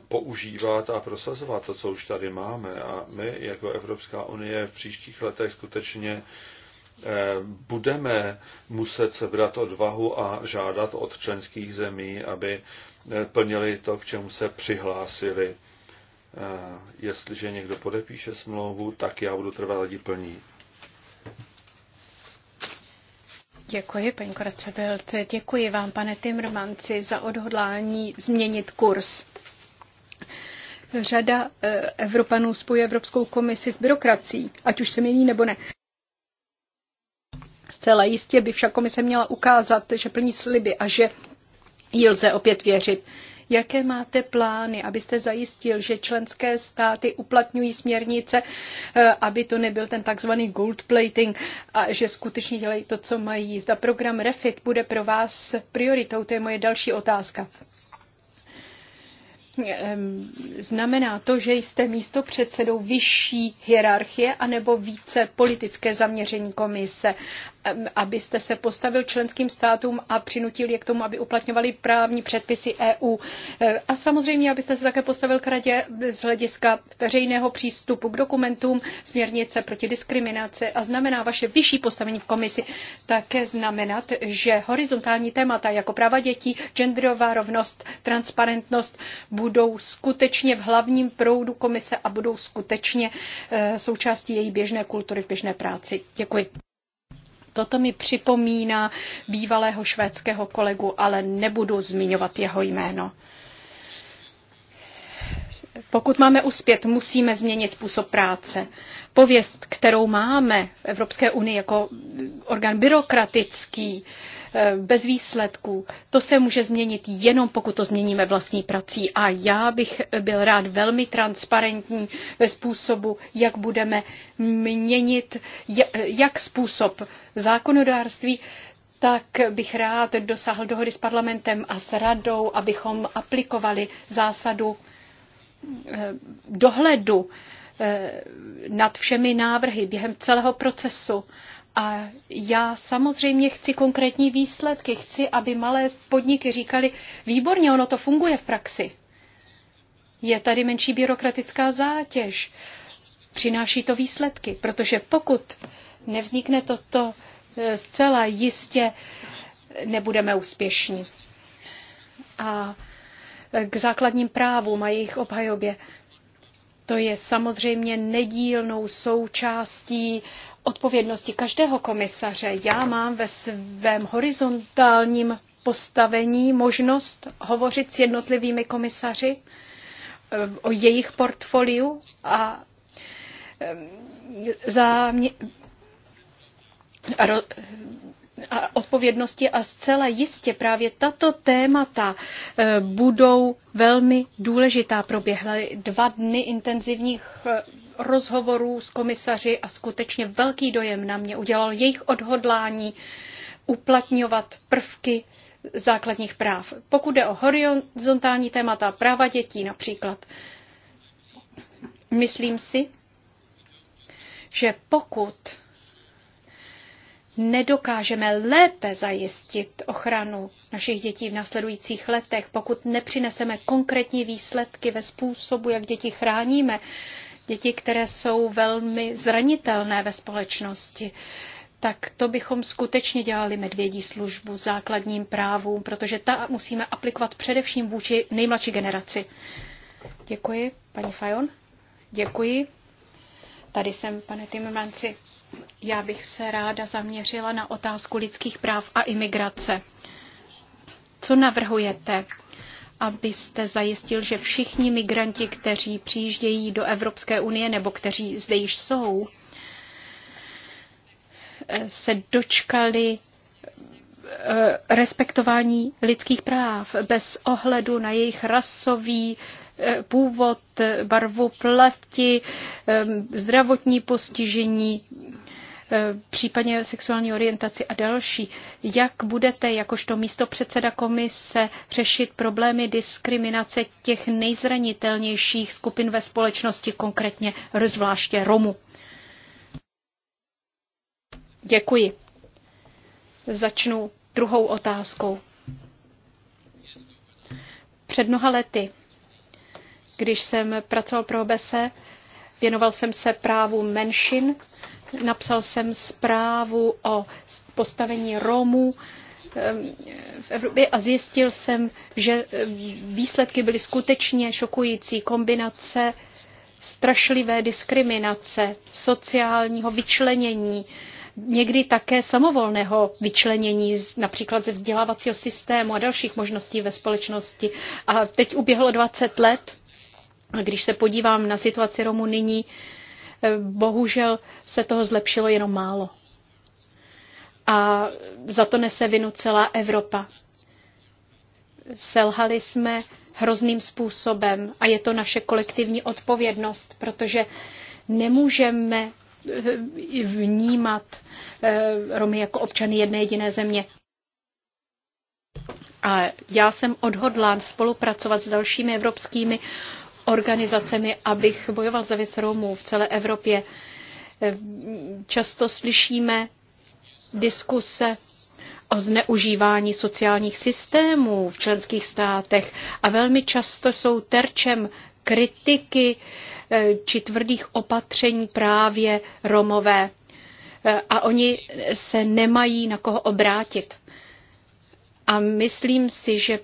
používat a prosazovat to, co už tady máme. A my jako Evropská unie v příštích letech skutečně eh, budeme muset sebrat odvahu a žádat od členských zemí, aby eh, plnili to, k čemu se přihlásili. Eh, jestliže někdo podepíše smlouvu, tak já budu trvat lidi plní. Děkuji, paní Koracebelt. Děkuji vám, pane Timrmanci, za odhodlání změnit kurz řada eh, Evropanů spojuje Evropskou komisi s byrokracií, ať už se mění nebo ne. Zcela jistě by však komise měla ukázat, že plní sliby a že jí lze opět věřit. Jaké máte plány, abyste zajistil, že členské státy uplatňují směrnice, eh, aby to nebyl ten takzvaný gold plating a že skutečně dělají to, co mají? Zda program REFIT bude pro vás prioritou, to je moje další otázka znamená to, že jste místo předsedou vyšší hierarchie anebo více politické zaměření komise, abyste se postavil členským státům a přinutil je k tomu, aby uplatňovali právní předpisy EU. A samozřejmě, abyste se také postavil k radě z hlediska veřejného přístupu k dokumentům, směrnice proti diskriminaci a znamená vaše vyšší postavení v komisi také znamenat, že horizontální témata jako práva dětí, genderová rovnost, transparentnost budou budou skutečně v hlavním proudu komise a budou skutečně eh, součástí její běžné kultury v běžné práci. Děkuji. Toto mi připomíná bývalého švédského kolegu, ale nebudu zmiňovat jeho jméno. Pokud máme uspět, musíme změnit způsob práce. Pověst, kterou máme v Evropské unii jako orgán byrokratický, Eh, bez výsledků. To se může změnit jenom pokud to změníme vlastní prací a já bych byl rád velmi transparentní ve způsobu, jak budeme měnit jak způsob zákonodárství, tak bych rád dosáhl dohody s parlamentem a s radou, abychom aplikovali zásadu eh, dohledu eh, nad všemi návrhy během celého procesu a já samozřejmě chci konkrétní výsledky, chci, aby malé podniky říkali, výborně, ono to funguje v praxi. Je tady menší byrokratická zátěž, přináší to výsledky, protože pokud nevznikne toto e, zcela jistě, nebudeme úspěšní. A e, k základním právům a jejich obhajobě. To je samozřejmě nedílnou součástí odpovědnosti každého komisaře. Já mám ve svém horizontálním postavení možnost hovořit s jednotlivými komisaři eh, o jejich portfoliu a eh, za mě, ro, a odpovědnosti a zcela jistě právě tato témata eh, budou velmi důležitá. Proběhly dva dny intenzivních eh, rozhovorů s komisaři a skutečně velký dojem na mě udělal jejich odhodlání uplatňovat prvky základních práv. Pokud jde o horizontální témata práva dětí například, myslím si, že pokud nedokážeme lépe zajistit ochranu našich dětí v následujících letech, pokud nepřineseme konkrétní výsledky ve způsobu, jak děti chráníme, děti, které jsou velmi zranitelné ve společnosti, tak to bychom skutečně dělali medvědí službu základním právům, protože ta musíme aplikovat především vůči nejmladší generaci. Děkuji, paní Fajon. Děkuji. Tady jsem, pane Timmermanci. Já bych se ráda zaměřila na otázku lidských práv a imigrace. Co navrhujete, abyste zajistil, že všichni migranti, kteří přijíždějí do Evropské unie nebo kteří zde již jsou, se dočkali eh, respektování lidských práv bez ohledu na jejich rasový, původ, barvu pleti, zdravotní postižení, případně sexuální orientaci a další. Jak budete jakožto místo předseda komise řešit problémy diskriminace těch nejzranitelnějších skupin ve společnosti, konkrétně zvláště Romu? Děkuji. Začnu druhou otázkou. Před mnoha lety když jsem pracoval pro OBSE, věnoval jsem se právu menšin, napsal jsem zprávu o postavení Romů ehm, v Evropě a zjistil jsem, že ehm, výsledky byly skutečně šokující. Kombinace strašlivé diskriminace, sociálního vyčlenění, někdy také samovolného vyčlenění, například ze vzdělávacího systému a dalších možností ve společnosti. A teď uběhlo 20 let a když se podívám na situaci Romů nyní, eh, bohužel se toho zlepšilo jenom málo. A za to nese vinu celá Evropa. Selhali jsme hrozným způsobem a je to naše kolektivní odpovědnost, protože nemůžeme eh, vnímat eh, Romy jako občany jedné jediné země. A já jsem odhodlán spolupracovat s dalšími evropskými organizacemi, abych bojoval za věc Romů v celé Evropě. Často slyšíme diskuse o zneužívání sociálních systémů v členských státech a velmi často jsou terčem kritiky eh, či tvrdých opatření právě Romové. Eh, a oni se nemají na koho obrátit. A myslím si, že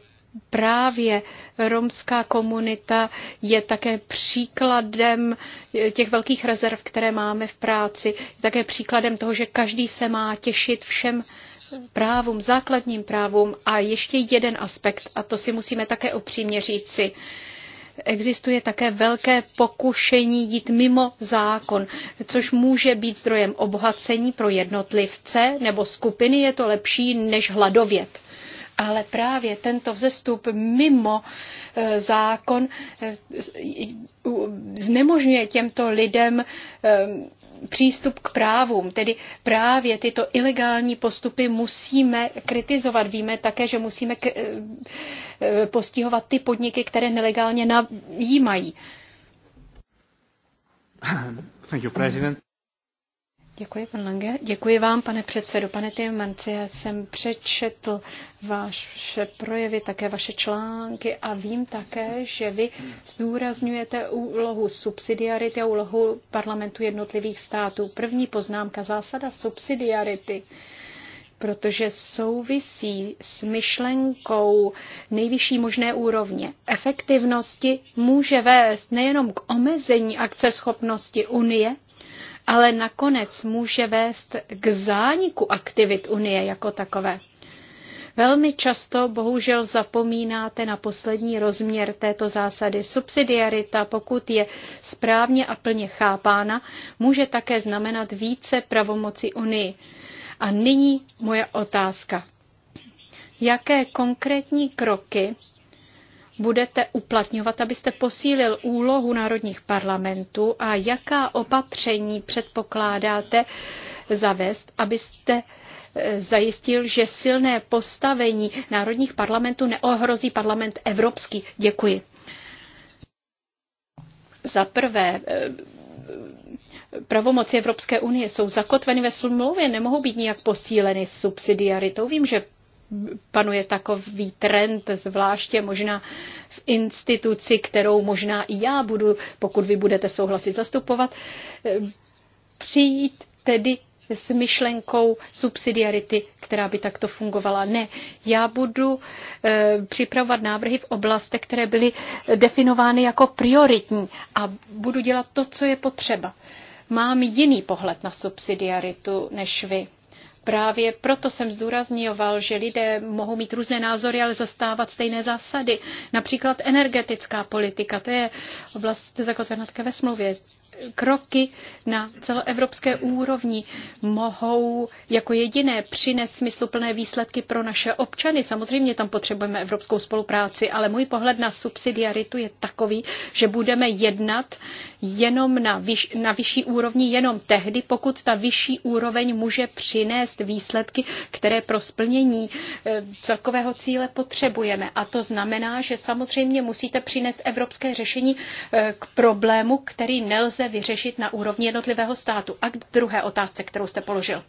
právě romská komunita je také příkladem těch velkých rezerv, které máme v práci, je také příkladem toho, že každý se má těšit všem právům, základním právům a ještě jeden aspekt, a to si musíme také opřímně říci, existuje také velké pokušení jít mimo zákon, což může být zdrojem obohacení pro jednotlivce nebo skupiny, je to lepší než hladovět ale právě tento vzestup mimo e, zákon e, znemožňuje těmto lidem e, přístup k právům. Tedy právě tyto ilegální postupy musíme kritizovat. Víme také, že musíme postihovat ty podniky, které nelegálně najímají. Thank you, president. Děkuji, pan Lange. Děkuji vám, pane předsedo. Pane Timmermanci, já jsem přečetl vaše projevy, také vaše články a vím také, že vy zdůrazňujete úlohu subsidiarity a úlohu parlamentu jednotlivých států. První poznámka, zásada subsidiarity protože souvisí s myšlenkou nejvyšší možné úrovně. Efektivnosti může vést nejenom k omezení akceschopnosti Unie, ale nakonec může vést k zániku aktivit Unie jako takové. Velmi často bohužel zapomínáte na poslední rozměr této zásady. Subsidiarita, pokud je správně a plně chápána, může také znamenat více pravomoci Unii. A nyní moje otázka. Jaké konkrétní kroky budete uplatňovat, abyste posílil úlohu národních parlamentů a jaká opatření předpokládáte zavést, abyste eh, zajistil, že silné postavení národních parlamentů neohrozí parlament evropský. Děkuji. Za prvé, eh, pravomoci Evropské unie jsou zakotveny ve smlouvě, nemohou být nijak posíleny subsidiaritou. Vím, že panuje takový trend, zvláště možná v instituci, kterou možná i já budu, pokud vy budete souhlasit zastupovat, přijít tedy s myšlenkou subsidiarity, která by takto fungovala. Ne, já budu e, připravovat návrhy v oblastech, které byly definovány jako prioritní a budu dělat to, co je potřeba. Mám jiný pohled na subsidiaritu než vy. Právě proto jsem zdůrazňoval, že lidé mohou mít různé názory, ale zastávat stejné zásady. Například energetická politika, to je oblast zakotvená také ve smlouvě kroky na celoevropské úrovni mohou jako jediné přinést smysluplné výsledky pro naše občany. Samozřejmě tam potřebujeme evropskou spolupráci, ale můj pohled na subsidiaritu je takový, že budeme jednat jenom na, vyš, na vyšší úrovni, jenom tehdy, pokud ta vyšší úroveň může přinést výsledky, které pro splnění eh, celkového cíle potřebujeme. A to znamená, že samozřejmě musíte přinést evropské řešení eh, k problému, který nelze vyřešit na úrovni jednotlivého státu. A k druhé otázce, kterou jste položil.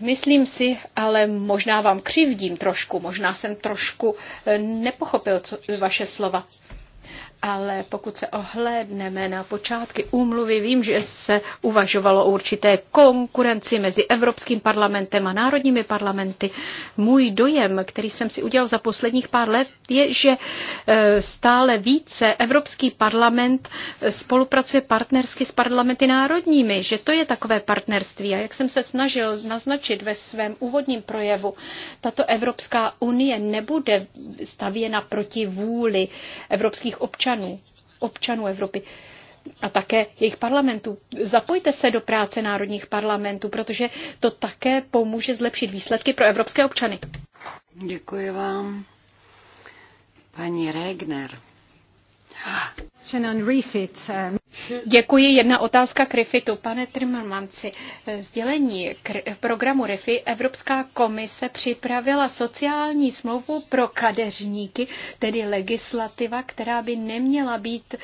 Myslím si, ale možná vám křivdím trošku, možná jsem trošku eh, nepochopil co, vaše slova ale pokud se ohlédneme na počátky úmluvy, vím, že se uvažovalo o určité konkurenci mezi Evropským parlamentem a národními parlamenty. Můj dojem, který jsem si udělal za posledních pár let, je, že e, stále více Evropský parlament e, spolupracuje partnersky s parlamenty národními, že to je takové partnerství. A jak jsem se snažil naznačit ve svém úvodním projevu, tato Evropská unie nebude stavěna proti vůli evropských občanů, občanů, občanů Evropy a také jejich parlamentů. Zapojte se do práce národních parlamentů, protože to také pomůže zlepšit výsledky pro evropské občany. Děkuji vám. Paní Regner. Ah. Um, Děkuji. Jedna otázka k REFITu. Pane Trimmermanci, sdělení k programu REFI Evropská komise připravila sociální smlouvu pro kadeřníky, tedy legislativa, která by neměla být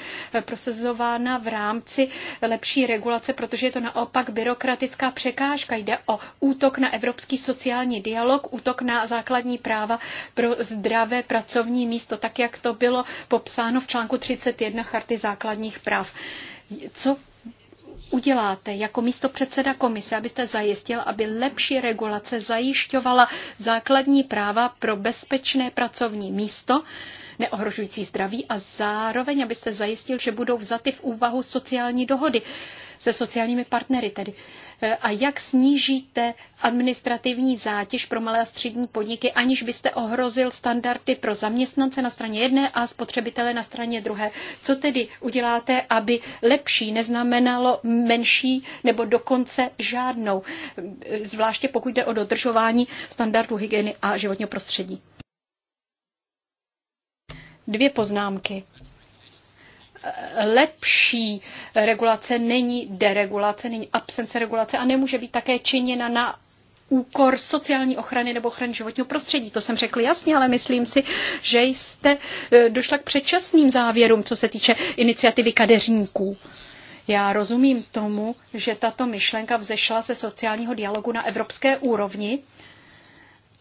prosazována v rámci lepší regulace, protože je to naopak byrokratická překážka. Jde o útok na evropský sociální dialog, útok na základní práva pro zdravé pracovní místo, tak jak to bylo popsáno v článku 31 Charty základních práv. Co uděláte jako místo předseda komise, abyste zajistil, aby lepší regulace zajišťovala základní práva pro bezpečné pracovní místo, neohrožující zdraví a zároveň, abyste zajistil, že budou vzaty v úvahu sociální dohody se sociálními partnery tedy. Eh, a jak snížíte administrativní zátěž pro malé a střední podniky, aniž byste ohrozil standardy pro zaměstnance na straně jedné a spotřebitele na straně druhé. Co tedy uděláte, aby lepší neznamenalo menší nebo dokonce žádnou, eh, zvláště pokud jde o dodržování standardů hygieny a životního prostředí? Dvě poznámky lepší regulace není deregulace, není absence regulace a nemůže být také činěna na úkor sociální ochrany nebo ochrany životního prostředí. To jsem řekl jasně, ale myslím si, že jste eh, došla k předčasným závěrům, co se týče iniciativy kadeřníků. Já rozumím tomu, že tato myšlenka vzešla ze sociálního dialogu na evropské úrovni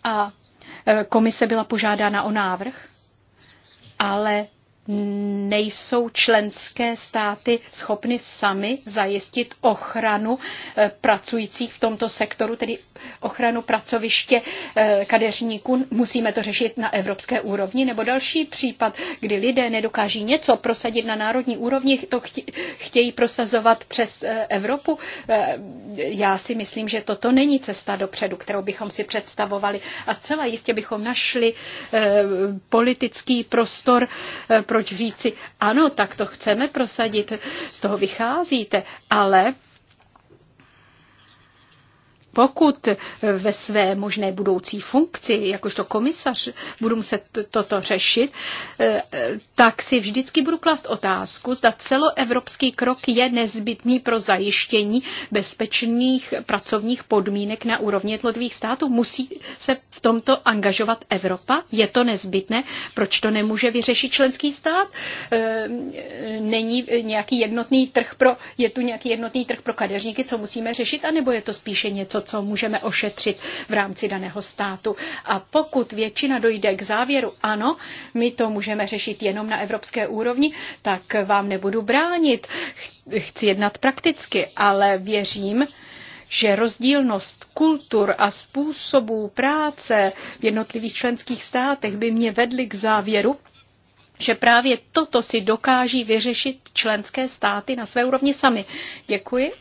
a eh, komise byla požádána o návrh, ale nejsou členské státy schopny sami zajistit ochranu eh, pracujících v tomto sektoru, tedy ochranu pracoviště eh, kadeřníků. Musíme to řešit na evropské úrovni. Nebo další případ, kdy lidé nedokáží něco prosadit na národní úrovni, to chtějí prosazovat přes eh, Evropu. Já si myslím, že toto není cesta dopředu, kterou bychom si představovali. A zcela jistě bychom našli politický prostor pro proč říci, ano, tak to chceme prosadit, z toho vycházíte, ale pokud ve své možné budoucí funkci, jakožto komisař, budu muset toto řešit, eh, tak si vždycky budu klást otázku, zda celoevropský krok je nezbytný pro zajištění bezpečných pracovních podmínek na úrovni jednotlivých států. Musí se v tomto angažovat Evropa? Je to nezbytné? Proč to nemůže vyřešit členský stát? Eh, není nějaký jednotný trh pro, je tu nějaký jednotný trh pro kadeřníky, co musíme řešit, anebo je to spíše něco, co můžeme ošetřit v rámci daného státu. A pokud většina dojde k závěru, ano, my to můžeme řešit jenom na evropské úrovni, tak vám nebudu bránit. Chci jednat prakticky, ale věřím, že rozdílnost kultur a způsobů práce v jednotlivých členských státech by mě vedly k závěru, že právě toto si dokáží vyřešit členské státy na své úrovni sami. Děkuji.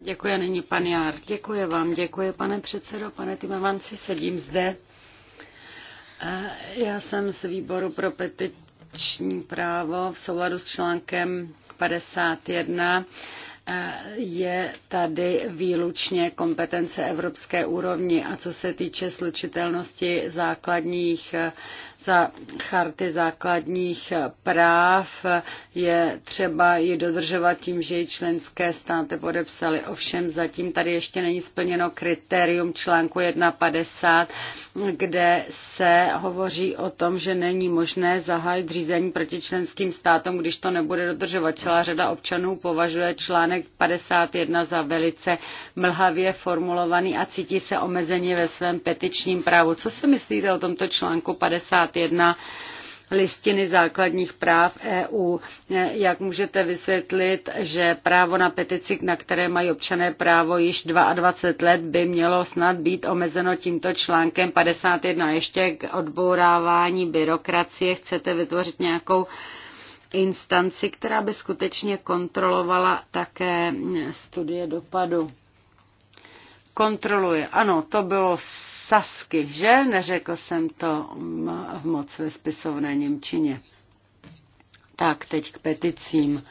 Děkuji, není pan Jár. Děkuji vám, děkuji, pane předsedo, pane Timevanci, sedím zde. Já jsem z výboru pro petiční právo v souladu s článkem 51 je tady výlučně kompetence evropské úrovni a co se týče slučitelnosti základních za charty základních práv je třeba ji dodržovat tím, že ji členské státy podepsaly. Ovšem zatím tady ještě není splněno kritérium článku 1.50, kde se hovoří o tom, že není možné zahájit řízení proti členským státům, když to nebude dodržovat. Celá řada občanů považuje článek 51 za velice mlhavě formulovaný a cítí se omezeně ve svém petičním právu. Co se myslíte o tomto článku 50? one listiny základních práv EU. Jak můžete vysvětlit, že právo na petici, na které mají občané právo již 22 let, by mělo snad být omezeno tímto článkem 51. Ještě k odbourávání byrokracie chcete vytvořit nějakou instanci, která by skutečně kontrolovala také studie dopadu. Kontroluje. Ano, to bylo Sasky, že? Neřekl jsem to v moc ve spisovné Němčině. Tak, teď k peticím.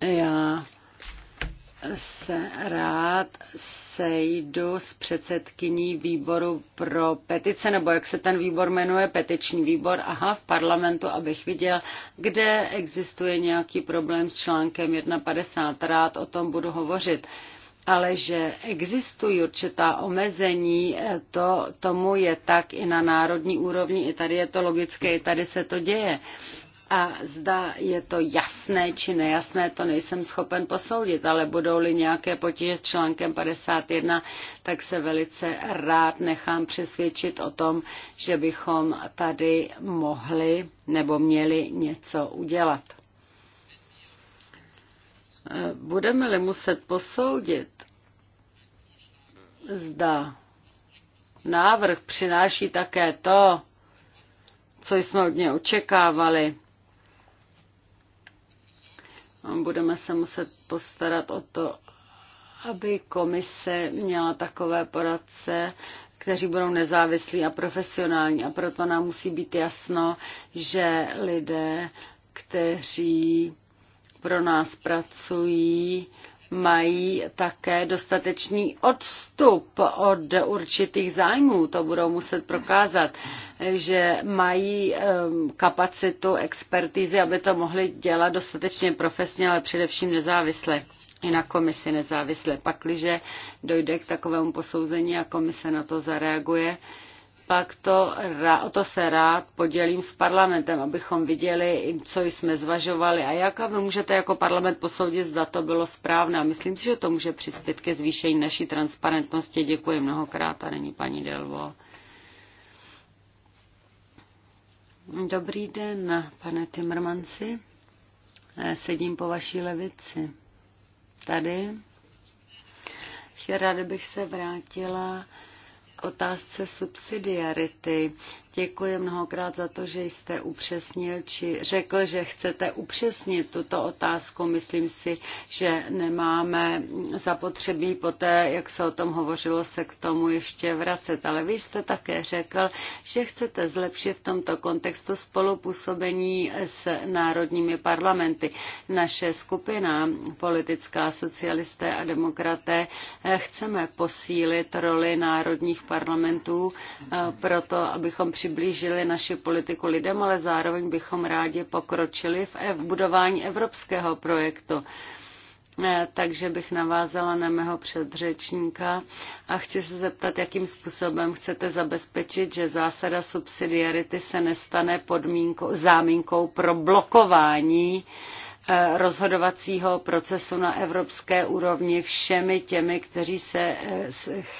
Já se rád sejdu s předsedkyní výboru pro petice, nebo jak se ten výbor jmenuje, petiční výbor, aha, v parlamentu, abych viděl, kde existuje nějaký problém s článkem 1.50. Rád o tom budu hovořit. Uh, ale že existují určitá omezení, eh, to, tomu je tak i na národní úrovni, i tady je to logické, i tady se to děje. A zda je to jasné či nejasné, to nejsem schopen posoudit, ale budou-li nějaké potíže s článkem 51, tak se velice rád nechám přesvědčit o tom, že bychom tady mohli nebo měli něco udělat. Budeme-li muset posoudit, zda návrh přináší také to, co jsme od něj očekávali. Budeme se muset postarat o to, aby komise měla takové poradce, kteří budou nezávislí a profesionální. A proto nám musí být jasno, že lidé, kteří pro nás pracují, mají také dostatečný odstup od určitých zájmů. To budou muset prokázat, že mají kapacitu, expertízy, aby to mohli dělat dostatečně profesně, ale především nezávisle i na komisi nezávisle. Pakliže dojde k takovému posouzení a komise na to zareaguje, pak to, o to se rád podělím s parlamentem, abychom viděli, co jsme zvažovali a jak a vy můžete jako parlament posoudit, zda to bylo správné. A myslím si, že to může přispět ke zvýšení naší transparentnosti. Děkuji mnohokrát a není paní Delvo. Dobrý den, pane Timmermansi. Eh, sedím po vaší levici. Tady. Ráda bych se vrátila otázce subsidiarity Děkuji mnohokrát za to, že jste upřesnil, či řekl, že chcete upřesnit tuto otázku. Myslím si, že nemáme zapotřebí poté, jak se o tom hovořilo, se k tomu ještě vracet. Ale vy jste také řekl, že chcete zlepšit v tomto kontextu spolupůsobení s národními parlamenty. Naše skupina politická socialisté a demokraté chceme posílit roli národních parlamentů eh, proto, abychom při přiblížili naši politiku lidem, ale zároveň bychom rádi pokročili v budování evropského projektu. Eh, takže bych navázala na mého předřečníka a chci se zeptat, jakým způsobem chcete zabezpečit, že zásada subsidiarity se nestane podmínkou, zámínkou pro blokování eh, Eh, rozhodovacího procesu na evropské úrovni všemi těmi, kteří se eh,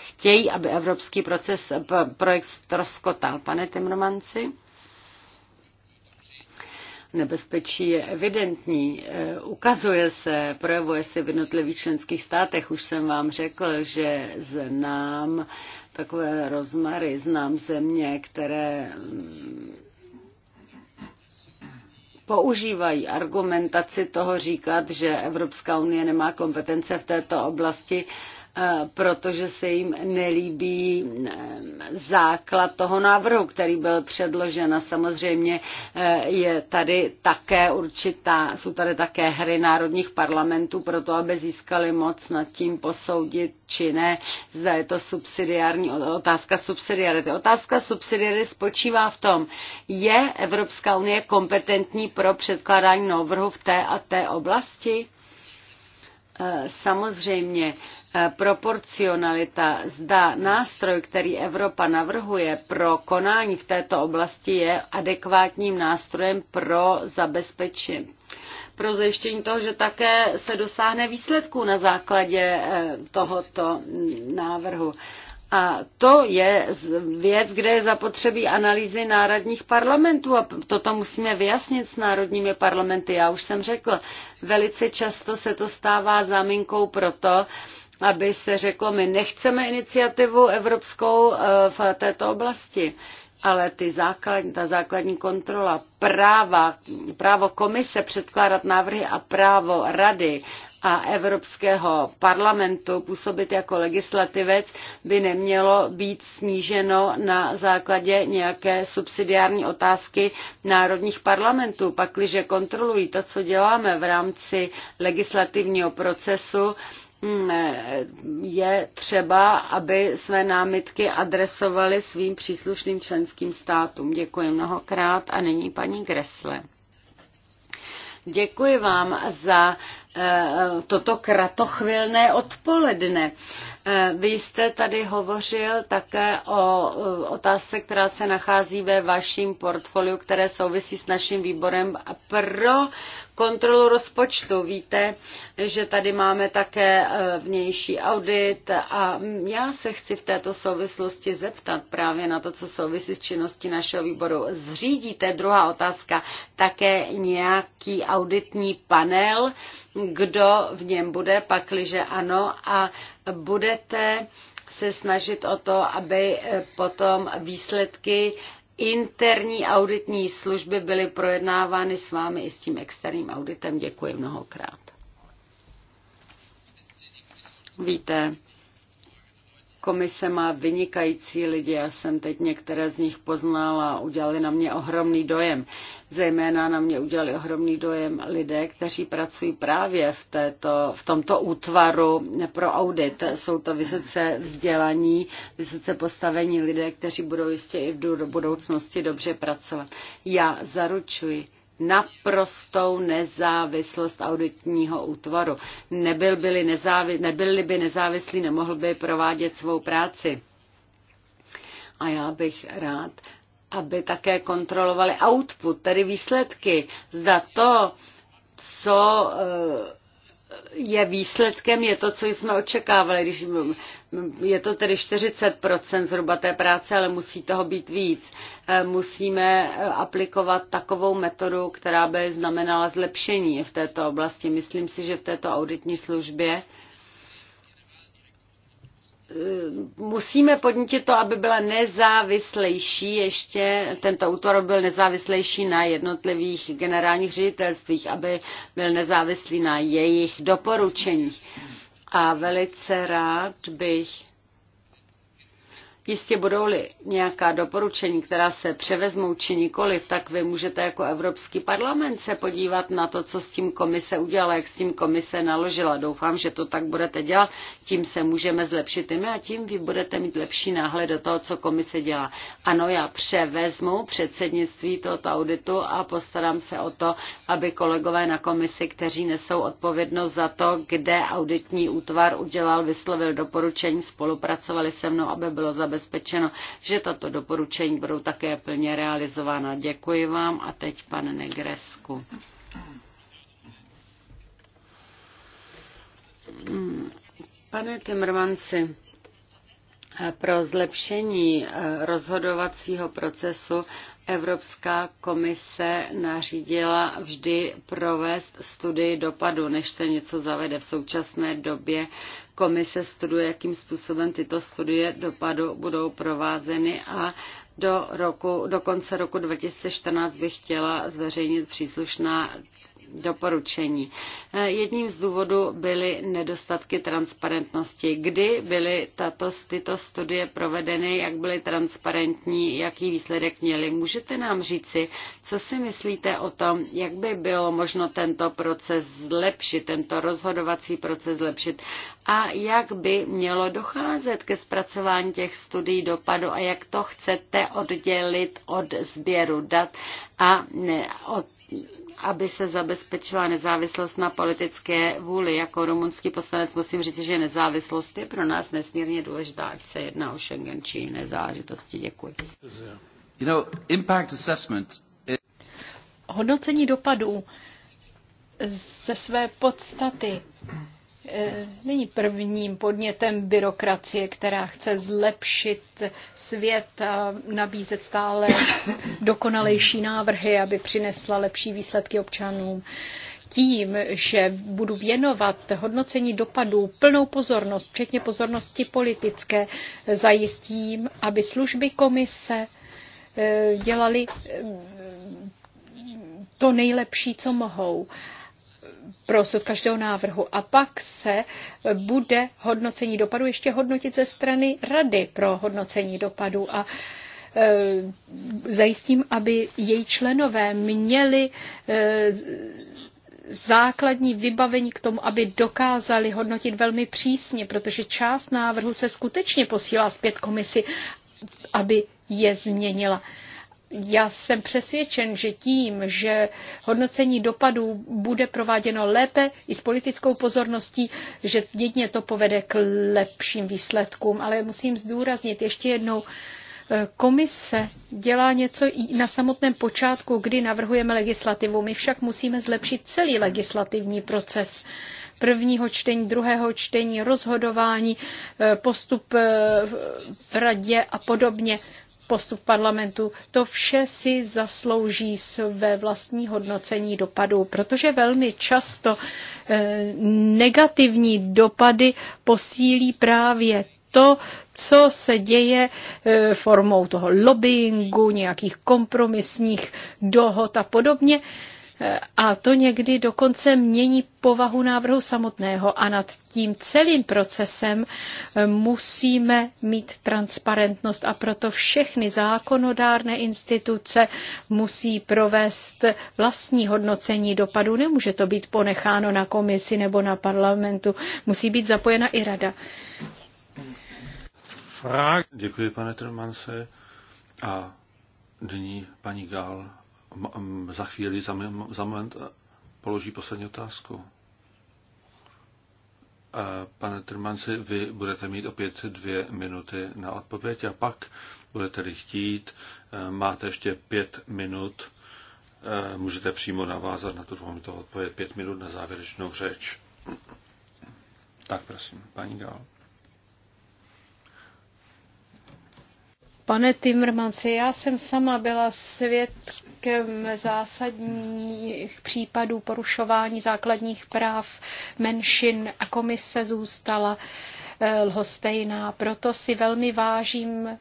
chtějí, aby evropský proces, eh, projekt troskotal. Pane Timromanci? Nebezpečí je evidentní, ukazuje se, projevuje se v jednotlivých členských státech. Už jsem vám řekl, že znám takové rozmary, znám země, které používají argumentaci toho říkat, že Evropská unie nemá kompetence v této oblasti, Eh, protože se jim nelíbí eh, základ toho návrhu, který byl předložen. A samozřejmě eh, je tady také určitá, jsou tady také hry národních parlamentů pro to, aby získali moc nad tím posoudit či ne. Zda je to subsidiární, otázka subsidiarity. Otázka subsidiarity spočívá v tom, je Evropská unie kompetentní pro předkládání návrhu v té a té oblasti? Samozřejmě E, proporcionalita, zda nástroj, který Evropa navrhuje pro konání v této oblasti, je adekvátním nástrojem pro zabezpečení pro zajištění toho, že také se dosáhne výsledků na základě e, tohoto návrhu. A to je věc, kde je zapotřebí analýzy národních parlamentů a toto musíme vyjasnit s národními parlamenty. Já už jsem řekl, velice často se to stává záminkou to aby se řeklo, my nechceme iniciativu evropskou eh, v této oblasti, ale ty základní, ta základní kontrola, práva, právo komise předkládat návrhy a právo rady a Evropského parlamentu působit jako legislativec by nemělo být sníženo na základě nějaké subsidiární otázky národních parlamentů. Pakliže kontrolují to, co děláme v rámci legislativního procesu, Mm, eh, je třeba, aby své námitky adresovaly svým příslušným členským státům. Děkuji mnohokrát a nyní paní Gresle. Děkuji vám za eh, toto kratochvilné odpoledne. Eh, vy jste tady hovořil také o otázce, která se nachází ve vašem portfoliu, které souvisí s naším výborem pro kontrolu rozpočtu. Víte, že tady máme také eh, vnější audit a já se chci v této souvislosti zeptat právě na to, co souvisí s činností našeho výboru. Zřídíte, druhá otázka, také nějaký auditní panel, kdo v něm bude, pakliže ano, a budete se snažit o to, aby eh, potom výsledky interní auditní služby byly projednávány s vámi i s tím externím auditem. Děkuji mnohokrát. Víte, Komise má vynikající lidi, já jsem teď některé z nich poznala a udělali na mě ohromný dojem. Zejména na mě udělali ohromný dojem lidé, kteří pracují právě v, této, v tomto útvaru pro audit. Jsou to vysoce vzdělaní, vysoce postavení lidé, kteří budou jistě i v budoucnosti dobře pracovat. Já zaručuji, naprostou nezávislost auditního útvaru. Nebyl byli nezávi, nebyli by nezávislí, nemohl by provádět svou práci. A já bych rád, aby také kontrolovali output, tedy výsledky. Zda to, co eh, je výsledkem, je to, co jsme očekávali. Když je to tedy 40% zhruba té práce, ale musí toho být víc. Eh, musíme eh, aplikovat takovou metodu, která by znamenala zlepšení v této oblasti. Myslím si, že v této auditní službě Eh, musíme podnítit to, aby byla nezávislejší, ještě tento útvar byl nezávislejší na jednotlivých generálních ředitelstvích, aby byl nezávislý na jejich doporučeních. A velice rád bych Jistě budou-li nějaká doporučení, která se převezmou či nikoliv, tak vy můžete jako Evropský parlament se podívat na to, co s tím komise udělala, jak s tím komise naložila. Doufám, že to tak budete dělat, tím se můžeme zlepšit i my a tím vy budete mít lepší náhled do toho, co komise dělá. Ano, já převezmu předsednictví tohoto auditu a postarám se o to, aby kolegové na komisi, kteří nesou odpovědnost za to, kde auditní útvar udělal, vyslovil doporučení, spolupracovali se mnou, aby bylo zabezpečeno zabezpečeno, že tato doporučení budou také plně realizována. Děkuji vám a teď pan Negresku. Pane Timrmanci, pro zlepšení eh, rozhodovacího procesu Evropská komise nařídila vždy provést studii dopadu, než se něco zavede. V současné době Komise studuje, jakým způsobem tyto studie dopadu budou provázeny a do, roku, do konce roku 2014 bych chtěla zveřejnit příslušná doporučení. Eh, jedním z důvodů byly nedostatky transparentnosti. Kdy byly tato, tyto studie provedeny, jak byly transparentní, jaký výsledek měly? Můžete nám říci, co si myslíte o tom, jak by bylo možno tento proces zlepšit, tento rozhodovací proces zlepšit a jak by mělo docházet ke zpracování těch studií dopadu a jak to chcete oddělit od sběru dat a ne, od aby se zabezpečila nezávislost na politické vůli. Jako rumunský poslanec musím říct, že nezávislost je pro nás nesmírně důležitá, ať se jedná o Schengen či jiné záležitosti. Děkuji. You know, impact assessment is... Hodnocení dopadů ze své podstaty Eh, není prvním podnětem byrokracie, která chce zlepšit svět a nabízet stále dokonalejší návrhy, aby přinesla lepší výsledky občanům. Tím, že budu věnovat hodnocení dopadů plnou pozornost, včetně pozornosti politické, zajistím, aby služby komise eh, dělali eh, to nejlepší, co mohou prosud každého návrhu. A pak se bude hodnocení dopadu ještě hodnotit ze strany Rady pro hodnocení dopadu a e, zajistím, aby její členové měli e, základní vybavení k tomu, aby dokázali hodnotit velmi přísně, protože část návrhu se skutečně posílá zpět komisi, aby je změnila já jsem přesvědčen, že tím, že hodnocení dopadů bude prováděno lépe i s politickou pozorností, že jedině to povede k lepším výsledkům. Ale musím zdůraznit ještě jednou, eh, Komise dělá něco i na samotném počátku, kdy navrhujeme legislativu. My však musíme zlepšit celý legislativní proces prvního čtení, druhého čtení, rozhodování, eh, postup eh, v radě a podobně postup parlamentu, to vše si zaslouží své vlastní hodnocení dopadů, protože velmi často eh, negativní dopady posílí právě to, co se děje eh, formou toho lobbyingu, nějakých kompromisních dohod a podobně. A to někdy dokonce mění povahu návrhu samotného a nad tím celým procesem musíme mít transparentnost a proto všechny zákonodárné instituce musí provést vlastní hodnocení dopadu. Nemůže to být ponecháno na komisi nebo na parlamentu, musí být zapojena i rada. Děkuji, pane Trmanse. A nyní paní Gál za chvíli, za, za moment eh, položí poslední otázku. Eh, pane Trmanci, vy budete mít opět dvě minuty na odpověď a pak budete-li chtít, eh, máte ještě pět minut, můžete přímo navázat na tu dvouminutovou odpověď, pět minut na závěrečnou řeč. Tak prosím, paní Gál. Pane Timmermansi, já jsem sama byla svědkem zásadních případů porušování základních práv menšin a komise zůstala uh, Eh, lhostejná. Proto si velmi vážím eh,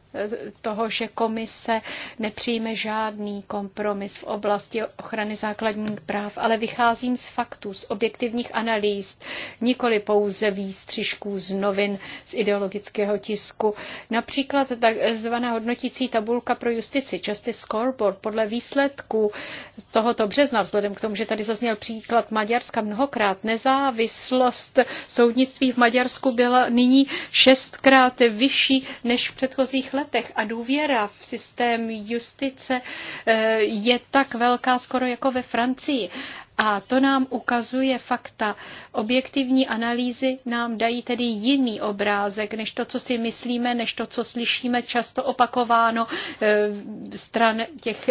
toho, že komise nepřijme žádný kompromis v oblasti ochrany základních práv, ale vycházím z faktů, z objektivních analýz, nikoli pouze výstřižků z novin, z ideologického tisku. Například takzvaná hodnotící tabulka pro justici, Justice Scoreboard, podle výsledků z tohoto března, vzhledem k tomu, že tady zazněl příklad Maďarska mnohokrát, nezávislost soudnictví v Maďarsku byla nyní šestkrát vyšší než v předchozích letech a důvěra v systém justice eh, je tak velká skoro jako ve Francii. A to nám ukazuje fakta. Objektivní analýzy nám dají tedy jiný obrázek, než to, co si myslíme, než to, co slyšíme často opakováno eh, stran těch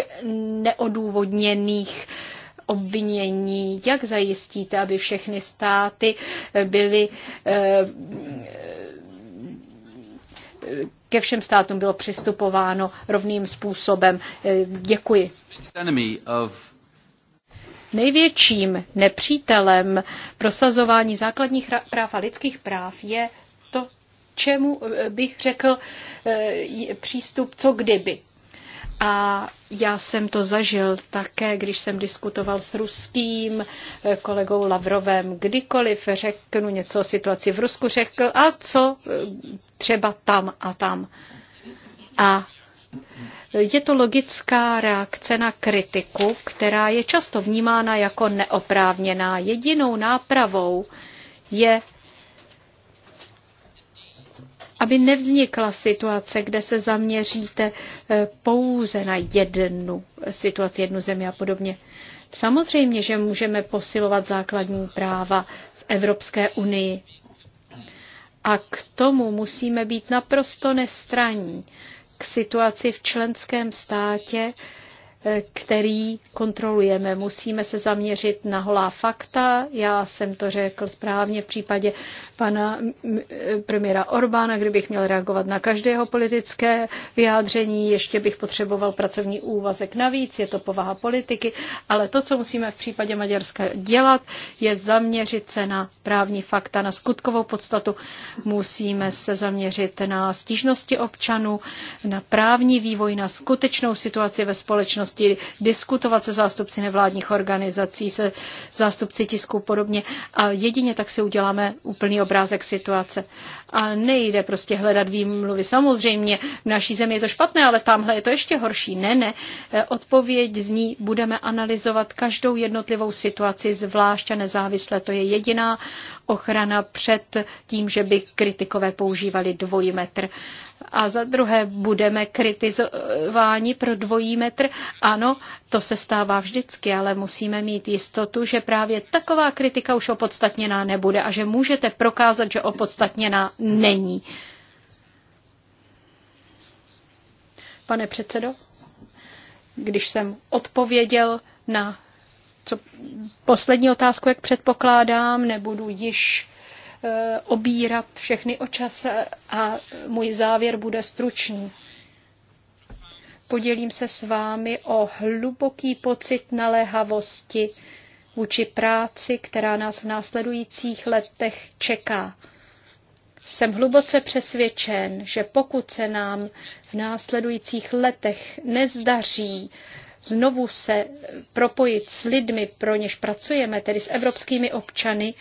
neodůvodněných eh, obvinění, jak zajistíte, aby všechny státy byly eh, ke všem státům bylo přistupováno rovným způsobem. Eh, děkuji. Největším nepřítelem prosazování základních práv a lidských práv je to, čemu eh, bych řekl přístup co kdyby a já jsem to zažil také, když jsem diskutoval s ruským eh, kolegou Lavrovem. Kdykoliv řeknu něco o situaci v Rusku, řekl, a co eh, třeba tam a tam. A je to logická reakce na kritiku, která je často vnímána jako neoprávněná. Jedinou nápravou je aby nevznikla situace, kde se zaměříte eh, pouze na jednu situaci, jednu zemi a podobně. Samozřejmě, že můžeme posilovat základní práva v Evropské unii. A k tomu musíme být naprosto nestraní k situaci v členském státě, který kontrolujeme. Musíme se zaměřit na holá fakta. Já jsem to řekl správně v případě pana premiéra Orbána, kdybych měl reagovat na každého politické vyjádření, ještě bych potřeboval pracovní úvazek navíc, je to povaha politiky, ale to, co musíme v případě Maďarska dělat, je zaměřit se na právní fakta, na skutkovou podstatu. Musíme se zaměřit na stížnosti občanů, na právní vývoj, na skutečnou situaci ve společnosti možnosti diskutovat se zástupci nevládních organizací, se zástupci tisku podobně a jedině tak si uděláme úplný obrázek situace. A nejde prostě hledat výmluvy. Samozřejmě v naší zemi je to špatné, ale tamhle je to ještě horší. Ne, ne. E, odpověď zní, budeme analyzovat každou jednotlivou situaci zvlášť a nezávisle. To je jediná ochrana před tím, že by kritikové používali dvojí metr. A za druhé budeme kritizováni pro dvojí metr. Ano, to se stává vždycky, ale musíme mít jistotu, že právě taková kritika už opodstatněná nebude a že můžete prokázat, že opodstatněná není. Pane předsedo, když jsem odpověděl na co, poslední otázku, jak předpokládám, nebudu již eh, obírat všechny o čase a můj závěr bude stručný. Podělím se s vámi o hluboký pocit naléhavosti vůči práci, která nás v následujících letech čeká. Jsem hluboce přesvědčen, že pokud se nám v následujících letech nezdaří znovu se propojit s lidmi, pro něž pracujeme, tedy s evropskými občany,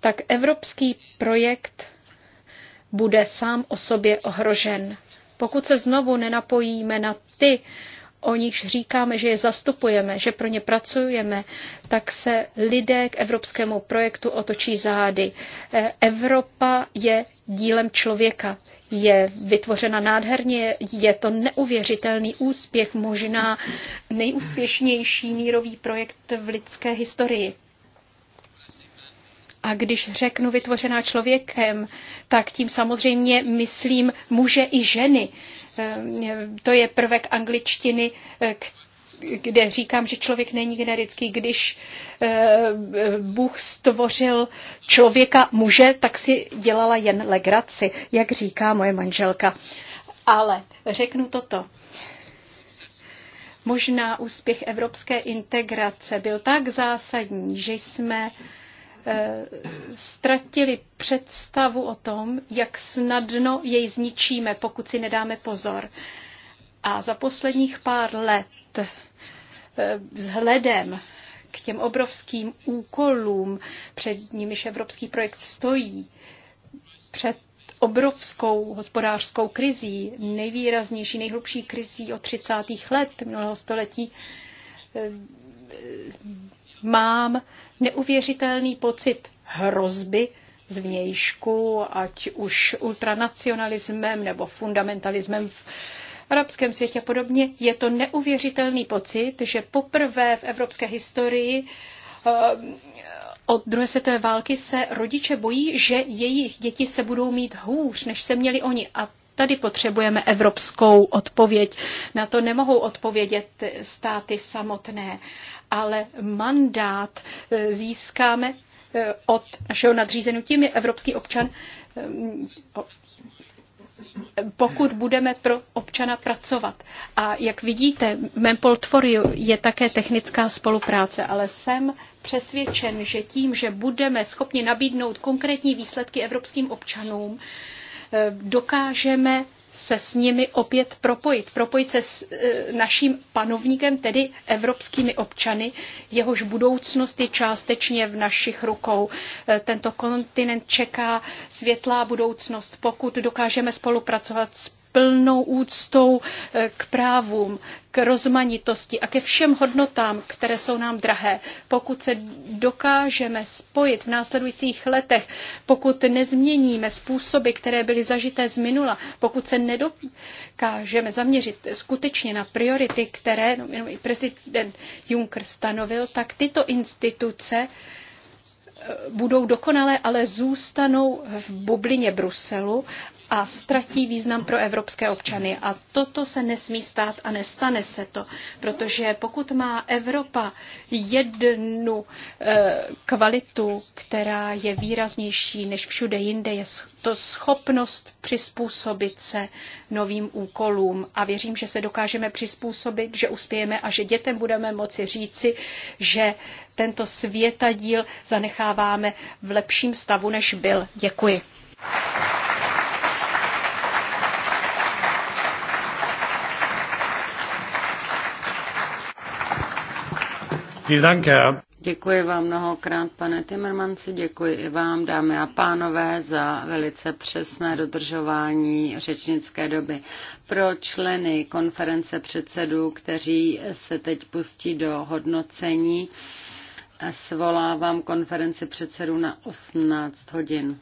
tak evropský projekt bude sám o sobě ohrožen. Pokud se znovu nenapojíme na ty, o nichž říkáme, že je zastupujeme, že pro ně pracujeme, tak se lidé k evropskému projektu otočí zády. E, Evropa je dílem člověka je vytvořena nádherně, je to neuvěřitelný úspěch, možná nejúspěšnější mírový projekt v lidské historii. A když řeknu vytvořená člověkem, tak tím samozřejmě myslím muže i ženy. Ehm, to je prvek angličtiny, který kde říkám, že člověk není generický. Když eh, Bůh stvořil člověka muže, tak si dělala jen legraci, jak říká moje manželka. Ale řeknu toto. Možná úspěch evropské integrace byl tak zásadní, že jsme eh, ztratili představu o tom, jak snadno jej zničíme, pokud si nedáme pozor. A za posledních pár let Eh, vzhledem k těm obrovským úkolům, před nimiž evropský projekt stojí, před obrovskou hospodářskou krizí, nejvýraznější, nejhlubší krizí od 30. let minulého století, eh, mám neuvěřitelný pocit hrozby z vnějšku, ať už ultranacionalismem nebo fundamentalismem v arabském světě a podobně, je to neuvěřitelný pocit, že poprvé v evropské historii eh, od druhé světové války se rodiče bojí, že jejich děti se budou mít hůř, než se měli oni. A tady potřebujeme evropskou odpověď. Na to nemohou odpovědět státy samotné, ale mandát eh, získáme eh, od našeho nadřízenu, tím je evropský občan pokud budeme pro občana pracovat. A jak vidíte, v mém je také technická spolupráce, ale jsem přesvědčen, že tím, že budeme schopni nabídnout konkrétní výsledky evropským občanům, eh, dokážeme se s nimi opět propojit. Propojit se s e, naším panovníkem, tedy evropskými občany, jehož budoucnost je částečně v našich rukou. E, tento kontinent čeká světlá budoucnost, pokud dokážeme spolupracovat s plnou úctou eh, k právům, k rozmanitosti a ke všem hodnotám, které jsou nám drahé. Pokud se dokážeme spojit v následujících letech, pokud nezměníme způsoby, které byly zažité z minula, pokud se nedokážeme zaměřit skutečně na priority, které no, jenom i prezident Juncker stanovil, tak tyto instituce eh, budou dokonalé, ale zůstanou v bublině Bruselu a ztratí význam pro evropské občany. A toto se nesmí stát a nestane se to, protože pokud má Evropa jednu eh, kvalitu, která je výraznější než všude jinde, je to schopnost přizpůsobit se novým úkolům. A věřím, že se dokážeme přizpůsobit, že uspějeme a že dětem budeme moci říci, že tento světadíl zanecháváme v lepším stavu, než byl. Děkuji. Děkuji vám mnohokrát, pane Timmermansi, děkuji i vám, dámy a pánové, za velice přesné dodržování řečnické doby. Pro členy konference předsedů, kteří se teď pustí do hodnocení, svolávám konferenci předsedů na 18 hodin.